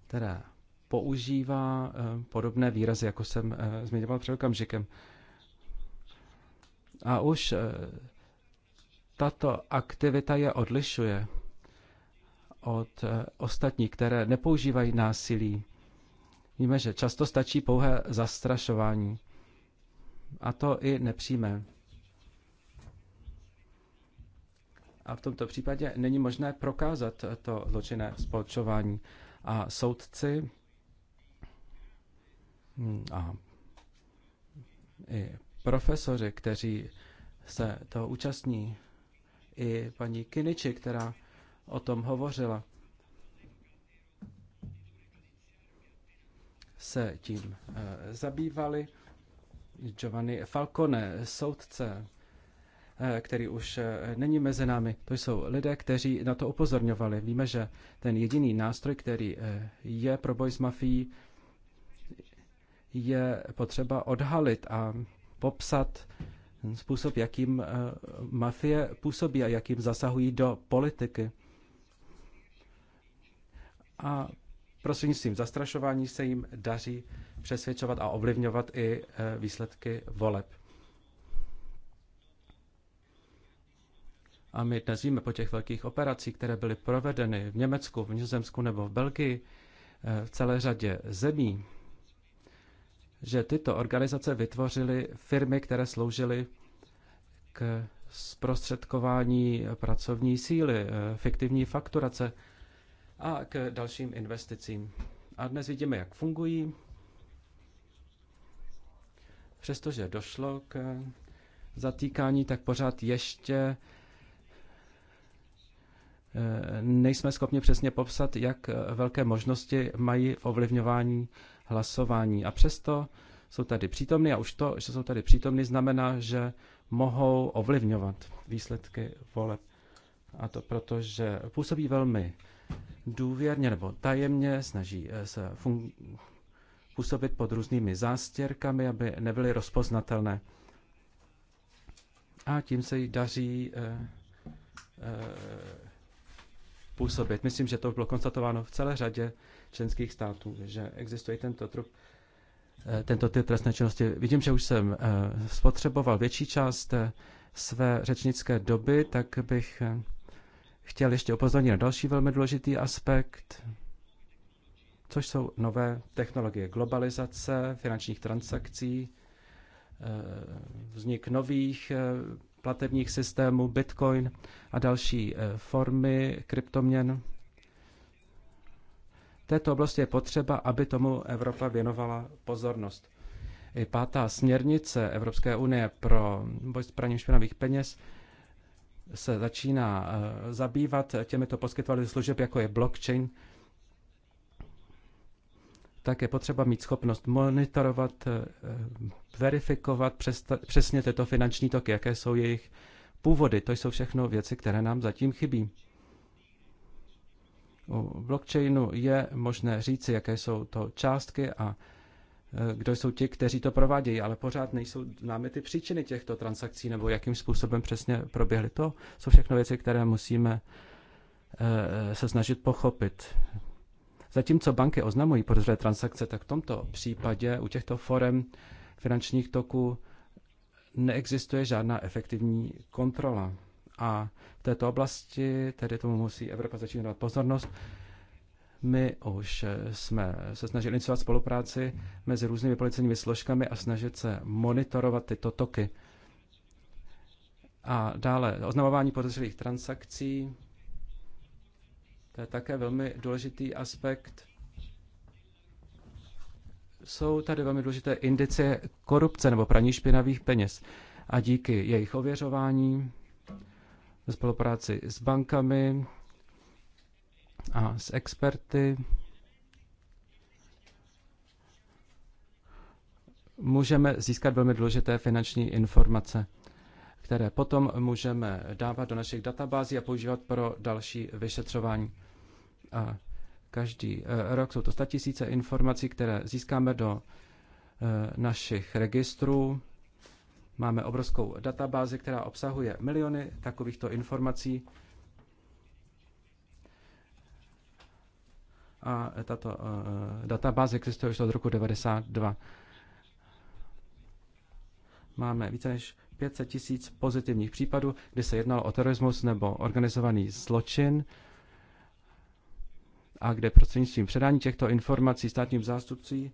která používá podobné výrazy, jako jsem zmiňoval před okamžikem. A už tato aktivita je odlišuje od eh, ostatních, které nepoužívají násilí. Víme, že často stačí pouhé zastrašování. A to i nepřímé. A v tomto případě není možné prokázat to zločinné spolčování. A soudci hmm, a i profesoři, kteří se toho účastní, i paní Kiniči, která o tom hovořila. Se tím eh, zabývali Giovanni Falcone, soudce, eh, který už eh, není mezi námi. To jsou lidé, kteří na to upozorňovali. Víme, že ten jediný nástroj, který je pro boj s mafií, je potřeba odhalit a popsat způsob, jakým mafie působí a jakým zasahují do politiky a prostřednictvím zastrašování se jim daří přesvědčovat a ovlivňovat i eh, výsledky voleb. A my dnes víme po těch velkých operacích, které byly provedeny v Německu, v Nizozemsku nebo v Belgii, eh, v celé řadě zemí, že tyto organizace vytvořily firmy, které sloužily k zprostředkování pracovní síly, eh, fiktivní fakturace a k dalším investicím. A dnes vidíme, jak fungují. Přestože došlo k zatýkání, tak pořád ještě eh, nejsme schopni přesně popsat, jak velké možnosti mají v ovlivňování hlasování. A přesto jsou tady přítomny a už to, že jsou tady přítomny, znamená, že mohou ovlivňovat výsledky voleb. A to proto, že působí velmi důvěrně nebo tajemně, snaží eh, se fun- působit pod různými zástěrkami, aby nebyly rozpoznatelné. A tím se jí daří eh, eh, působit. Myslím, že to bylo konstatováno v celé řadě členských států, že existuje tento trup, eh, tento typ trestné činnosti. Vidím, že už jsem eh, spotřeboval větší část své řečnické doby, tak bych chtěl ještě upozornit na další velmi důležitý aspekt, což jsou nové technologie globalizace, finančních transakcí, eh, vznik nových eh, platebních systémů, bitcoin a další eh, formy kryptoměn. V této oblasti je potřeba, aby tomu Evropa věnovala pozornost. I pátá směrnice Evropské unie pro boj s praním špinavých peněz se začíná eh, zabývat těmito poskytovateli služeb, jako je blockchain, tak je potřeba mít schopnost monitorovat, eh, verifikovat přesně tyto finanční toky, jaké jsou jejich původy. To jsou všechno věci, které nám zatím chybí. U blockchainu je možné říci, jaké jsou to částky a Eh, kdo jsou ti, kteří to provádějí, ale pořád nejsou známy ty příčiny těchto transakcí nebo jakým způsobem přesně proběhly. To jsou všechno věci, které musíme eh, se snažit pochopit. Zatímco banky oznamují podezřelé transakce, tak v tomto případě u těchto forem finančních toků neexistuje žádná efektivní kontrola. A v této oblasti tedy tomu musí Evropa začít dát pozornost. My už eh, jsme se snažili iniciovat spolupráci mezi různými policejními složkami a snažit se monitorovat tyto toky. A dále oznamování podezřelých transakcí. To je také velmi důležitý aspekt. Jsou tady velmi důležité indicie korupce nebo praní špinavých peněz. A díky jejich ověřování ve spolupráci s bankami a s experty. Můžeme získat velmi důležité finanční informace, které potom můžeme dávat do našich databází a používat pro další vyšetřování. A každý eh, rok jsou to statisíce informací, které získáme do eh, našich registrů. Máme obrovskou databázi, která obsahuje miliony takovýchto informací a tato eh, databáze existuje už od roku 92. Máme více než 500 tisíc pozitivních případů, kdy se jednalo o terorismus nebo organizovaný zločin a kde prostřednictvím předání těchto informací státním zástupcům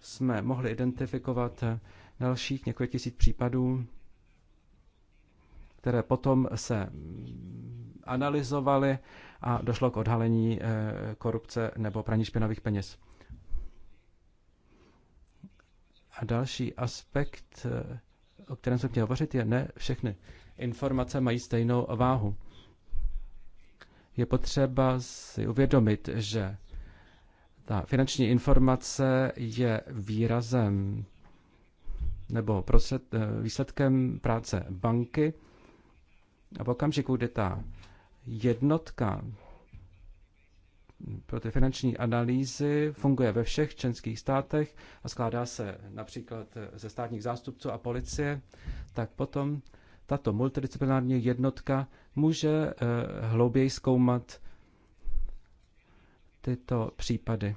jsme mohli identifikovat eh, dalších několik tisíc případů které potom se mm, analyzovaly a došlo k odhalení eh, korupce nebo praní špinavých peněz. A další aspekt, eh, o kterém jsem chtěl hovořit, je ne všechny informace mají stejnou váhu. Je potřeba si uvědomit, že ta finanční informace je výrazem nebo eh, výsledkem práce banky, a v okamžiku, kdy ta jednotka pro ty finanční analýzy funguje ve všech členských státech a skládá se například ze státních zástupců a policie, tak potom tato multidisciplinární jednotka může eh, hlouběji zkoumat tyto případy.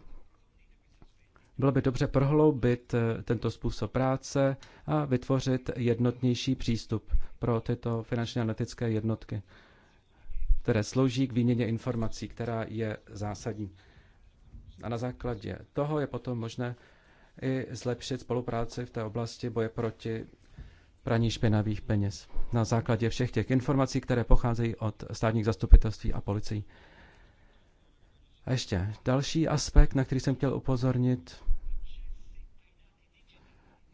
Bylo by dobře prohloubit eh, tento způsob práce a vytvořit jednotnější přístup pro tyto finančně analytické jednotky, které slouží k výměně informací, která je zásadní. A na základě toho je potom možné i zlepšit spolupráci v té oblasti boje proti praní špinavých peněz na základě všech těch informací, které pocházejí od státních zastupitelství a policií. A ještě další aspekt, na který jsem chtěl upozornit,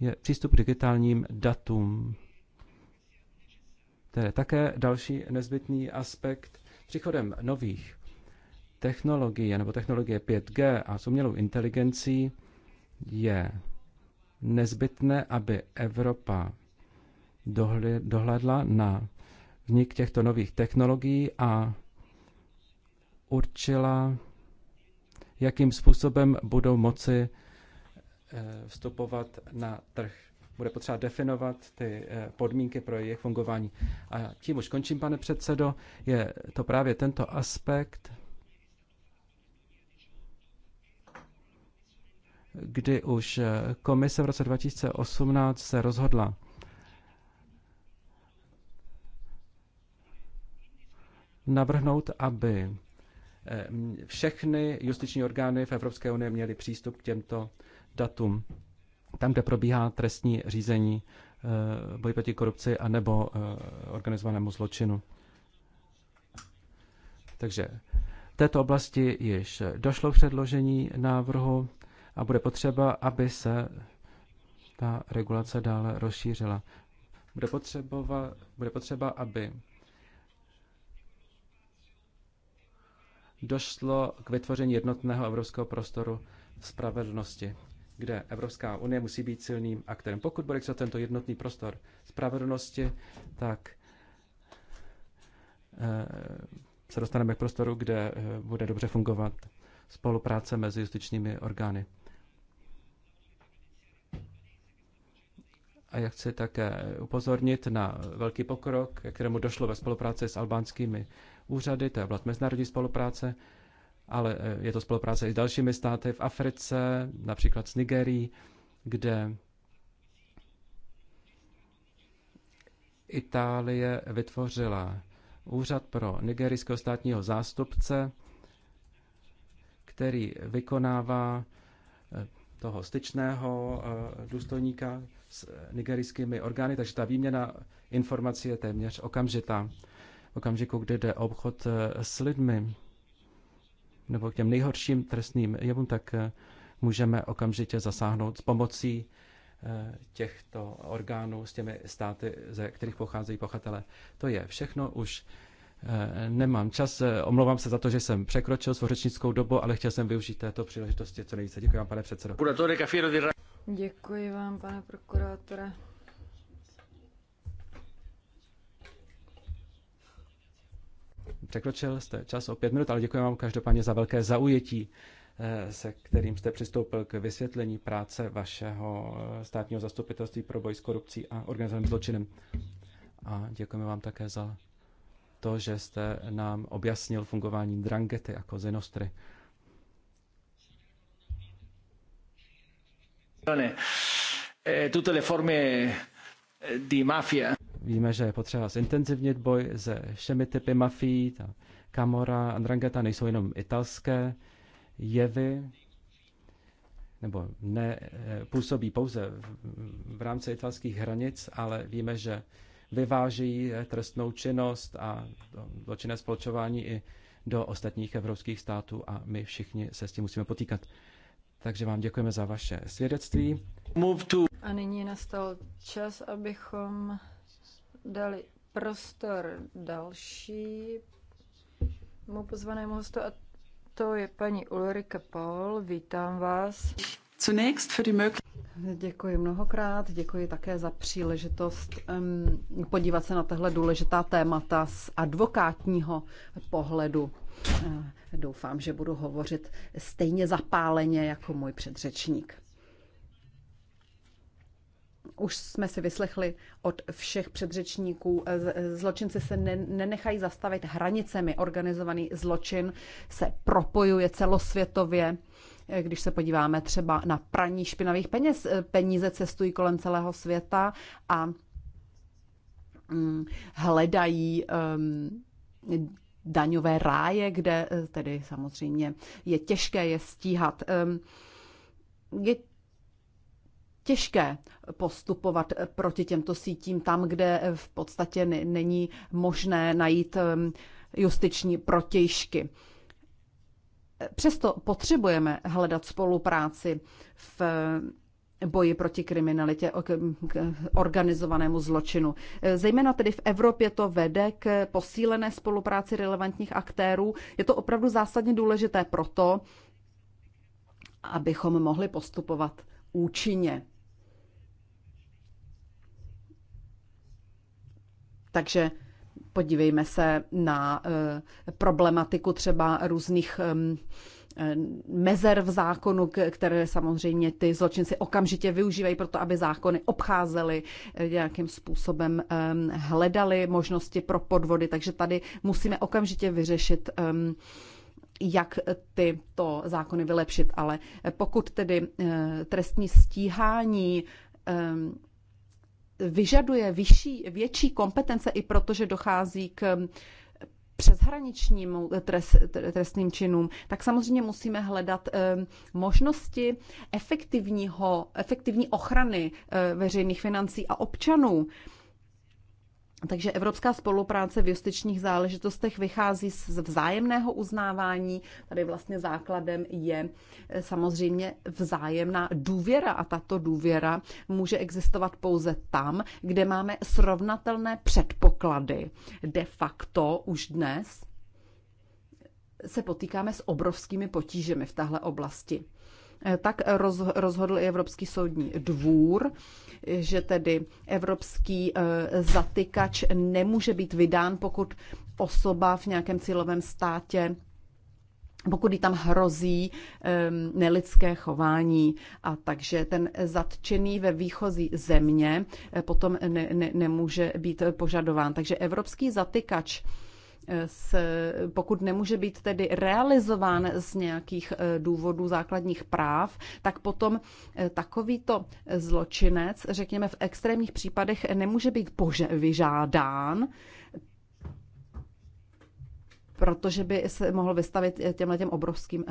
je přístup k digitálním datům. To je také další nezbytný aspekt. Příchodem nových technologií nebo technologie 5G a s umělou inteligencí je nezbytné, aby Evropa dohledla na vznik těchto nových technologií a určila, jakým způsobem budou moci Eh, vstupovat na trh. Bude potřeba definovat ty eh, podmínky pro jejich fungování. A tím už končím, pane předsedo. Je to právě tento aspekt, kdy už eh, komise v roce 2018 se rozhodla navrhnout, aby všechny justiční orgány v Evropské unii měly přístup k těmto datum tam, kde probíhá trestní řízení eh, boj proti korupci a nebo eh, organizovanému zločinu. Takže v této oblasti již došlo předložení návrhu a bude potřeba, aby se ta regulace dále rozšířila. Bude, potřeba, bude potřeba, aby došlo k vytvoření jednotného evropského prostoru spravedlnosti kde Evropská unie musí být silným aktorem. Pokud bude za tento jednotný prostor spravedlnosti, tak eh, se dostaneme k prostoru, kde eh, bude dobře fungovat spolupráce mezi justičními orgány. A já chci také upozornit na velký pokrok, kterému došlo ve spolupráci s albánskými úřady, to je oblast mezinárodní spolupráce, ale e, je to spolupráce i s dalšími státy v Africe, například s Nigerií, kde Itálie vytvořila úřad pro nigerijského státního zástupce, který vykonává e, toho styčného e, důstojníka s nigerijskými orgány, takže ta výměna informací je téměř okamžitá. V okamžiku, kdy jde obchod s lidmi, nebo k těm nejhorším trestným jevům, tak eh, můžeme okamžitě zasáhnout s pomocí eh, těchto orgánů s těmi státy, ze kterých pocházejí pochatele. To je všechno, už eh, nemám čas. Omlouvám se za to, že jsem překročil svou řečnickou dobu, ale chtěl jsem využít této příležitosti co nejvíce. Děkuji vám, pane předsedo. Děkuji vám, pane prokurátore. Překročil jste čas o pět minut, ale děkuji vám každopádně za velké zaujetí, eh, se kterým jste přistoupil k vysvětlení práce vašeho eh, státního zastupitelství pro boj s korupcí a organizovaným zločinem. A děkujeme vám také za to, že jste nám objasnil fungování drangety jako zenostry. Eh, Tutte le forme di mafia. Víme, že je potřeba zintenzivnit boj se všemi typy mafií. Ta Kamora, Andrangeta nejsou jenom italské jevy, nebo ne, eh, působí pouze v, v rámci italských hranic, ale víme, že vyváží eh, trestnou činnost a zločinné spolčování i do ostatních evropských států a my všichni se s tím musíme potýkat. Takže vám děkujeme za vaše svědectví. Move to... A nyní nastal čas, abychom dali prostor další. mu pozvanému hostu a to je paní Ulrika Paul. Vítám vás. Zunächst für die Děkuji mnohokrát, děkuji také za příležitost um, podívat se na tahle důležitá témata z advokátního pohledu. Eh, doufám, že budu hovořit stejně zapáleně jako můj předřečník už jsme si vyslechli od všech předřečníků, eh, eh, zločinci se nenechají zastavit hranicemi. Organizovaný zločin se propojuje celosvětově. Eh, když se podíváme třeba na praní špinavých peněz, peníze cestují kolem celého světa a mm, hledají ehm, daňové ráje, kde tedy samozřejmě je těžké je stíhat. Ehm, je těžké postupovat eh, proti těmto sítím tam, kde eh, v podstatě není možné najít eh, justiční protějšky. Přesto potřebujeme hledat spolupráci v boji proti kriminalitě, organizovanému zločinu. Zejména tedy v Evropě to vede k posílené spolupráci relevantních aktérů. Je to opravdu zásadně důležité proto, abychom mohli postupovat účinně. Takže podívejme se na eh, problematiku třeba různých eh, mezer v zákonu, které samozřejmě ty zločinci okamžitě využívají proto, aby zákony obcházeli, eh, nějakým způsobem hledali možnosti pro podvody. Takže tady musíme okamžitě vyřešit jak tyto zákony vylepšit. Ale pokud tedy trestní stíhání vyžaduje vyšší, větší kompetence i protože dochází k eh, přeshraničním eh, trest, trestným činům, tak samozřejmě musíme hledat eh, možnosti efektivního, efektivní ochrany veřejných financí a občanů. Takže evropská spolupráce v justičních záležitostech vychází z vzájemného uznávání. Tady vlastně základem je eh, samozřejmě vzájemná důvěra a tato důvěra může existovat pouze tam, kde máme srovnatelné předpoklady. De facto už dnes se potýkáme s obrovskými potížemi v tahle oblasti tak rozhodl i Evropský soudní dvůr, že tedy evropský e, zatykač nemůže být vydán, pokud osoba v nějakém cílovém státě pokud jí tam hrozí um, nelidské chování. A takže ten zatčený ve výchozí země e, potom ne, ne, nemůže být požadován. Takže evropský zatykač uh, s, pokud nemůže být tedy realizován z nějakých eh, důvodů základních práv, tak potom eh, takovýto zločinec, řekněme v extrémních případech, nemůže být pože- vyžádán, protože by se mohl vystavit eh, těmhle těm obrovským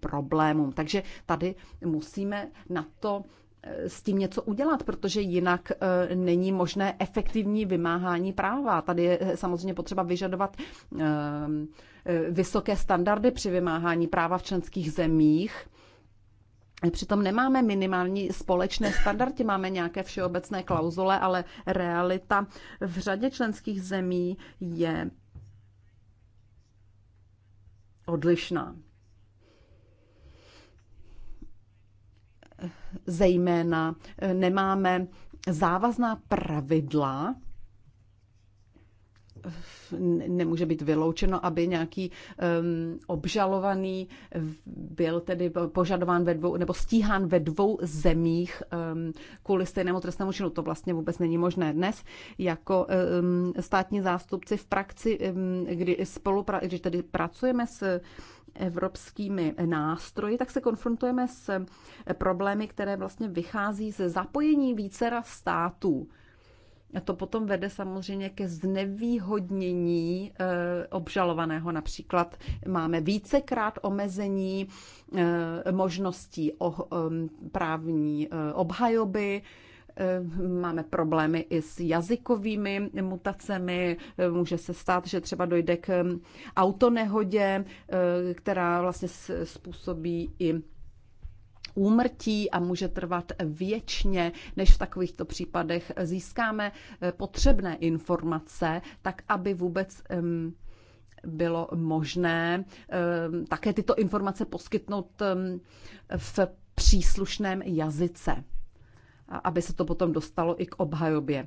problémům. Takže tady musíme na to s tím něco udělat, protože jinak e, není možné efektivní vymáhání práva. Tady je e, samozřejmě potřeba vyžadovat e, vysoké standardy při vymáhání práva v členských zemích. Přitom nemáme minimální společné standardy, máme nějaké všeobecné klauzule, ale realita v řadě členských zemí je odlišná. zejména eh, nemáme závazná pravidla, eh, nemůže být vyloučeno, aby nějaký um, obžalovaný byl tedy požadován ve dvou, nebo stíhán ve dvou zemích um, kvůli stejnému trestnému činu. To vlastně vůbec není možné dnes. Jako um, státní zástupci v praxi, um, kdy, spolupra- když tedy pracujeme s evropskými nástroji, tak se konfrontujeme s eh, problémy, které vlastně vychází ze zapojení vícera států. A to potom vede samozřejmě ke znevýhodnění eh, obžalovaného. Například máme vícekrát omezení eh, možností právní obhajoby, Eh, máme problémy i s jazykovými mutacemi. Eh, může se stát, že třeba dojde k mm, autonehodě, eh, která vlastně způsobí i úmrtí a může trvat věčně, než v takovýchto případech získáme potřebné informace, tak aby vůbec mm, bylo možné také tyto informace poskytnout mm, v příslušném jazyce aby se to potom dostalo i k obhajobě.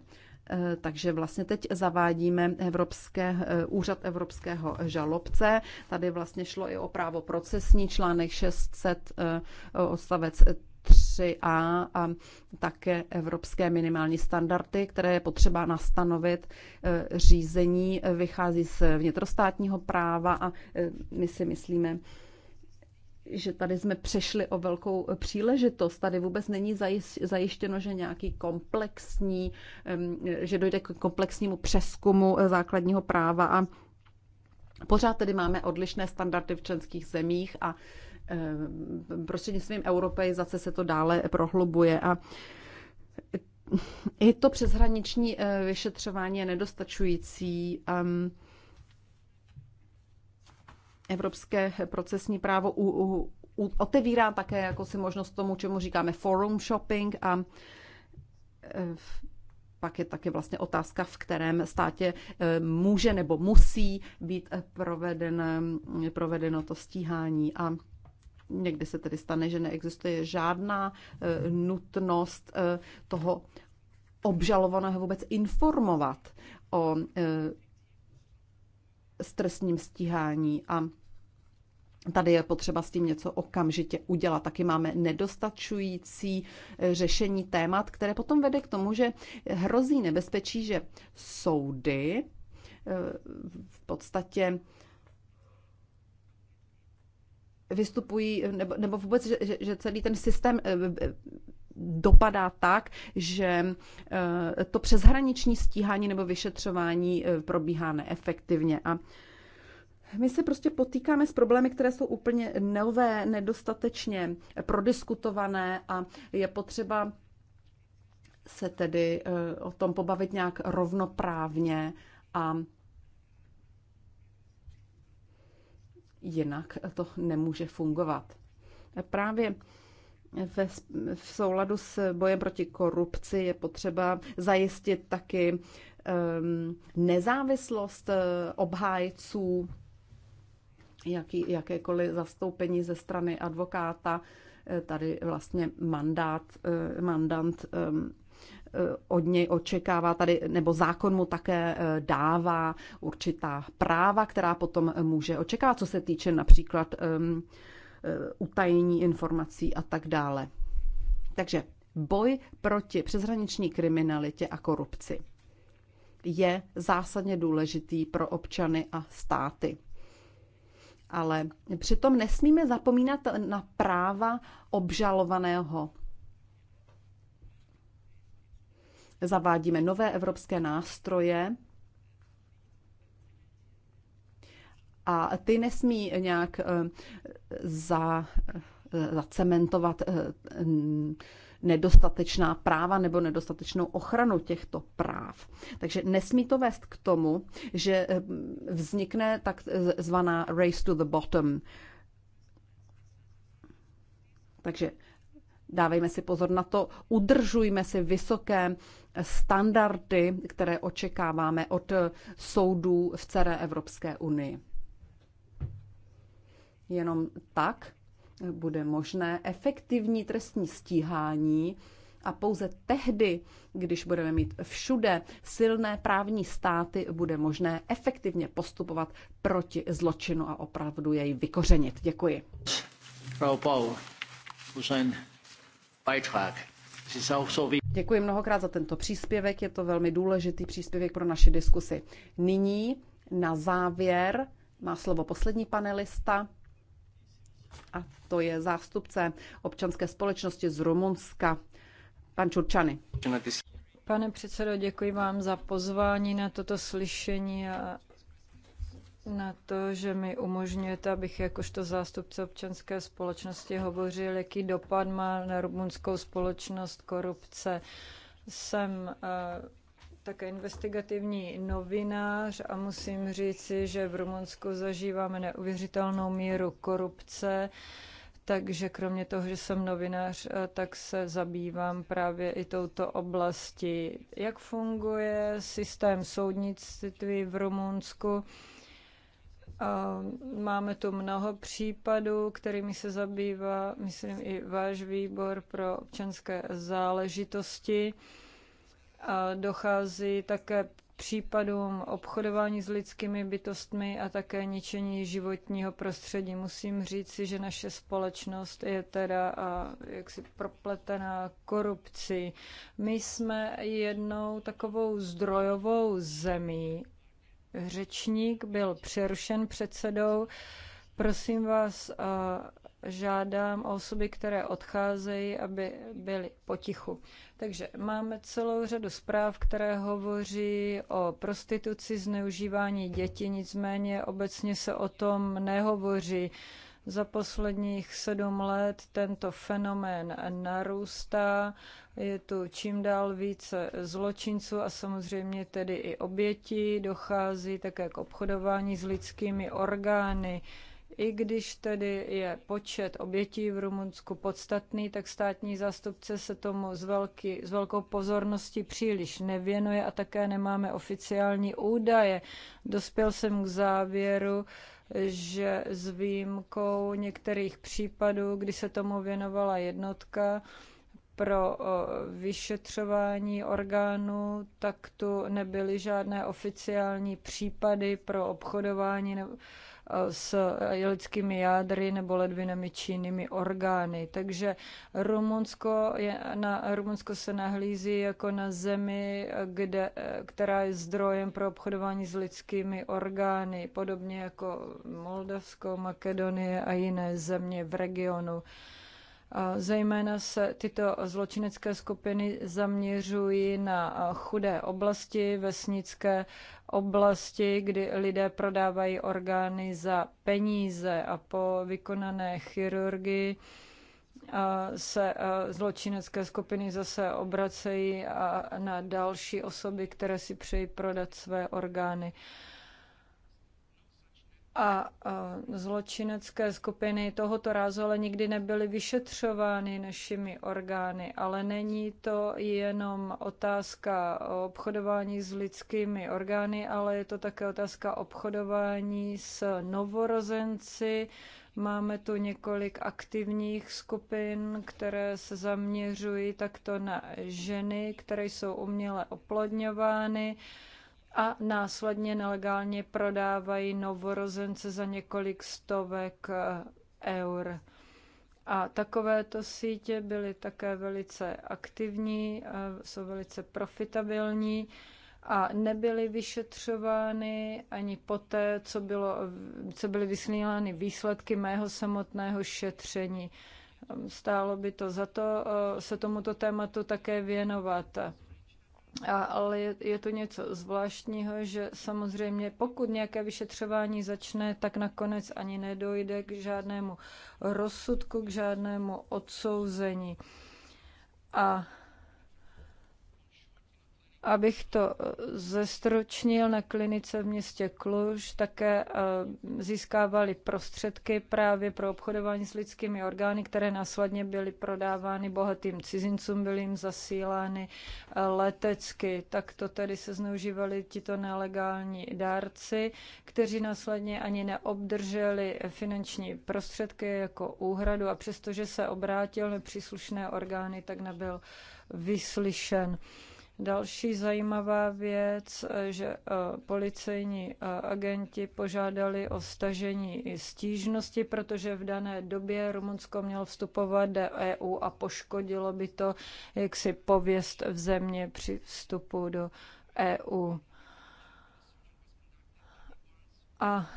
E, takže vlastně teď zavádíme Evropské, e, úřad evropského žalobce. Tady vlastně šlo i o právo procesní, článek 600 e, odstavec 3a a také evropské minimální standardy, které je potřeba nastanovit. Řízení vychází z vnitrostátního práva a my si myslíme, že tady jsme přešli o velkou příležitost. Tady vůbec není zajištěno, že nějaký komplexní, že dojde k komplexnímu přeskumu eh, základního práva a pořád tedy máme odlišné standardy v členských zemích a prostřednictvím europeizace se to dále prohlubuje a i to přeshraniční eh, vyšetřování je nedostačující evropské procesní právo u, u, u, otevírá také jako si možnost tomu, čemu říkáme forum shopping a e, pak je taky vlastně otázka, v kterém státě e, může nebo musí být proveden, e, provedeno to stíhání. A někdy se tedy stane, že neexistuje žádná nutnost toho obžalovaného vůbec informovat o s trestním stíhání a Tady je potřeba s tím něco okamžitě udělat. Taky máme nedostačující eh, řešení témat, které potom vede k tomu, že hrozí nebezpečí, že soudy eh, v podstatě vystupují, nebo, nebo vůbec, že, že celý ten systém eh, dopadá tak, že eh, to přeshraniční stíhání nebo vyšetřování eh, probíhá neefektivně. A my se prostě potýkáme s problémy, které jsou úplně nové, nedostatečně prodiskutované a je potřeba se tedy eh, o tom pobavit nějak rovnoprávně a jinak to nemůže fungovat. Právě ve, v souladu s bojem proti korupci je potřeba zajistit taky um, nezávislost e, obhájců, jaký, jakékoliv zastoupení ze strany advokáta. E, tady vlastně mandát, e, mandant ehm, od něj očekává tady, nebo zákon mu také dává určitá práva, která potom může očekávat, co se týče například um, Eh, utajení informací a tak dále. Takže boj proti přeshraniční kriminalitě a korupci je zásadně důležitý pro občany a státy. Ale přitom nesmíme zapomínat na práva obžalovaného. Zavádíme nové evropské nástroje, a ty nesmí nějak eh, za, eh, zacementovat eh, nedostatečná práva nebo nedostatečnou ochranu těchto práv. Takže nesmí to vést k tomu, že vznikne takzvaná race to the bottom. Takže dávejme si pozor na to, udržujme si vysoké standardy, které očekáváme od soudů v celé Evropské unii. Jenom tak eh, bude možné efektivní trestní stíhání a pouze tehdy, když budeme mít všude silné právní státy, bude možné efektivně postupovat proti zločinu a opravdu jej vykořenit. Děkuji. Děkuji mnohokrát za tento příspěvek, je to velmi důležitý příspěvek pro naši diskusi. Nyní na závěr má slovo poslední panelista, a to je zástupce občanské společnosti z Rumunska, pan Čurčany. Pane předsedo, děkuji vám za pozvání na toto slyšení a na to, že mi umožňujete, abych jakožto zástupce občanské společnosti hovořil, jaký dopad má na rumunskou společnost korupce. Jsem uh, také investigativní novinář a musím říci, že v Rumunsku zažíváme neuvěřitelnou míru korupce. Takže kromě toho, že jsem novinář, eh, tak se zabývám právě i touto oblasti. Jak funguje systém soudnictví v Rumunsku? Eh, máme tu mnoho případů, kterými se zabývá, myslím, i váš výbor pro občanské záležitosti. A dochází také případům obchodování s lidskými bytostmi a také ničení životního prostředí. Musím říci, že naše společnost je teda a, jaksi propletená korupcí. My jsme jednou takovou zdrojovou zemí. Řečník byl přerušen předsedou. Prosím vás, a, žádám o osoby, které odcházejí, aby byly potichu. Takže máme celou řadu zpráv, které hovoří o prostituci, zneužívání dětí, nicméně obecně se o tom nehovoří. Za posledních sedm let tento fenomén narůstá, je tu čím dál více zločinců a samozřejmě tedy i obětí, dochází také k obchodování s lidskými orgány. I když tedy je počet obětí v Rumunsku podstatný, tak státní zástupce se tomu s, velký, s velkou pozorností příliš nevěnuje a také nemáme oficiální údaje. Dospěl jsem k závěru, že s výjimkou některých případů, kdy se tomu věnovala jednotka, pro vyšetřování orgánů, tak tu nebyly žádné oficiální případy pro obchodování nebo s lidskými jádry nebo ledvinami či jinými orgány. Takže Rumunsko, je na, Rumunsko se nahlízí jako na zemi, kde, která je zdrojem pro obchodování s lidskými orgány, podobně jako Moldavsko, Makedonie a jiné země v regionu. Zejména se tyto zločinecké skupiny zaměřují na chudé oblasti, vesnické oblasti, kdy lidé prodávají orgány za peníze a po vykonané chirurgii se zločinecké skupiny zase obracejí na další osoby, které si přejí prodat své orgány a, a zločinecké skupiny tohoto rázu ale nikdy nebyly vyšetřovány našimi orgány. Ale není to jenom otázka obchodování s lidskými orgány, ale je to také otázka obchodování s novorozenci. Máme tu několik aktivních skupin, které se zaměřují takto na ženy, které jsou uměle oplodňovány a následně nelegálně prodávají novorozence za několik stovek eh, eur. A takovéto sítě byly také velice aktivní, eh, jsou velice profitabilní a nebyly vyšetřovány ani poté, co, bylo, co byly vysílány výsledky mého samotného šetření. Stálo by to za to eh, se tomuto tématu také věnovat. A, ale je, je to něco zvláštního, že samozřejmě pokud nějaké vyšetřování začne, tak nakonec ani nedojde k žádnému rozsudku, k žádnému odsouzení. A Abych to eh, zestročnil na klinice v městě Kluž, také eh, získávali prostředky právě pro obchodování s lidskými orgány, které následně byly prodávány bohatým cizincům, byly jim zasílány eh, letecky. Tak to tedy se zneužívali tito nelegální dárci, kteří následně ani neobdrželi finanční prostředky jako úhradu a přestože se obrátil na příslušné orgány, tak nebyl vyslyšen. Další zajímavá věc, že eh, policejní eh, agenti požádali o stažení stížnosti, protože v dané době Rumunsko mělo vstupovat do EU a poškodilo by to jaksi pověst v země při vstupu do EU. A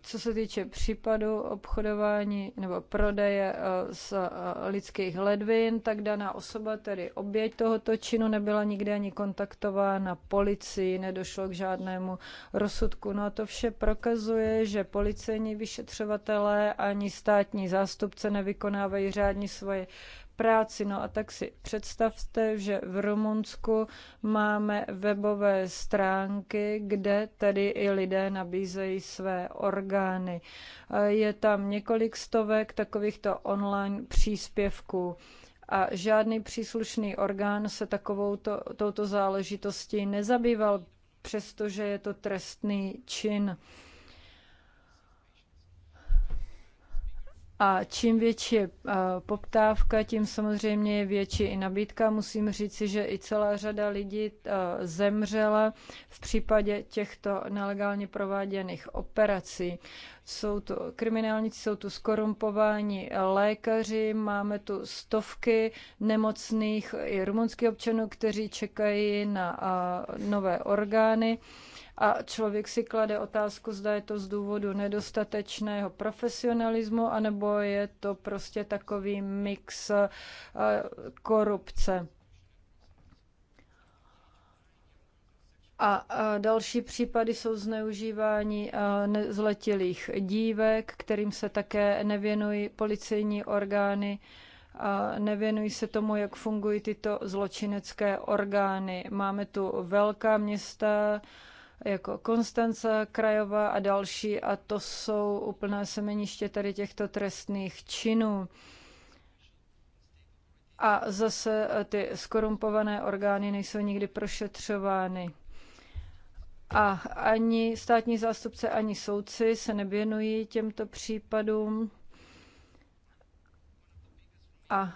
co se týče případu obchodování nebo prodeje z eh, eh, lidských ledvin, tak daná osoba, tedy oběť tohoto činu, nebyla nikdy ani kontaktována policií, nedošlo k žádnému rozsudku. No a to vše prokazuje, že policejní vyšetřovatelé ani státní zástupce nevykonávají řádně svoje práci. No a tak si představte, že v Rumunsku máme webové stránky, kde tedy i lidé nabízejí své orgány. Je tam několik stovek takovýchto online příspěvků a žádný příslušný orgán se takovou to, touto záležitostí nezabýval, přestože je to trestný čin. A čím větší je poptávka, tím samozřejmě je větší i nabídka. Musím říci, že i celá řada lidí zemřela v případě těchto nelegálně prováděných operací. Jsou tu kriminálníci, jsou tu skorumpováni lékaři, máme tu stovky nemocných i rumunských občanů, kteří čekají na nové orgány a člověk si klade otázku, zda je to z důvodu nedostatečného profesionalismu, anebo je to prostě takový mix eh, korupce. A další případy jsou zneužívání eh, zletilých dívek, kterým se také nevěnují policejní orgány. A nevěnují se tomu, jak fungují tyto zločinecké orgány. Máme tu velká města, jako Konstance Krajová a další a to jsou úplné semeniště tady těchto trestných činů. A zase eh, ty skorumpované orgány nejsou nikdy prošetřovány. A ani státní zástupce, ani soudci se nevěnují těmto případům. A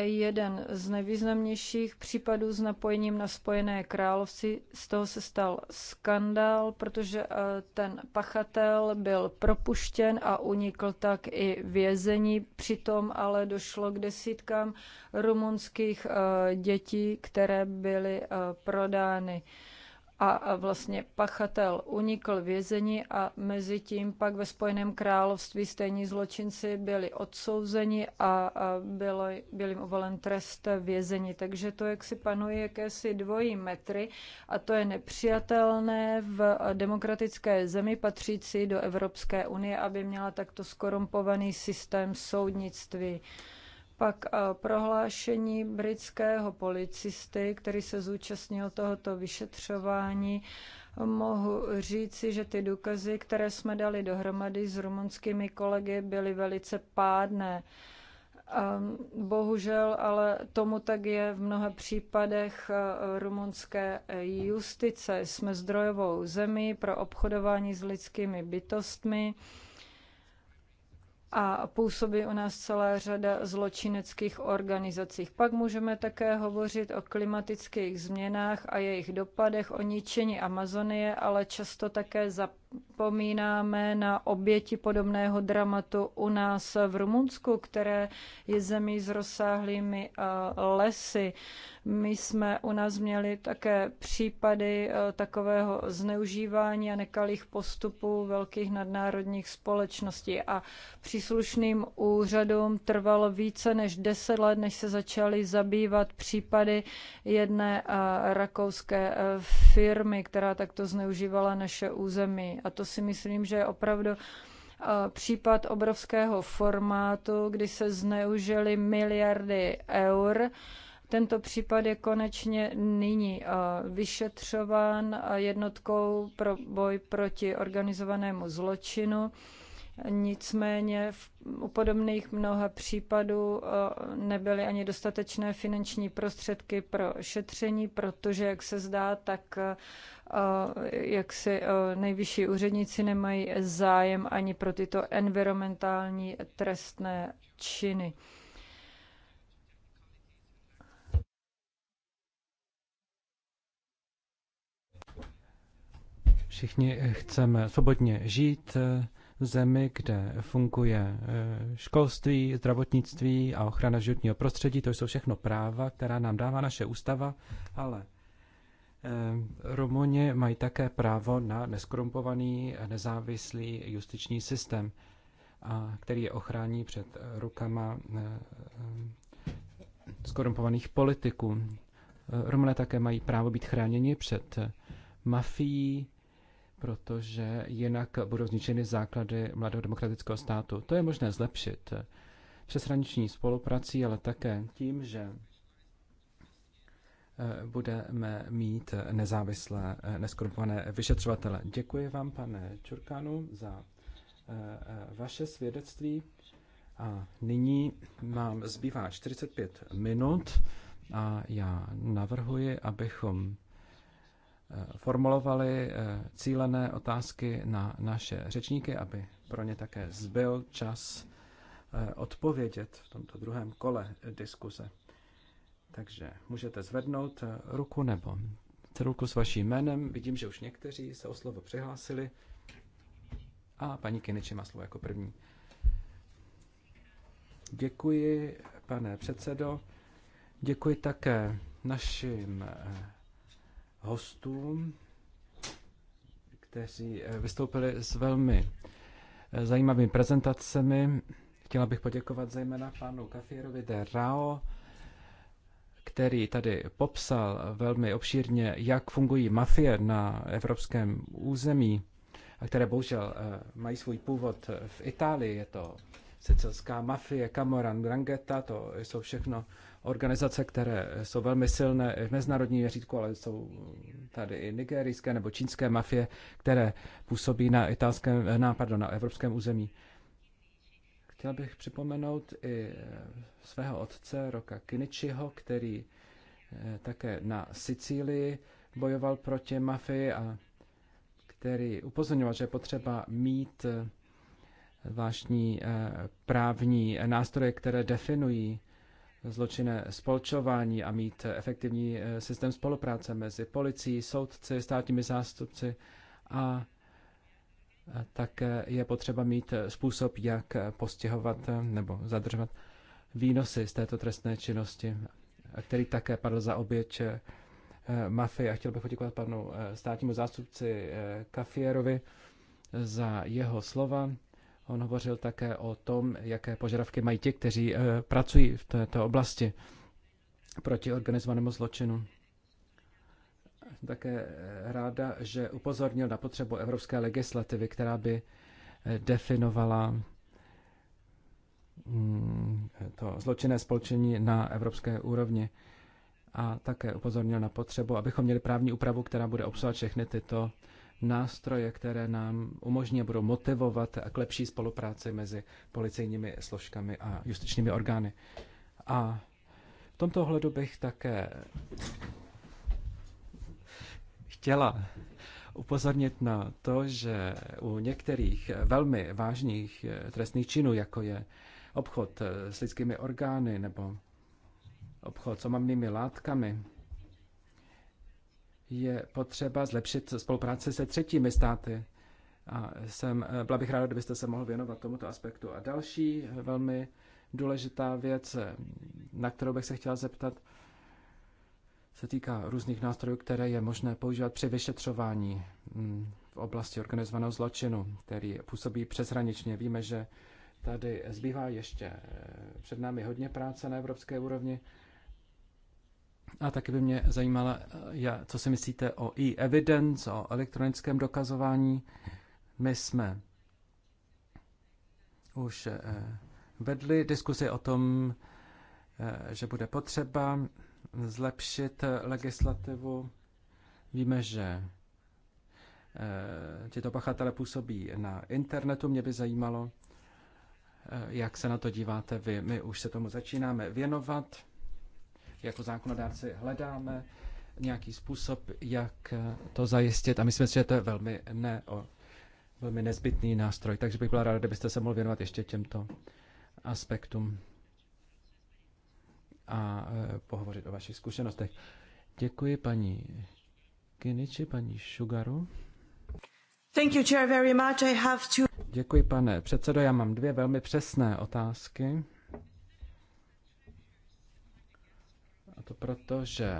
jeden z nejvýznamnějších případů s napojením na Spojené království. Z toho se stal skandál, protože eh, ten pachatel byl propuštěn a unikl tak i vězení. Přitom ale došlo k desítkám rumunských eh, dětí, které byly eh, prodány a vlastně pachatel unikl vězení a mezi tím pak ve Spojeném království stejní zločinci byli odsouzeni a, bylo, byl jim uvolen trest vězení. Takže to, jak si panuje jakési dvojí metry a to je nepřijatelné v demokratické zemi patřící do Evropské unie, aby měla takto skorumpovaný systém soudnictví pak eh, prohlášení britského policisty, který se zúčastnil tohoto vyšetřování, mohu říci, že ty důkazy, které jsme dali dohromady s rumunskými kolegy, byly velice pádné. Ehm, bohužel, ale tomu tak je v mnoha případech eh, rumunské justice. Jsme zdrojovou zemí pro obchodování s lidskými bytostmi a působí u nás celá řada zločineckých organizací. Pak můžeme také hovořit o klimatických změnách a jejich dopadech, o ničení Amazonie, ale často také zap vzpomínáme na oběti podobného dramatu u nás v Rumunsku, které je zemí s rozsáhlými eh, lesy. My jsme u nás měli také případy eh, takového zneužívání a nekalých postupů velkých nadnárodních společností a příslušným úřadům trvalo více než deset let, než se začaly zabývat případy jedné eh, rakouské firmy, která takto zneužívala naše území. A to si myslím, že je opravdu eh, případ obrovského formátu, kdy se zneužily miliardy eur. Tento případ je konečně nyní eh, vyšetřován eh, jednotkou pro boj proti organizovanému zločinu. Nicméně v, u podobných mnoha případů nebyly ani dostatečné finanční prostředky pro šetření, protože, jak se zdá, tak jak si e, nejvyšší úředníci nemají zájem ani pro tyto environmentální trestné činy. Všichni chceme svobodně žít v zemi, kde funguje e, školství, zdravotnictví a ochrana životního prostředí. To jsou všechno práva, která nám dává naše ústava, ale Eh, Romoně mají také právo na neskrumpovaný nezávislý justiční systém, a který je ochrání před rukama eh, skorumpovaných politiků. Eh, Romané také mají právo být chráněni před mafií, protože jinak budou zničeny základy mladého demokratického státu. To je možné zlepšit přeshraniční spoluprací, ale také tím, že Eh, budeme mít nezávislé, eh, neskorupované vyšetřovatele. Děkuji vám, pane Čurkánu, za eh, vaše svědectví. A nyní mám zbývá 45 minut a já navrhuji, abychom formulovali cílené otázky na naše řečníky, aby pro ně také zbyl čas odpovědět v tomto druhém kole diskuze. Takže můžete zvednout ruku nebo ruku s vaším jménem. Vidím, že už někteří se o slovo přihlásili. A paní Kyniči má slovo jako první. Děkuji, pane předsedo. Děkuji také našim eh, hostům, kteří eh, vystoupili s velmi eh, zajímavými prezentacemi. Chtěla bych poděkovat zejména panu Kafirovi de Rao který tady popsal velmi obšírně, jak fungují mafie na evropském území, a které bohužel eh, mají svůj původ v Itálii, je to sicilská mafie, Camoran, Grangeta, to jsou všechno organizace, které jsou velmi silné v mezinárodní měřítku, ale jsou tady i nigerijské nebo čínské mafie, které působí na, italském, eh, na, pardon, na evropském území. Chtěl bych připomenout i eh, svého otce Roka Kiničiho, který eh, také na Sicílii bojoval proti mafii a který upozorňoval, že je potřeba mít eh, zvláštní právní nástroje, které definují zločinné spolčování a mít efektivní systém spolupráce mezi policií, soudci, státními zástupci a tak eh, je potřeba mít eh, způsob, jak eh, postihovat nebo zadržovat výnosy z této trestné činnosti, který také padl za oběť mafie. A chtěl bych poděkovat panu státnímu zástupci Kafierovi za jeho slova. On hovořil také o tom, jaké požadavky mají ti, kteří pracují v této oblasti proti organizovanému zločinu také ráda, že upozornil na potřebu evropské legislativy, která by eh, definovala mm, to zločinné spolčení na evropské úrovni a také upozornil na potřebu, abychom měli právní úpravu, která bude obsahovat všechny tyto nástroje, které nám umožní a budou motivovat k lepší spolupráci mezi policejními složkami a justičními orgány. A v tomto ohledu bych také chtěla upozornit na to, že u některých velmi vážných eh, trestných činů, jako je obchod eh, s lidskými orgány nebo obchod s omamnými látkami, je potřeba zlepšit spolupráci se třetími státy. A jsem, eh, byla bych ráda, kdybyste se mohl věnovat tomuto aspektu. A další velmi důležitá věc, na kterou bych se chtěla zeptat, se týká různých nástrojů, které je možné používat při vyšetřování mm, v oblasti organizovaného zločinu, který působí přeshraničně. Víme, že tady zbývá ještě eh, před námi hodně práce na evropské úrovni. A taky by mě zajímalo, eh, co si myslíte o e-evidence, o elektronickém dokazování. My jsme už eh, vedli diskusi o tom, že bude potřeba zlepšit eh, legislativu. Víme, že eh, tito pachatele působí na internetu. Mě by zajímalo, eh, jak se na to díváte vy. My už se tomu začínáme věnovat. Jako zákonodárci hledáme nějaký způsob, jak to zajistit. A myslím si, že to je velmi, ne, o, velmi nezbytný nástroj. Takže bych byla ráda, kdybyste se mohl věnovat ještě těmto aspektům a e, pohovořit o vašich zkušenostech. Děkuji paní Kiniči, paní Šugaru. Thank you, Chair, very much. I have to. Děkuji, pane předsedo. Já mám dvě velmi přesné otázky. A to proto, že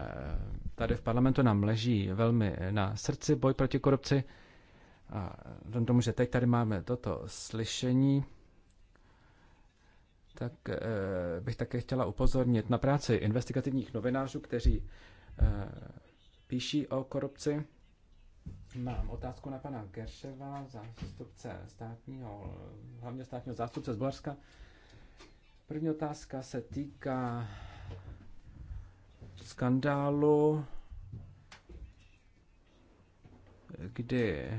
tady v parlamentu nám leží velmi na srdci boj proti korupci. A tomu, že teď tady máme toto slyšení, tak eh, bych také chtěla upozornit na práci investigativních novinářů, kteří eh, píší o korupci. Mám otázku na pana Gerševa, zástupce státního, hlavně státního zástupce z Bulharska. První otázka se týká skandálu, kdy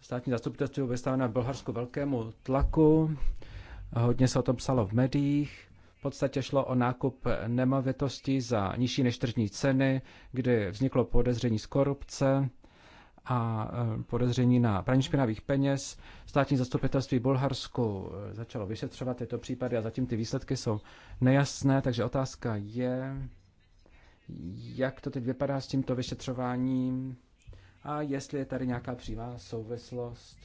státní zastupitelství bylo vystaveno v Bulharsku velkému tlaku Hodně se o tom psalo v médiích. V podstatě šlo o nákup nemovitosti za nižší než tržní ceny, kdy vzniklo podezření z korupce a e, podezření na praní špinavých peněz. Státní zastupitelství Bulharsku e, začalo vyšetřovat tyto případy a zatím ty výsledky jsou nejasné, takže otázka je, jak to teď vypadá s tímto vyšetřováním a jestli je tady nějaká přímá souvislost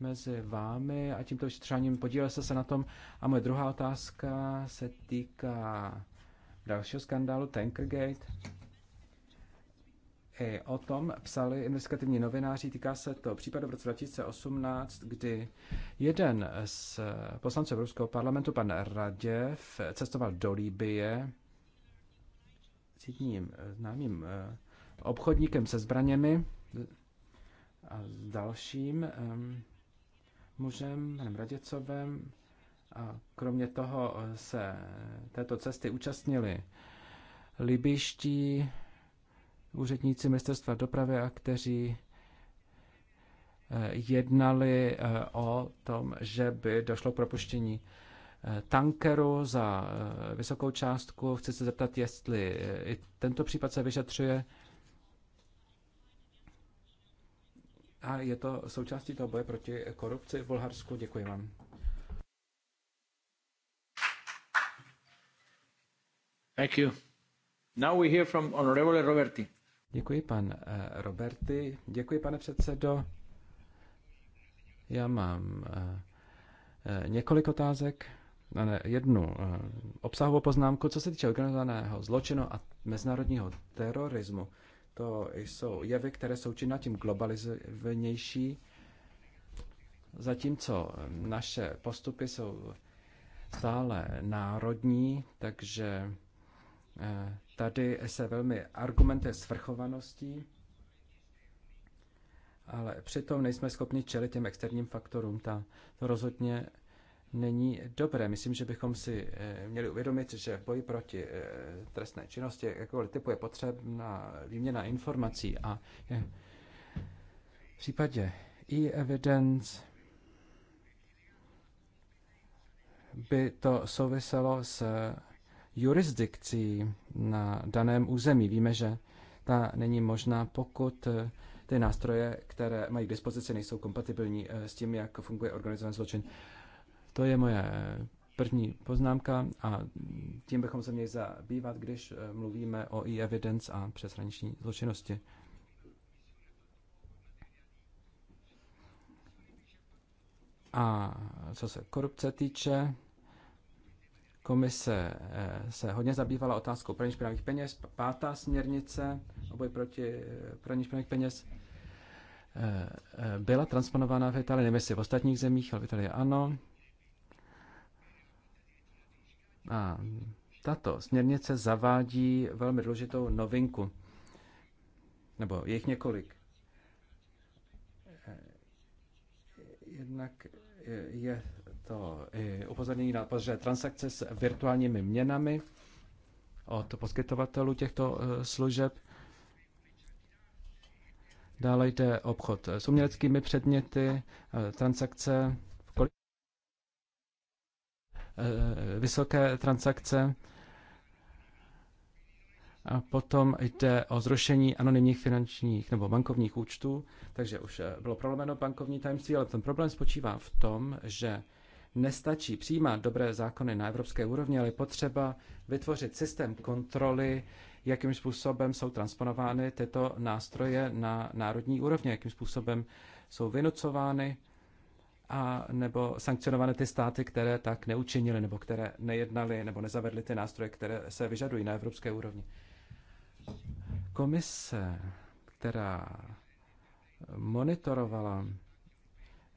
mezi vámi a tímto vyšetřováním. Podílel jste se na tom. A moje druhá otázka se týká dalšího skandálu Tankergate. I o tom psali investigativní novináři. Týká se to případu v roce 2018, kdy jeden z poslanců Evropského parlamentu, pan Raděv, cestoval do Líbie s jedním známým eh, obchodníkem se zbraněmi a s dalším mužem, panem Raděcovem. A kromě toho se této cesty účastnili libiští úředníci ministerstva dopravy, a kteří eh, jednali eh, o tom, že by došlo k propuštění eh, tankeru za vysokou částku. Chci se zeptat, jestli i tento případ se vyšetřuje A je to součástí toho boje proti korupci v Bulharsku. Děkuji vám. Thank you. Now we hear from Honorable Roberti. Děkuji, pan eh, Roberti. Děkuji, pane předsedo. Já mám eh, eh, několik otázek, ne, jednu obsahovou poznámku, co se týče organizovaného zločinu a mezinárodního terorismu. To jsou jevy, které jsou čím tím globalizovanější, zatímco naše postupy jsou stále národní, takže eh, tady se velmi argumentuje svrchovaností, ale přitom nejsme schopni čelit těm externím faktorům. Ta, to rozhodně není dobré. Myslím, že bychom si eh, měli uvědomit, že v boji proti eh, trestné činnosti jakkoliv typu je potřebná výměna informací a je v případě e-evidence by to souviselo s jurisdikcí na daném území. Víme, že ta není možná, pokud eh, ty nástroje, které mají k dispozici, nejsou kompatibilní s tím, jak funguje organizovaný zločin. To je moje eh, první poznámka a tím bychom se měli zabývat, když eh, mluvíme o e-evidence a přeshraniční zločinnosti. A co se korupce týče, komise eh, se hodně zabývala otázkou praní špinavých peněz. Pátá směrnice o boji proti praní špinavých peněz byla transponována v Itálii, nevím jestli v ostatních zemích, ale v Itálii ano. A tato směrnice zavádí velmi důležitou novinku, nebo je jich několik. Jednak je to upozornění na že transakce s virtuálními měnami od poskytovatelů těchto eh, služeb. Dále jde obchod s uměleckými předměty, eh, transakce Eh, vysoké transakce. A potom jde o zrušení anonymních finančních nebo bankovních účtů, takže už eh, bylo prolomeno bankovní tajemství, ale ten problém spočívá v tom, že nestačí přijímat dobré zákony na evropské úrovni, ale je potřeba vytvořit systém kontroly, jakým způsobem jsou transponovány tyto nástroje na národní úrovni, jakým způsobem jsou vynucovány a nebo sankcionované ty státy, které tak neučinili, nebo které nejednali, nebo nezavedly ty nástroje, které se vyžadují na evropské úrovni. Komise, která monitorovala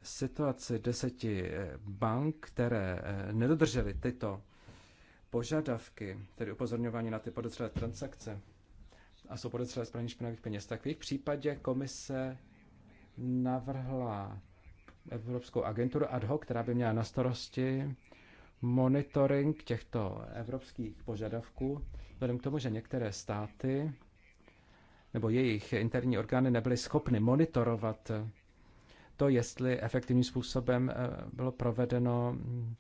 situaci deseti bank, které eh, nedodržely tyto požadavky, tedy upozorňování na ty podezřelé transakce a jsou podezřelé z špinavých peněz, tak v jejich případě komise navrhla Evropskou agenturu ad hoc, která by měla na starosti monitoring těchto evropských požadavků, vzhledem k tomu, že některé státy nebo jejich interní orgány nebyly schopny monitorovat to, jestli efektivním způsobem eh, bylo provedeno hm,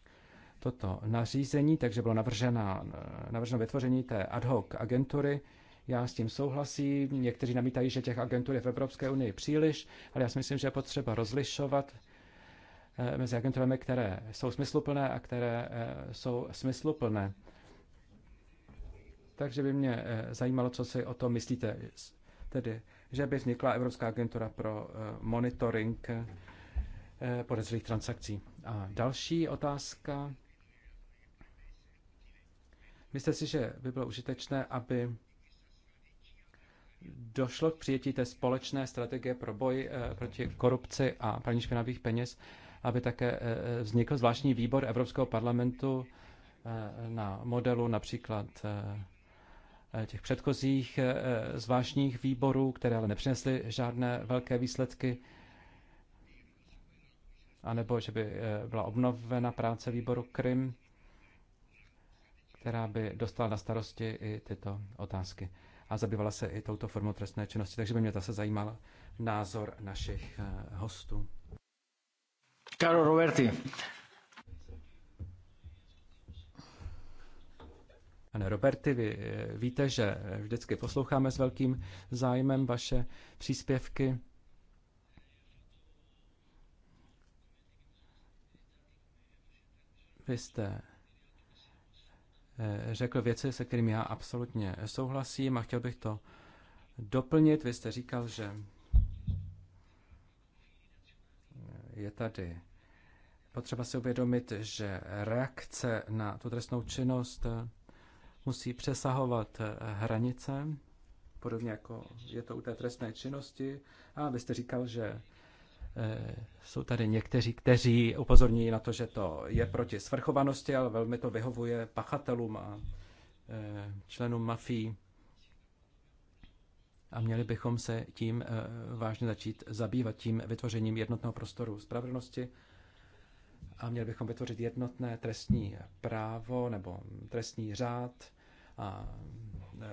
toto nařízení, takže bylo navrženo eh, navrženo vytvoření té ad hoc agentury. Já s tím souhlasím, někteří namítají, že těch agentur je v Evropské unii příliš, ale já si myslím, že je potřeba rozlišovat Eh, mezi agenturami, které jsou smysluplné a které eh, jsou smysluplné. Takže by mě eh, zajímalo, co si o tom myslíte. Tedy, že by vznikla Evropská agentura pro monitoring podezřelých transakcí. A další otázka. Myslíte si, že by bylo užitečné, aby došlo k přijetí té společné strategie pro boj proti korupci a praní špinavých peněz aby také eh, eh, vznikl zvláštní výbor Evropského parlamentu eh, na modelu například těch předchozích zvláštních výborů, které ale nepřinesly žádné velké výsledky, anebo že by byla obnovena práce výboru Krym, která by dostala na starosti i tyto otázky a zabývala se i touto formou trestné činnosti. Takže by mě zase zajímal názor našich hostů. Caro Roberti. Pane Roberti, vy eh, víte, že vždycky posloucháme s velkým zájmem vaše příspěvky. Vy jste eh, řekl věci, se kterými já absolutně souhlasím a chtěl bych to doplnit. Vy jste říkal, že je tady potřeba si uvědomit, že reakce na tu trestnou činnost musí přesahovat hranice, podobně jako je to u té trestné činnosti. A vy jste říkal, že eh, jsou tady někteří, kteří upozorní na to, že to je proti svrchovanosti, ale velmi to vyhovuje pachatelům a eh, členům mafí. A měli bychom se tím eh, vážně začít zabývat, tím vytvořením jednotného prostoru spravedlnosti a měli bychom vytvořit jednotné trestní právo nebo trestní řád a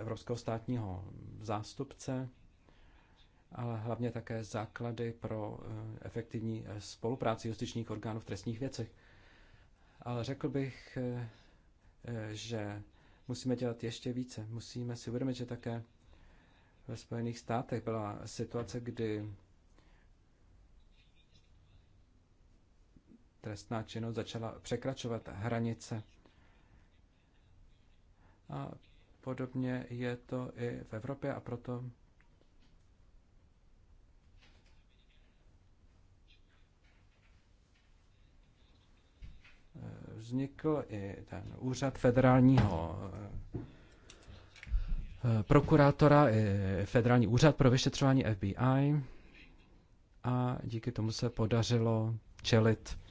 evropského státního zástupce, ale hlavně také základy pro eh, efektivní eh, spolupráci justičních orgánů v trestních věcech. Ale řekl bych, eh, že musíme dělat ještě více. Musíme si uvědomit, že také ve Spojených státech byla situace, kdy trestná činnost začala překračovat hranice. A podobně je to i v Evropě a proto vznikl i ten úřad federálního eh, prokurátora, federální úřad pro vyšetřování FBI a díky tomu se podařilo čelit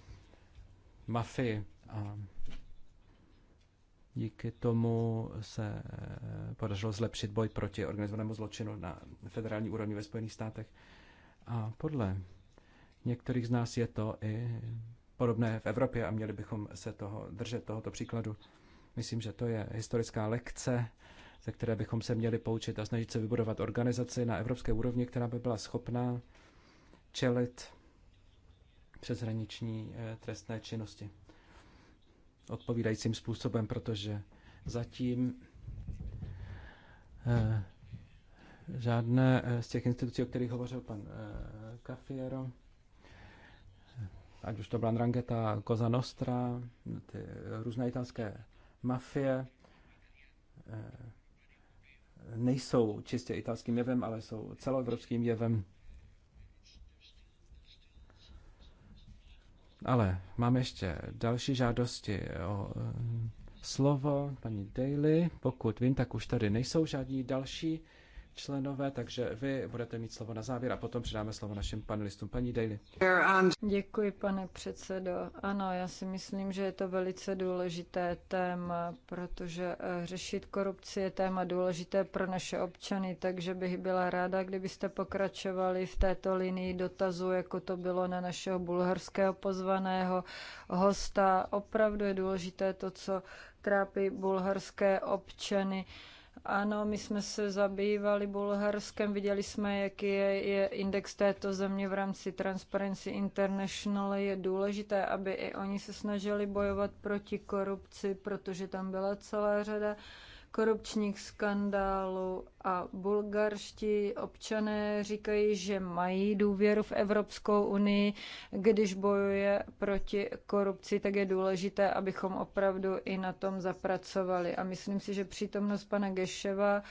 mafii. A díky tomu se eh, podařilo zlepšit boj proti organizovanému zločinu na federální úrovni ve Spojených státech. A podle některých z nás je to i podobné v Evropě a měli bychom se toho držet tohoto příkladu. Myslím, že to je historická lekce, ze které bychom se měli poučit a snažit se vybudovat organizaci na evropské úrovni, která by byla schopná čelit přeshraniční eh, trestné činnosti odpovídajícím způsobem, protože zatím eh, žádné eh, z těch institucí, o kterých hovořil pan Cafiero, ať už to byla Drangeta, Cosa Nostra, ty různé italské mafie, nejsou čistě italským jevem, ale jsou celoevropským jevem. Ale mám ještě další žádosti o eh, slovo paní Daly. Pokud vím, tak už tady nejsou žádní další členové, takže vy budete mít slovo na závěr a potom předáme slovo našim panelistům. Paní Daly. Děkuji, pane předsedo. Ano, já si myslím, že je to velice důležité téma, protože eh, řešit korupci je téma důležité pro naše občany, takže bych byla ráda, kdybyste pokračovali v této linii dotazu, jako to bylo na našeho bulharského pozvaného hosta. Opravdu je důležité to, co trápí bulharské občany ano, my jsme se zabývali Bulharskem, viděli jsme, jaký je, je index této země v rámci Transparency International. Je důležité, aby i oni se snažili bojovat proti korupci, protože tam byla celá řada uh, korupčních skandálů a bulgarští občané říkají, že mají důvěru v Evropskou unii. Když bojuje proti korupci, tak je důležité, abychom opravdu i na tom zapracovali. A myslím si, že přítomnost pana Geševa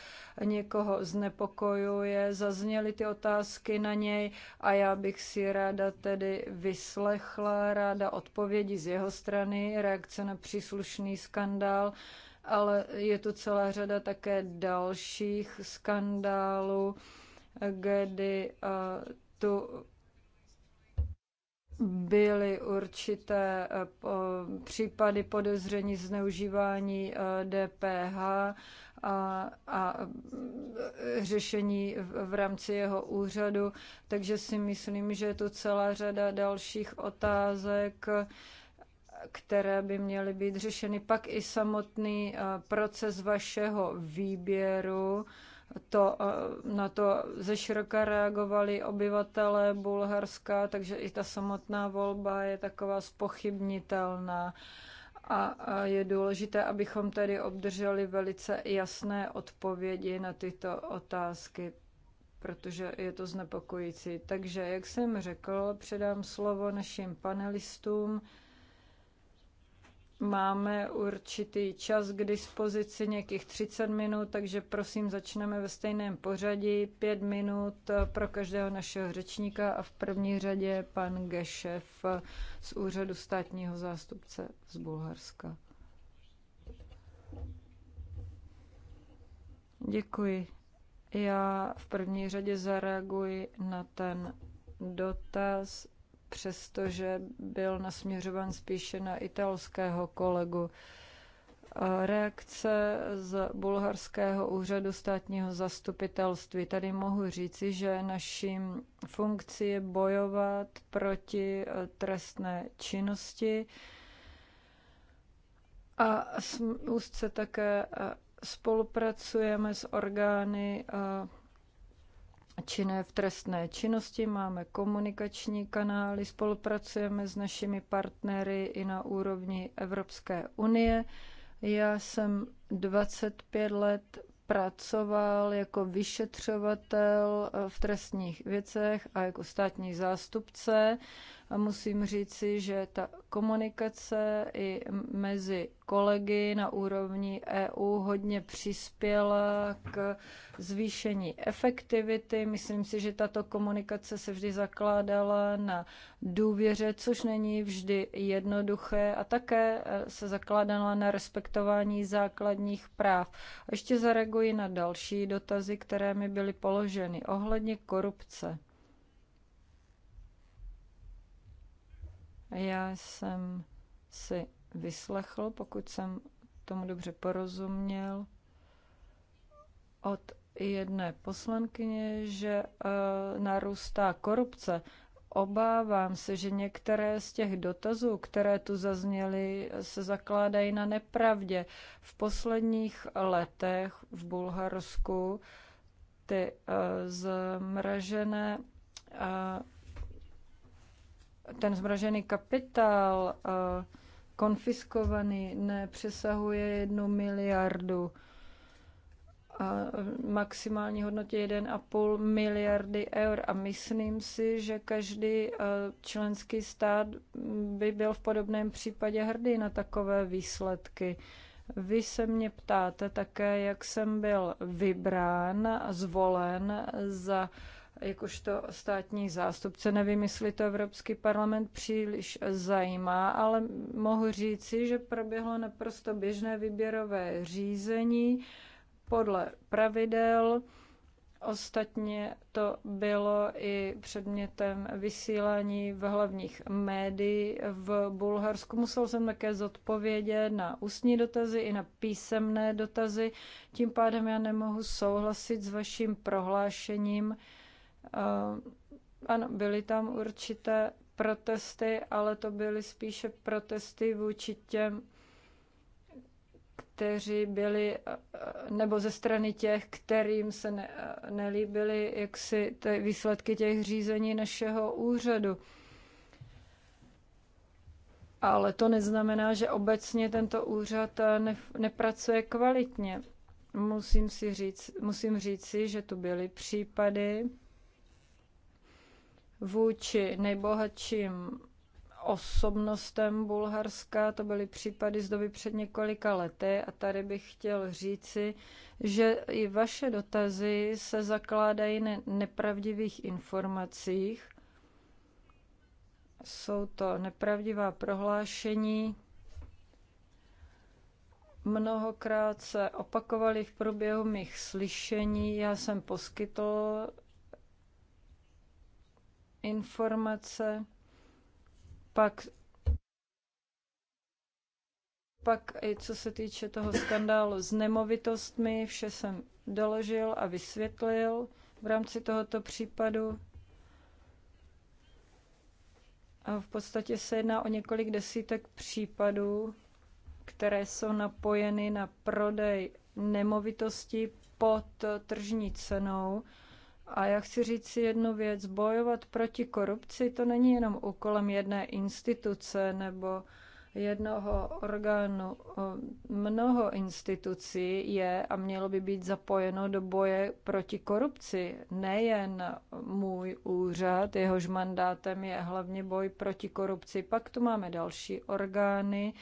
někoho znepokojuje. Zazněly ty otázky na něj a já bych si ráda tedy vyslechla, ráda odpovědi z jeho strany, reakce na příslušný skandál ale je tu celá řada také dalších skandálů, kdy eh, tu byly určité eh, případy podezření zneužívání DPH eh, a, a řešení v rámci jeho úřadu. Takže si myslím, že je tu celá řada dalších otázek, které by měly být řešeny. Pak i samotný eh, proces vašeho výběru, to, eh, na to ze široka reagovali obyvatelé Bulharska, takže i ta samotná volba je taková spochybnitelná. A je důležité, abychom tedy obdrželi velice jasné odpovědi na tyto otázky, protože je to znepokojící. Takže, jak jsem řekl, předám slovo našim panelistům. Máme určitý čas k dispozici, nějakých 30 minut, takže prosím, začneme ve stejném pořadí. Pět minut eh, pro každého našeho řečníka a v první řadě pan Gešev eh, z úřadu státního zástupce z Bulharska. Děkuji. Já v první řadě zareaguji na ten dotaz přestože byl nasměřován spíše na italského kolegu. Reakce z bulharského úřadu státního zastupitelství. Tady mohu říci, že naším funkcí je bojovat proti eh, trestné činnosti a úzce také eh, spolupracujeme s orgány eh, činné v trestné činnosti, máme komunikační kanály, spolupracujeme s našimi partnery i na úrovni Evropské unie. Já jsem 25 let pracoval jako vyšetřovatel v trestních věcech a jako státní zástupce a Musím říci, že ta komunikace i mezi kolegy na úrovni EU hodně přispěla k zvýšení efektivity. Myslím si, že tato komunikace se vždy zakládala na důvěře, což není vždy jednoduché a také eh, se zakládala na respektování základních práv. A ještě zareaguji na další dotazy, které mi byly položeny ohledně korupce. Já jsem si vyslechl, pokud jsem tomu dobře porozuměl, od jedné poslankyně, že e, narůstá korupce. Obávám se, že některé z těch dotazů, které tu zazněly, se zakládají na nepravdě. V posledních letech v Bulharsku ty e, zmražené e, ten zmražený kapitál eh, konfiskovaný nepřesahuje jednu miliardu a maximální hodnotě 1,5 miliardy eur. A myslím si, že každý eh, členský stát by byl v podobném případě hrdý na takové výsledky. Vy se mě ptáte také, jak jsem byl vybrán a zvolen za uh, jakožto státní zástupce. Nevím, jestli to Evropský parlament příliš zajímá, ale mohu říci, že proběhlo naprosto běžné výběrové řízení podle pravidel. Ostatně to bylo i předmětem vysílání v hlavních médií v Bulharsku. Musel jsem také zodpovědět na ústní dotazy i na písemné dotazy. Tím pádem já nemohu souhlasit s vaším prohlášením, Eh, ano, byly tam určité protesty, ale to byly spíše protesty vůči těm, kteří byli, eh, nebo ze strany těch, kterým se ne, eh, nelíbily jaksi ty výsledky těch řízení našeho úřadu. Ale to neznamená, že obecně tento úřad ne, nepracuje kvalitně. Musím, si říct, musím říci, že tu byly případy, vůči nejbohatším osobnostem Bulharska. To byly případy z doby před několika lety a tady bych chtěl říci, že i vaše dotazy se zakládají na nepravdivých informacích. Jsou to nepravdivá prohlášení, mnohokrát se opakovali v průběhu mých slyšení. Já jsem poskytl informace, pak pak i co se týče toho skandálu s nemovitostmi, vše jsem doložil a vysvětlil v rámci tohoto případu. A v podstatě se jedná o několik desítek případů, které jsou napojeny na prodej nemovitosti pod tržní cenou a já chci říct si jednu věc. Bojovat proti korupci to není jenom úkolem jedné instituce nebo jednoho orgánu. Mnoho institucí je a mělo by být zapojeno do boje proti korupci. Nejen můj úřad, jehož mandátem je hlavně boj proti korupci. Pak tu máme další orgány,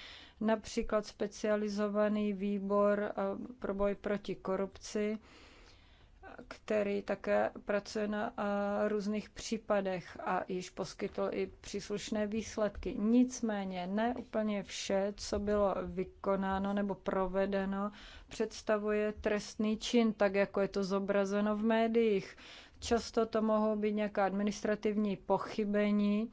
například specializovaný výbor eh, pro boj proti korupci který také pracuje na eh, různých případech a již poskytl i příslušné výsledky. Nicméně ne úplně vše, co bylo vykonáno nebo provedeno, představuje trestný čin, tak jako je to zobrazeno v médiích. Často to mohou být nějaká administrativní pochybení,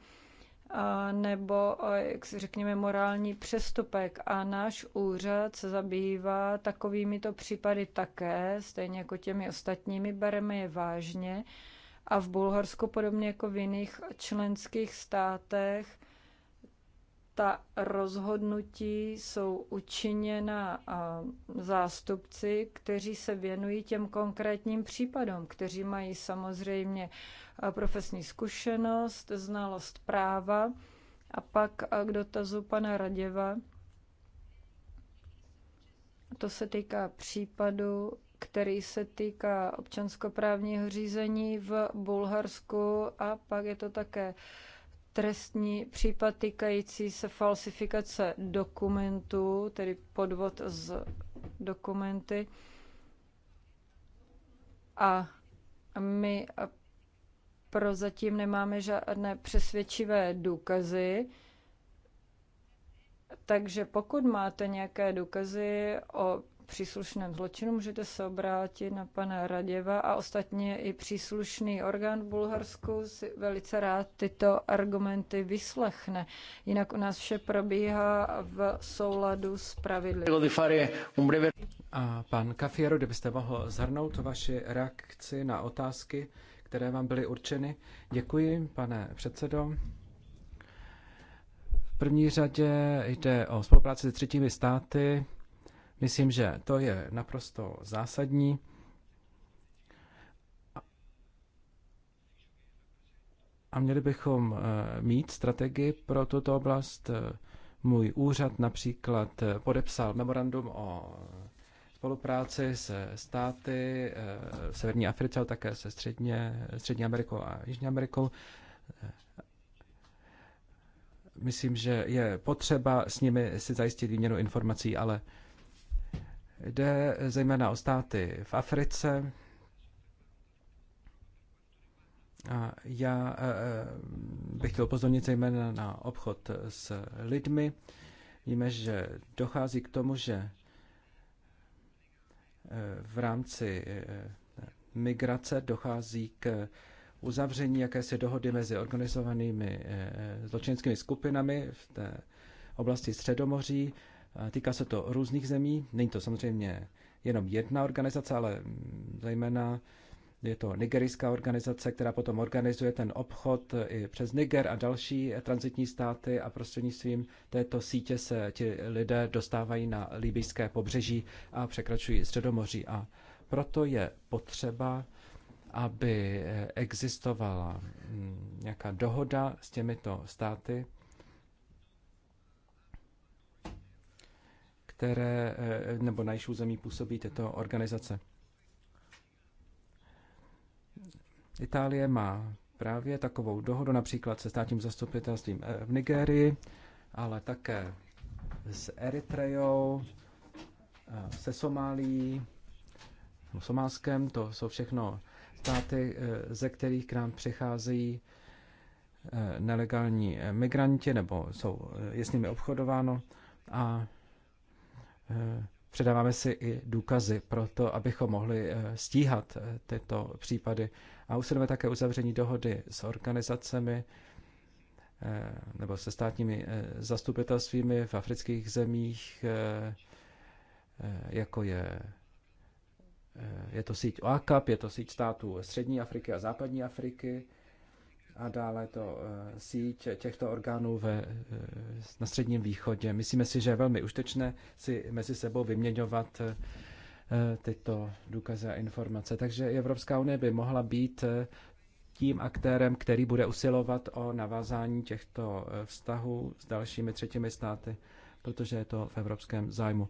nebo, jak si řekněme, morální přestupek. A náš úřad se zabývá takovýmito případy také, stejně jako těmi ostatními, bereme je vážně. A v Bulharsku, podobně jako v jiných členských státech, ta rozhodnutí jsou učiněna zástupci, kteří se věnují těm konkrétním případům, kteří mají samozřejmě profesní zkušenost, znalost práva. A pak k dotazu pana Raděva. To se týká případu, který se týká občanskoprávního řízení v Bulharsku a pak je to také uh, trestní případ týkající se falsifikace dokumentů, tedy podvod z dokumenty. A my prozatím nemáme žádné přesvědčivé důkazy, takže pokud máte nějaké důkazy o příslušném zločinu, můžete se obrátit na pana Raděva a ostatně i příslušný orgán v Bulharsku si velice rád tyto argumenty vyslechne. Jinak u nás vše probíhá v souladu s pravidly. A pan Kafiero, kdybyste mohl zhrnout vaši reakci na otázky, které vám byly určeny. Děkuji, pane předsedo. V první řadě jde o spolupráci se třetími státy. Myslím, že to je naprosto zásadní. A měli bychom eh, mít strategii pro tuto oblast. Eh, můj úřad například eh, podepsal memorandum o spolupráci se státy v Severní Africe, ale také se Středně, Střední Amerikou a Jižní Amerikou. Myslím, že je potřeba s nimi si zajistit výměnu informací, ale Jde zejména o státy v Africe. A já e, e, bych chtěl pozornit zejména na obchod s lidmi. Víme, že dochází k tomu, že e, v rámci migrace dochází k uzavření jakési dohody mezi organizovanými zločinskými skupinami v té oblasti Středomoří. Týká se to různých zemí, není to samozřejmě jenom jedna organizace, ale zejména je to nigerijská organizace, která potom organizuje ten obchod i přes Niger a další transitní státy a prostřednictvím této sítě se ti lidé dostávají na libyjské pobřeží a překračují Středomoří. A proto je potřeba, aby existovala mm, nějaká dohoda s těmito státy, které, eh, nebo na jejich území působí tyto organizace. Itálie má právě takovou dohodu například se státním zastupitelstvím eh, v Nigérii, ale také s Eritrejou, eh, se Somálií, Somálskem, to jsou všechno státy, ze kterých k nám přicházejí nelegální migranti nebo jsou, je s nimi obchodováno a Eh, předáváme si i důkazy pro to, abychom mohli eh, stíhat eh, tyto případy. A usilujeme také uzavření dohody s organizacemi nebo se státními zastupitelstvími v afrických zemích, jako je, je to síť OAKAP, je to síť států Střední Afriky a Západní Afriky, a dále to eh, síť těchto orgánů ve, eh, na Středním východě. Myslíme si, že je velmi užtečné si mezi sebou vyměňovat eh, tyto důkazy a informace. Takže Evropská unie by mohla být tím aktérem, který bude usilovat o navázání těchto vztahů s dalšími třetími státy, protože je to v evropském zájmu.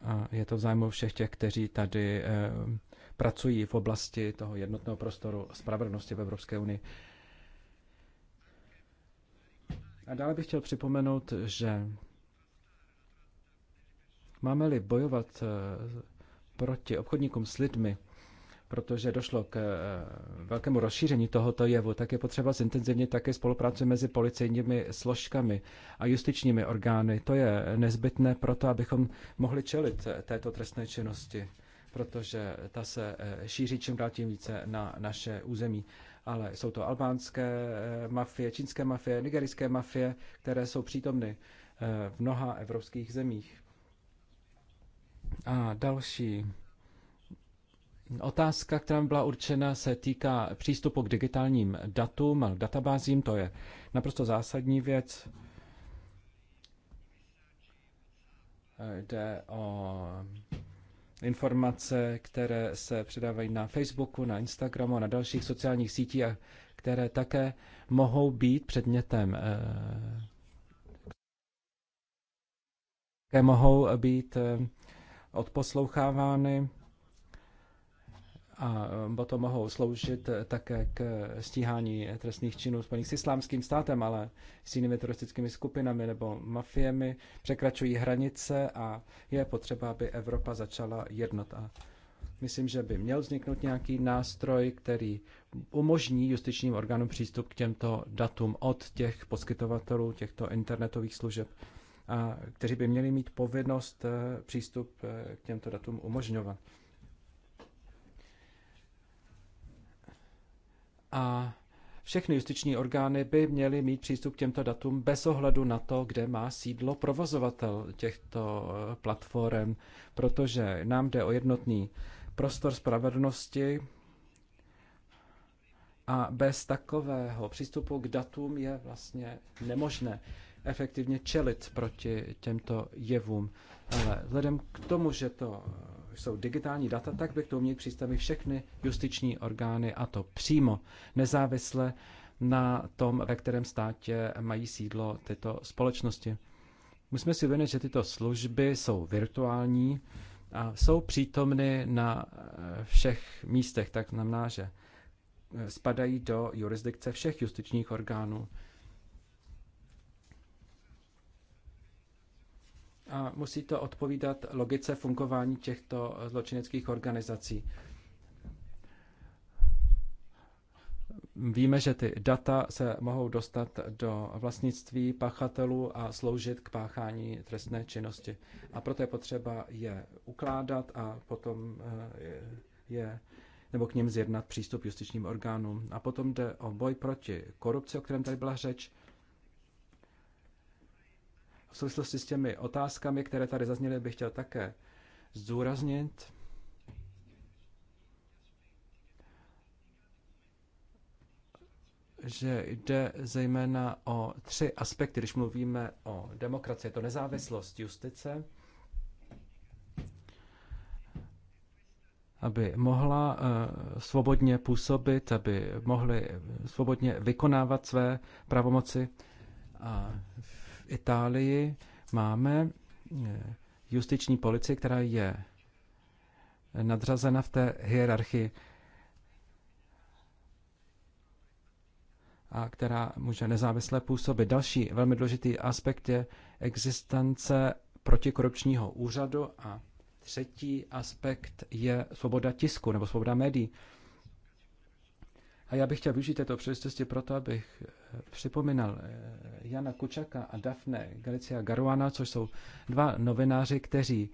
A je to v zájmu všech těch, kteří tady pracují v oblasti toho jednotného prostoru spravedlnosti v Evropské unii. A dále bych chtěl připomenout, že máme-li bojovat eh, proti obchodníkům s lidmi, protože došlo k eh, velkému rozšíření tohoto jevu, tak je potřeba zintenzivnit také spolupráci mezi policejními složkami a justičními orgány. To je nezbytné proto, abychom mohli čelit eh, této trestné činnosti protože ta se eh, šíří čím dál tím více na naše území. Ale jsou to albánské eh, mafie, čínské mafie, nigerijské mafie, které jsou přítomny eh, v mnoha evropských zemích. A další otázka, která byla určena, se týká přístupu k digitálním datům a databázím. To je naprosto zásadní věc. Jde o informace, které se předávají na Facebooku, na Instagramu, na dalších sociálních sítích, a které také mohou být předmětem eh, které mohou být eh, odposlouchávány a potom e, mohou sloužit také k stíhání trestných činů spojených s islámským státem, ale s jinými teroristickými skupinami nebo mafiemi, překračují hranice a je potřeba, aby Evropa začala jednat. A myslím, že by měl vzniknout nějaký nástroj, který umožní justičním orgánům přístup k těmto datům od těch poskytovatelů těchto internetových služeb, a kteří by měli mít povinnost e, přístup e, k těmto datům umožňovat. a všechny justiční orgány by měly mít přístup k těmto datům bez ohledu na to, kde má sídlo provozovatel těchto eh, platform, protože nám jde o jednotný prostor spravedlnosti a bez takového přístupu k datům je vlastně nemožné efektivně čelit proti těmto jevům. Ale vzhledem k tomu, že to eh, jsou digitální data, tak by k tomu měly přístavy všechny justiční orgány a to přímo nezávisle na tom, ve kterém státě mají sídlo tyto společnosti. Musíme si uvědomit, že tyto služby jsou virtuální a jsou přítomny na eh, všech místech, tak znamená, že eh, spadají do jurisdikce všech justičních orgánů. a musí to odpovídat logice fungování těchto zločineckých organizací. Víme, že ty data se mohou dostat do vlastnictví pachatelů a sloužit k páchání trestné činnosti. A proto je potřeba je ukládat a potom eh, je nebo k ním zjednat přístup justičním orgánům. A potom jde o boj proti korupci, o kterém tady byla řeč. V souvislosti s těmi otázkami, které tady zazněly, bych chtěl také zdůraznit, že jde zejména o tři aspekty, když mluvíme o demokracii. to nezávislost justice, aby mohla eh, svobodně působit, aby mohli eh, svobodně vykonávat své pravomoci. A v Itálii máme eh, justiční policii, která je nadřazena v té hierarchii a která může nezávisle působit. Další velmi důležitý aspekt je existence protikorupčního úřadu a třetí aspekt je svoboda tisku nebo svoboda médií. A já bych chtěl využít této příležitosti proto, abych připomínal eh, Jana Kučaka a Dafne Galicia Garuana, což jsou dva novináři, kteří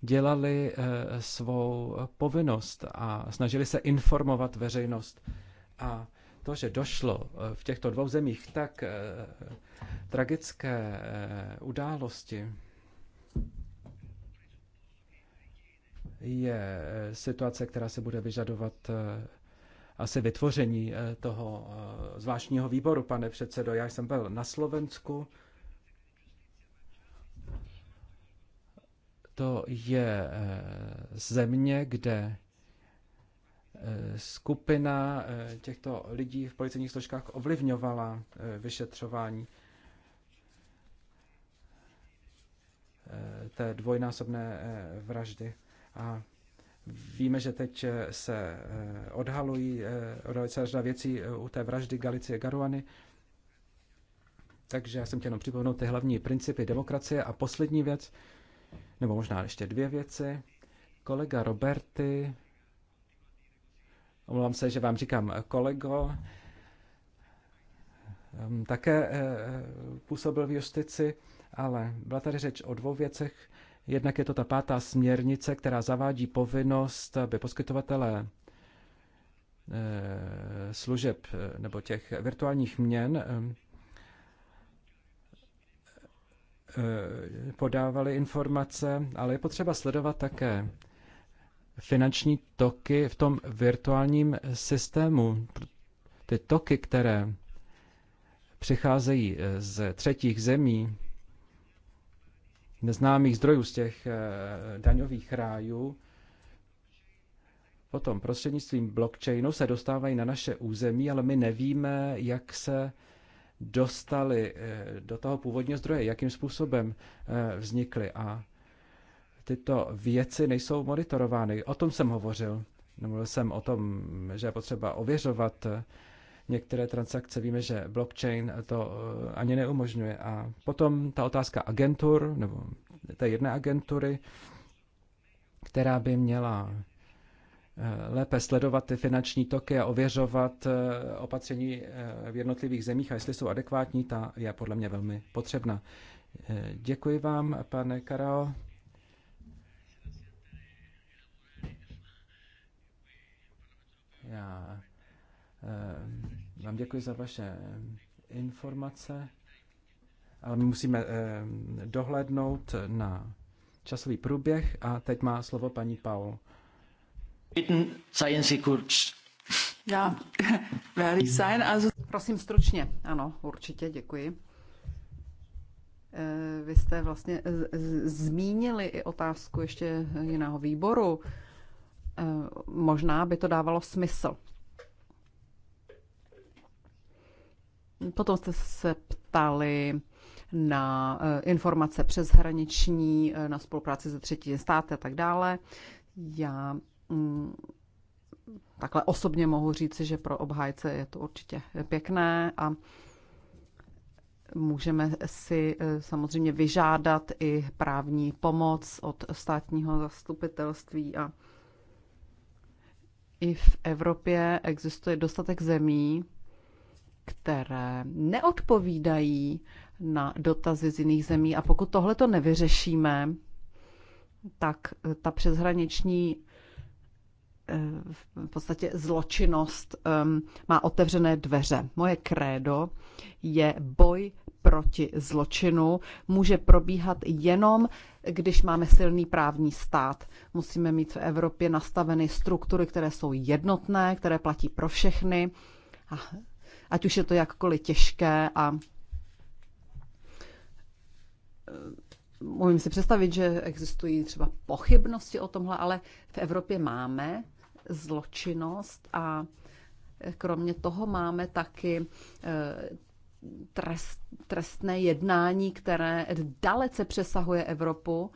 dělali eh, svou povinnost a snažili se informovat veřejnost. A to, že došlo eh, v těchto dvou zemích tak tragické události, je situace, která se bude vyžadovat asi vytvoření eh, toho eh, zvláštního výboru, pane předsedo. Já jsem byl na Slovensku. To je eh, země, kde skupina těchto lidí v policejních složkách ovlivňovala vyšetřování té dvojnásobné vraždy. A Víme, že teď eh, se eh, odhalují, eh, odhalují se řada věcí u té vraždy Galicie Garuany. Takže já jsem chtěl jenom připomenout ty hlavní principy demokracie. A poslední věc, nebo možná ještě dvě věci. Kolega Roberty, omlouvám se, že vám říkám kolego, ehm, také působil v justici, ale byla tady řeč o dvou věcech. Jednak je to ta pátá směrnice, která zavádí povinnost, aby poskytovatelé eh, služeb eh, nebo těch virtuálních měn eh, podávali informace, ale je potřeba sledovat také finanční toky v tom virtuálním systému. Ty toky, které přicházejí z třetích zemí, neznámých zdrojů, z těch eh, daňových rájů, potom prostřednictvím blockchainu se dostávají na naše území, ale my nevíme, jak se dostali eh, do toho původního zdroje, jakým způsobem eh, vznikly. A tyto věci nejsou monitorovány. O tom jsem hovořil. Mluvil jsem o tom, že je potřeba ověřovat některé transakce víme, že blockchain to eh, ani neumožňuje. A potom ta otázka agentur, nebo té jedné agentury, která by měla eh, lépe sledovat ty finanční toky a ověřovat eh, opatření v jednotlivých zemích a jestli jsou adekvátní, ta je podle mě velmi potřebná. Děkuji vám, pane Karao. Já vám děkuji za vaše eh, informace, ale my musíme eh, dohlednout na časový průběh a teď má slovo paní Paul. Já, werde ich also... Prosím stručně, ano, určitě, děkuji. Eh, vy jste vlastně zmínili i otázku ještě jiného výboru. Možná by to dávalo smysl. Potom jste se ptali na eh, informace přes hraniční, eh, na spolupráci se třetí státy a tak dále. Já mm, takhle osobně mohu říci, že pro obhájce je to určitě pěkné a můžeme si eh, samozřejmě vyžádat i právní pomoc od státního zastupitelství a i v Evropě existuje dostatek zemí, které neodpovídají na dotazy z jiných zemí. A pokud tohle to nevyřešíme, tak eh, ta přeshraniční eh, v podstatě zločinnost ehm, má otevřené dveře. Moje krédo je boj proti zločinu může probíhat jenom, když máme silný právní stát. Musíme mít v Evropě nastaveny struktury, které jsou jednotné, které platí pro všechny. A ať už je to jakkoliv těžké a eh, Můžeme si představit, že existují třeba pochybnosti o tomhle, ale v Evropě máme zločinnost a eh, kromě toho máme taky eh, trest, trestné jednání, které dalece přesahuje Evropu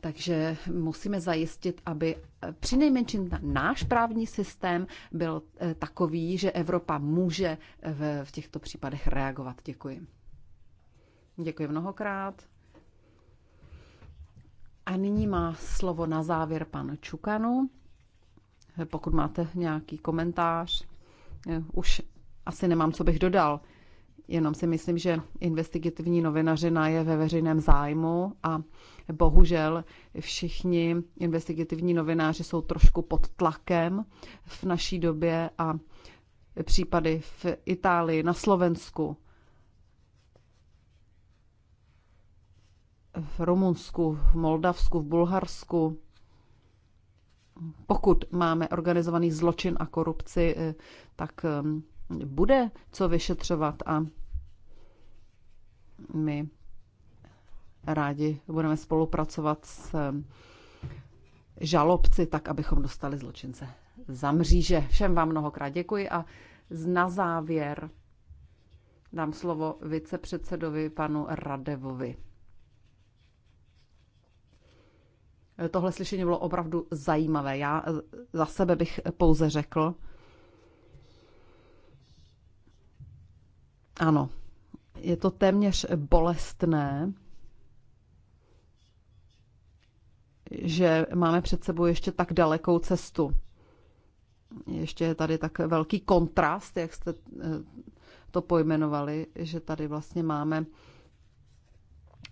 takže musíme zajistit, aby přinejmenším náš právní systém byl eh, takový, že Evropa může eh, v, v těchto případech reagovat. Děkuji. Děkuji mnohokrát. A nyní má slovo na závěr pan Čukanu. Eh, pokud máte nějaký komentář, už asi nemám, co bych dodal. Jenom si myslím, že investigativní novinařina je ve veřejném zájmu a Bohužel všichni investigativní novináři jsou trošku pod tlakem v naší době a případy v Itálii, na Slovensku, v Rumunsku, v Moldavsku, v Bulharsku. Pokud máme organizovaný zločin a korupci, eh, tak eh, bude co vyšetřovat a my rádi budeme spolupracovat s eh, žalobci, tak abychom dostali zločince za mříže. Všem vám mnohokrát děkuji a na závěr dám slovo vicepředsedovi panu Radevovi. Eh, tohle slyšení bylo opravdu zajímavé. Já eh, za sebe bych pouze řekl, ano, je to téměř bolestné, že máme před sebou ještě tak dalekou cestu. Ještě je tady tak velký kontrast, jak jste eh, to pojmenovali, že tady vlastně máme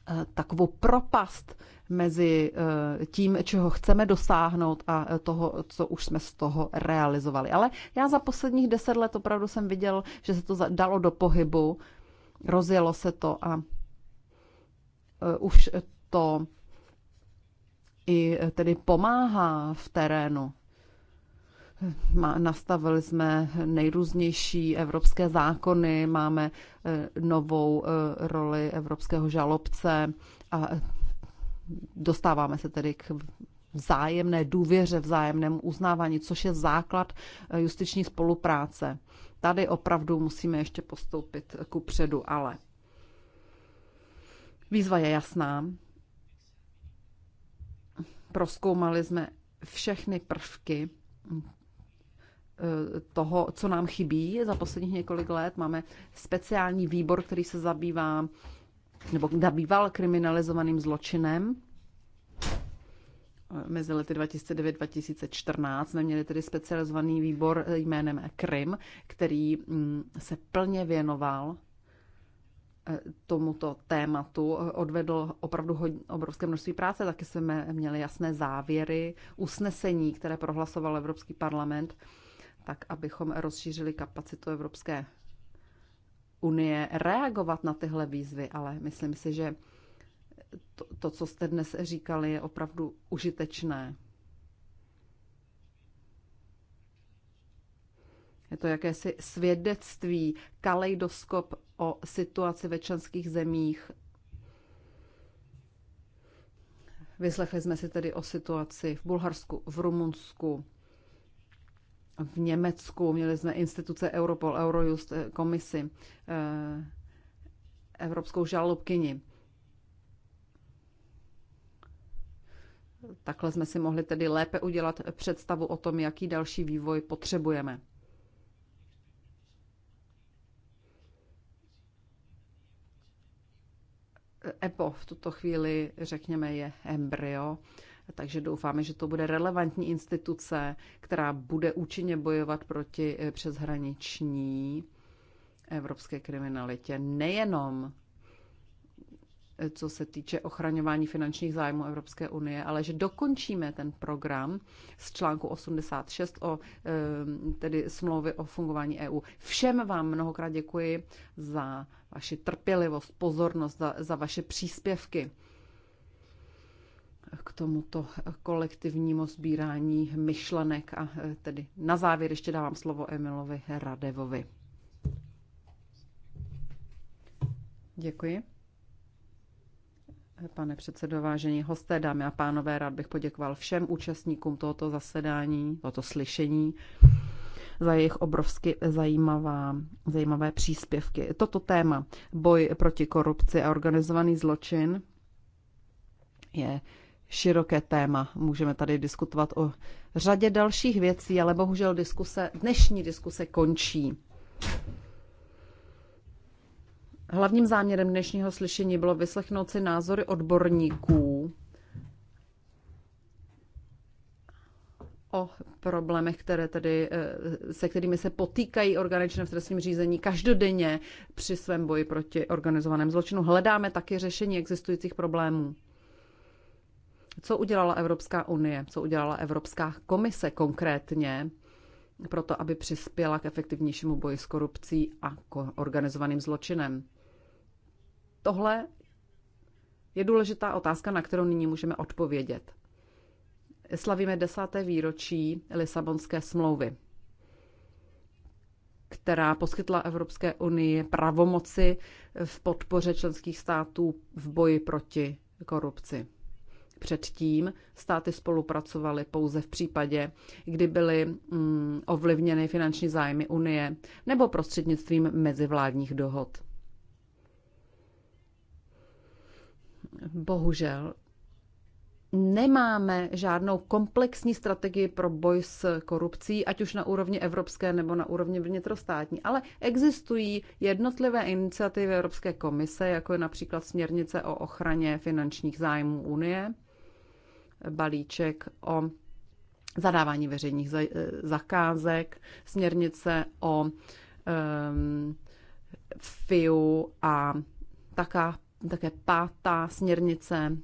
eh, takovou propast mezi eh, tím, čeho chceme dosáhnout a toho, co už jsme z toho realizovali. Ale já za posledních deset let opravdu jsem viděl, že se to dalo do pohybu, rozjelo se to a už to i eh, tedy pomáhá v terénu. Nastavili jsme nejrůznější evropské zákony, máme eh, novou eh, roli evropského žalobce a dostáváme se tedy k vzájemné důvěře, vzájemnému uznávání, což je základ justiční spolupráce. Tady opravdu musíme ještě postoupit ku předu, ale výzva je jasná proskoumali jsme všechny prvky eh, toho, co nám chybí za posledních několik let. Máme speciální výbor, který se zabývá nebo zabýval kriminalizovaným zločinem eh, mezi lety 2009-2014. Neměli tedy specializovaný výbor jménem Krim, který mm, se plně věnoval tomuto tématu odvedl opravdu hodně, obrovské množství práce. Taky jsme měli jasné závěry, usnesení, které prohlasoval Evropský parlament, tak abychom rozšířili kapacitu Evropské unie reagovat na tyhle výzvy, ale myslím si, že to, to co jste dnes říkali, je opravdu užitečné. Je to jakési svědectví, kaleidoskop o situaci ve členských zemích. Vyslechli jsme si tedy o situaci v Bulharsku, v Rumunsku, v Německu. Měli jsme instituce Europol, Eurojust, eh, komisi, eh, evropskou žalobkyni. Takhle jsme si mohli tedy lépe udělat představu o tom, jaký další vývoj potřebujeme. EPO v tuto chvíli, řekněme, je embryo, takže doufáme, že to bude relevantní instituce, která bude účinně bojovat proti eh, přeshraniční evropské kriminalitě. Nejenom Eh, co se týče ochraňování finančních zájmů Evropské unie, ale že dokončíme ten program z článku 86 o eh, tedy smlouvy o fungování EU. Všem vám mnohokrát děkuji za vaši trpělivost, pozornost, za, za vaše příspěvky k tomuto kolektivnímu sbírání myšlenek a eh, tedy na závěr ještě dávám slovo Emilovi Radevovi. Děkuji. Pane předsedo, vážení hosté, dámy a pánové, rád bych poděkoval všem účastníkům tohoto zasedání, tohoto slyšení za jejich obrovsky zajímavá, zajímavé příspěvky. Toto téma, boj proti korupci a organizovaný zločin, je široké téma. Můžeme tady diskutovat o řadě dalších věcí, ale bohužel diskuse, dnešní diskuse končí. Hlavním záměrem dnešního slyšení bylo vyslechnout si názory odborníků o problémech, které tedy, eh, se kterými se potýkají organičné v trestním řízení každodenně při svém boji proti organizovaném zločinu. Hledáme taky řešení existujících problémů. Co udělala Evropská unie, co udělala Evropská komise konkrétně proto, aby přispěla k efektivnějšímu boji s korupcí a organizovaným zločinem? Tohle je důležitá otázka, na kterou nyní můžeme odpovědět. Slavíme desáté výročí Lisabonské smlouvy, která poskytla Evropské unii pravomoci v podpoře členských států v boji proti korupci. Předtím státy spolupracovaly pouze v případě, kdy byly mm, ovlivněny finanční zájmy Unie nebo prostřednictvím mezivládních dohod. Bohužel nemáme žádnou komplexní strategii pro boj s korupcí, ať už na úrovni evropské nebo na úrovni vnitrostátní, ale existují jednotlivé iniciativy Evropské komise, jako je například směrnice o ochraně finančních zájmů Unie, balíček o zadávání veřejných eh, zakázek, směrnice o um, ehm, FIU a taká také pátá směrnice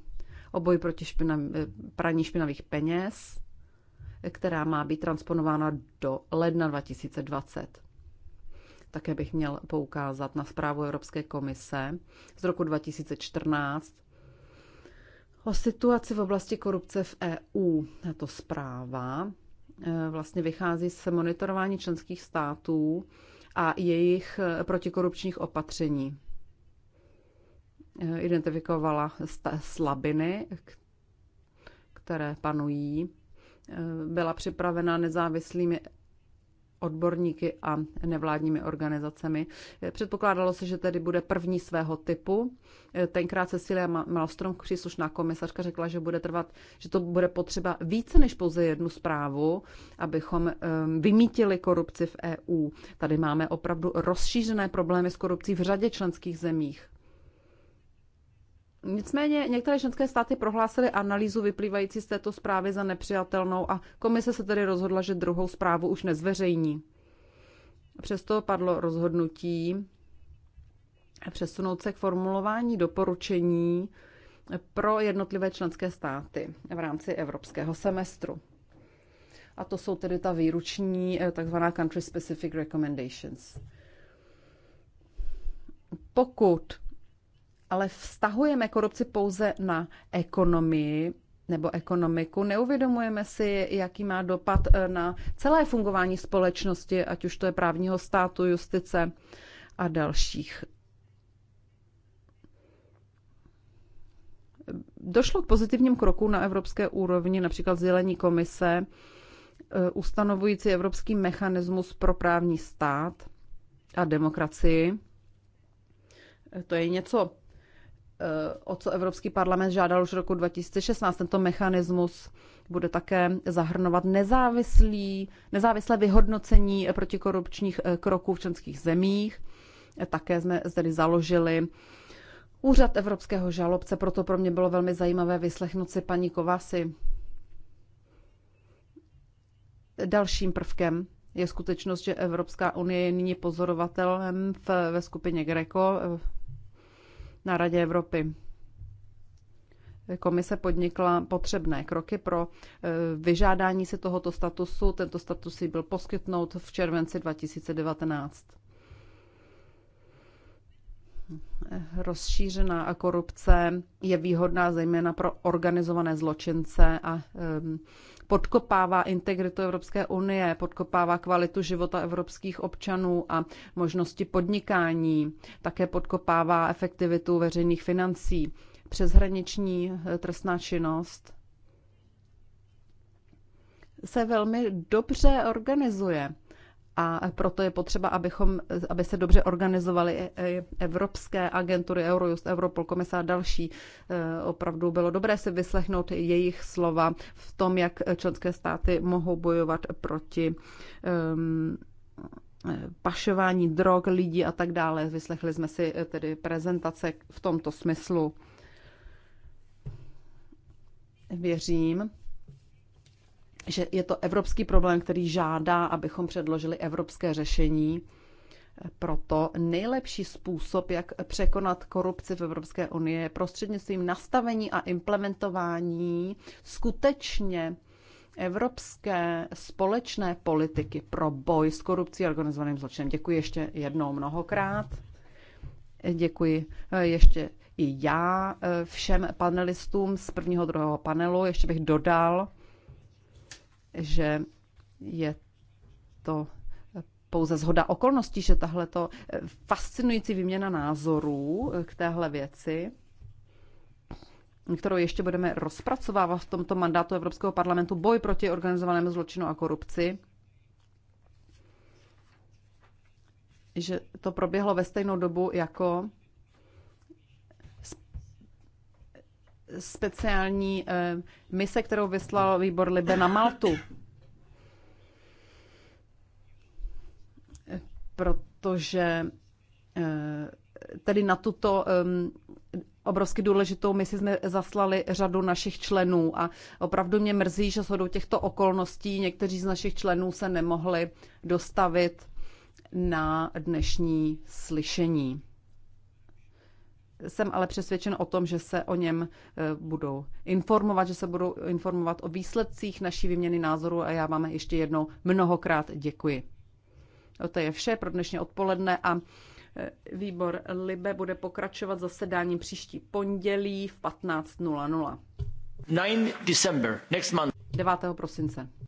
o boji proti špinav, praní špinavých peněz, která má být transponována do ledna 2020. Také bych měl poukázat na zprávu Evropské komise z roku 2014 o situaci v oblasti korupce v EU. Tato zpráva eh, vlastně vychází z monitorování členských států a jejich eh, protikorupčních opatření. Eh, identifikovala slabiny, které panují. Eh, byla připravena nezávislými odborníky a nevládními organizacemi. Eh, předpokládalo se, že tedy bude první svého typu. Tenkrát Cecilia Malstrom, příslušná komisařka, řekla, že bude trvat, že to bude potřeba více než pouze jednu zprávu, abychom ehm, vymítili korupci v EU. Tady máme opravdu rozšířené problémy s korupcí v řadě členských zemích. Nicméně některé členské státy prohlásily analýzu vyplývající z této zprávy za nepřijatelnou a komise se tedy rozhodla, že druhou zprávu už nezveřejní. Přesto padlo rozhodnutí přesunout se k formulování doporučení pro jednotlivé členské státy v rámci evropského semestru. A to jsou tedy ta výruční eh, takzvaná country specific recommendations. Pokud ale vztahujeme korupci pouze na ekonomii nebo ekonomiku, neuvědomujeme si, jaký má dopad eh, na celé fungování společnosti, ať už to je právního státu, justice a dalších. Došlo k pozitivním kroku na evropské úrovni, například zelení komise, eh, ustanovující evropský mechanismus pro právní stát a demokracii. To je něco o co Evropský parlament žádal už roku 2016. Tento mechanismus bude také zahrnovat nezávislý, nezávislé vyhodnocení protikorupčních eh, kroků v členských zemích. Také jsme zde založili Úřad evropského žalobce, proto pro mě bylo velmi zajímavé vyslechnout si paní Kovasy. Dalším prvkem je skutečnost, že Evropská unie je nyní pozorovatelem v, ve skupině Greco, eh, na Radě Evropy. Komise podnikla potřebné kroky pro e, vyžádání si tohoto statusu. Tento status jí byl poskytnout v červenci 2019. Rozšířená korupce je výhodná zejména pro organizované zločince a e, podkopává integritu Evropské unie, podkopává kvalitu života evropských občanů a možnosti podnikání, také podkopává efektivitu veřejných financí, přeshraniční eh, trestná činnost se velmi dobře organizuje a proto je potřeba, abychom, aby se dobře organizovaly evropské agentury, Eurojust, Europol, komise a další. E, opravdu bylo dobré si vyslechnout jejich slova v tom, jak členské státy mohou bojovat proti um, pašování drog lidí a tak dále. Vyslechli jsme si e, tedy prezentace v tomto smyslu. Věřím, že je to evropský problém, který žádá, abychom předložili evropské řešení. Proto nejlepší způsob, jak překonat korupci v Evropské unii, je prostřednictvím nastavení a implementování skutečně evropské společné politiky pro boj s korupcí a organizovaným zločinem. Děkuji ještě jednou mnohokrát. Děkuji eh, ještě i já eh, všem panelistům z prvního druhého panelu. Ještě bych dodal, že je to pouze zhoda okolností, že tahle to fascinující výměna názorů k téhle věci, kterou ještě budeme rozpracovávat v tomto mandátu Evropského parlamentu, boj proti organizovanému zločinu a korupci, že to proběhlo ve stejnou dobu jako speciální eh, mise, kterou vyslal výbor Libe na Maltu. Protože eh, tedy na tuto ehm, obrovsky důležitou misi jsme zaslali řadu našich členů a opravdu mě mrzí, že shodou těchto okolností někteří z našich členů se nemohli dostavit na dnešní slyšení. Jsem ale přesvědčen o tom, že se o něm e, budou informovat, že se budou informovat o výsledcích naší výměny názoru a já vám ještě jednou mnohokrát děkuji. No, to je vše pro dnešní odpoledne a e, výbor Libe bude pokračovat zasedáním příští pondělí v 15.00. 9. December, next month. 9. prosince.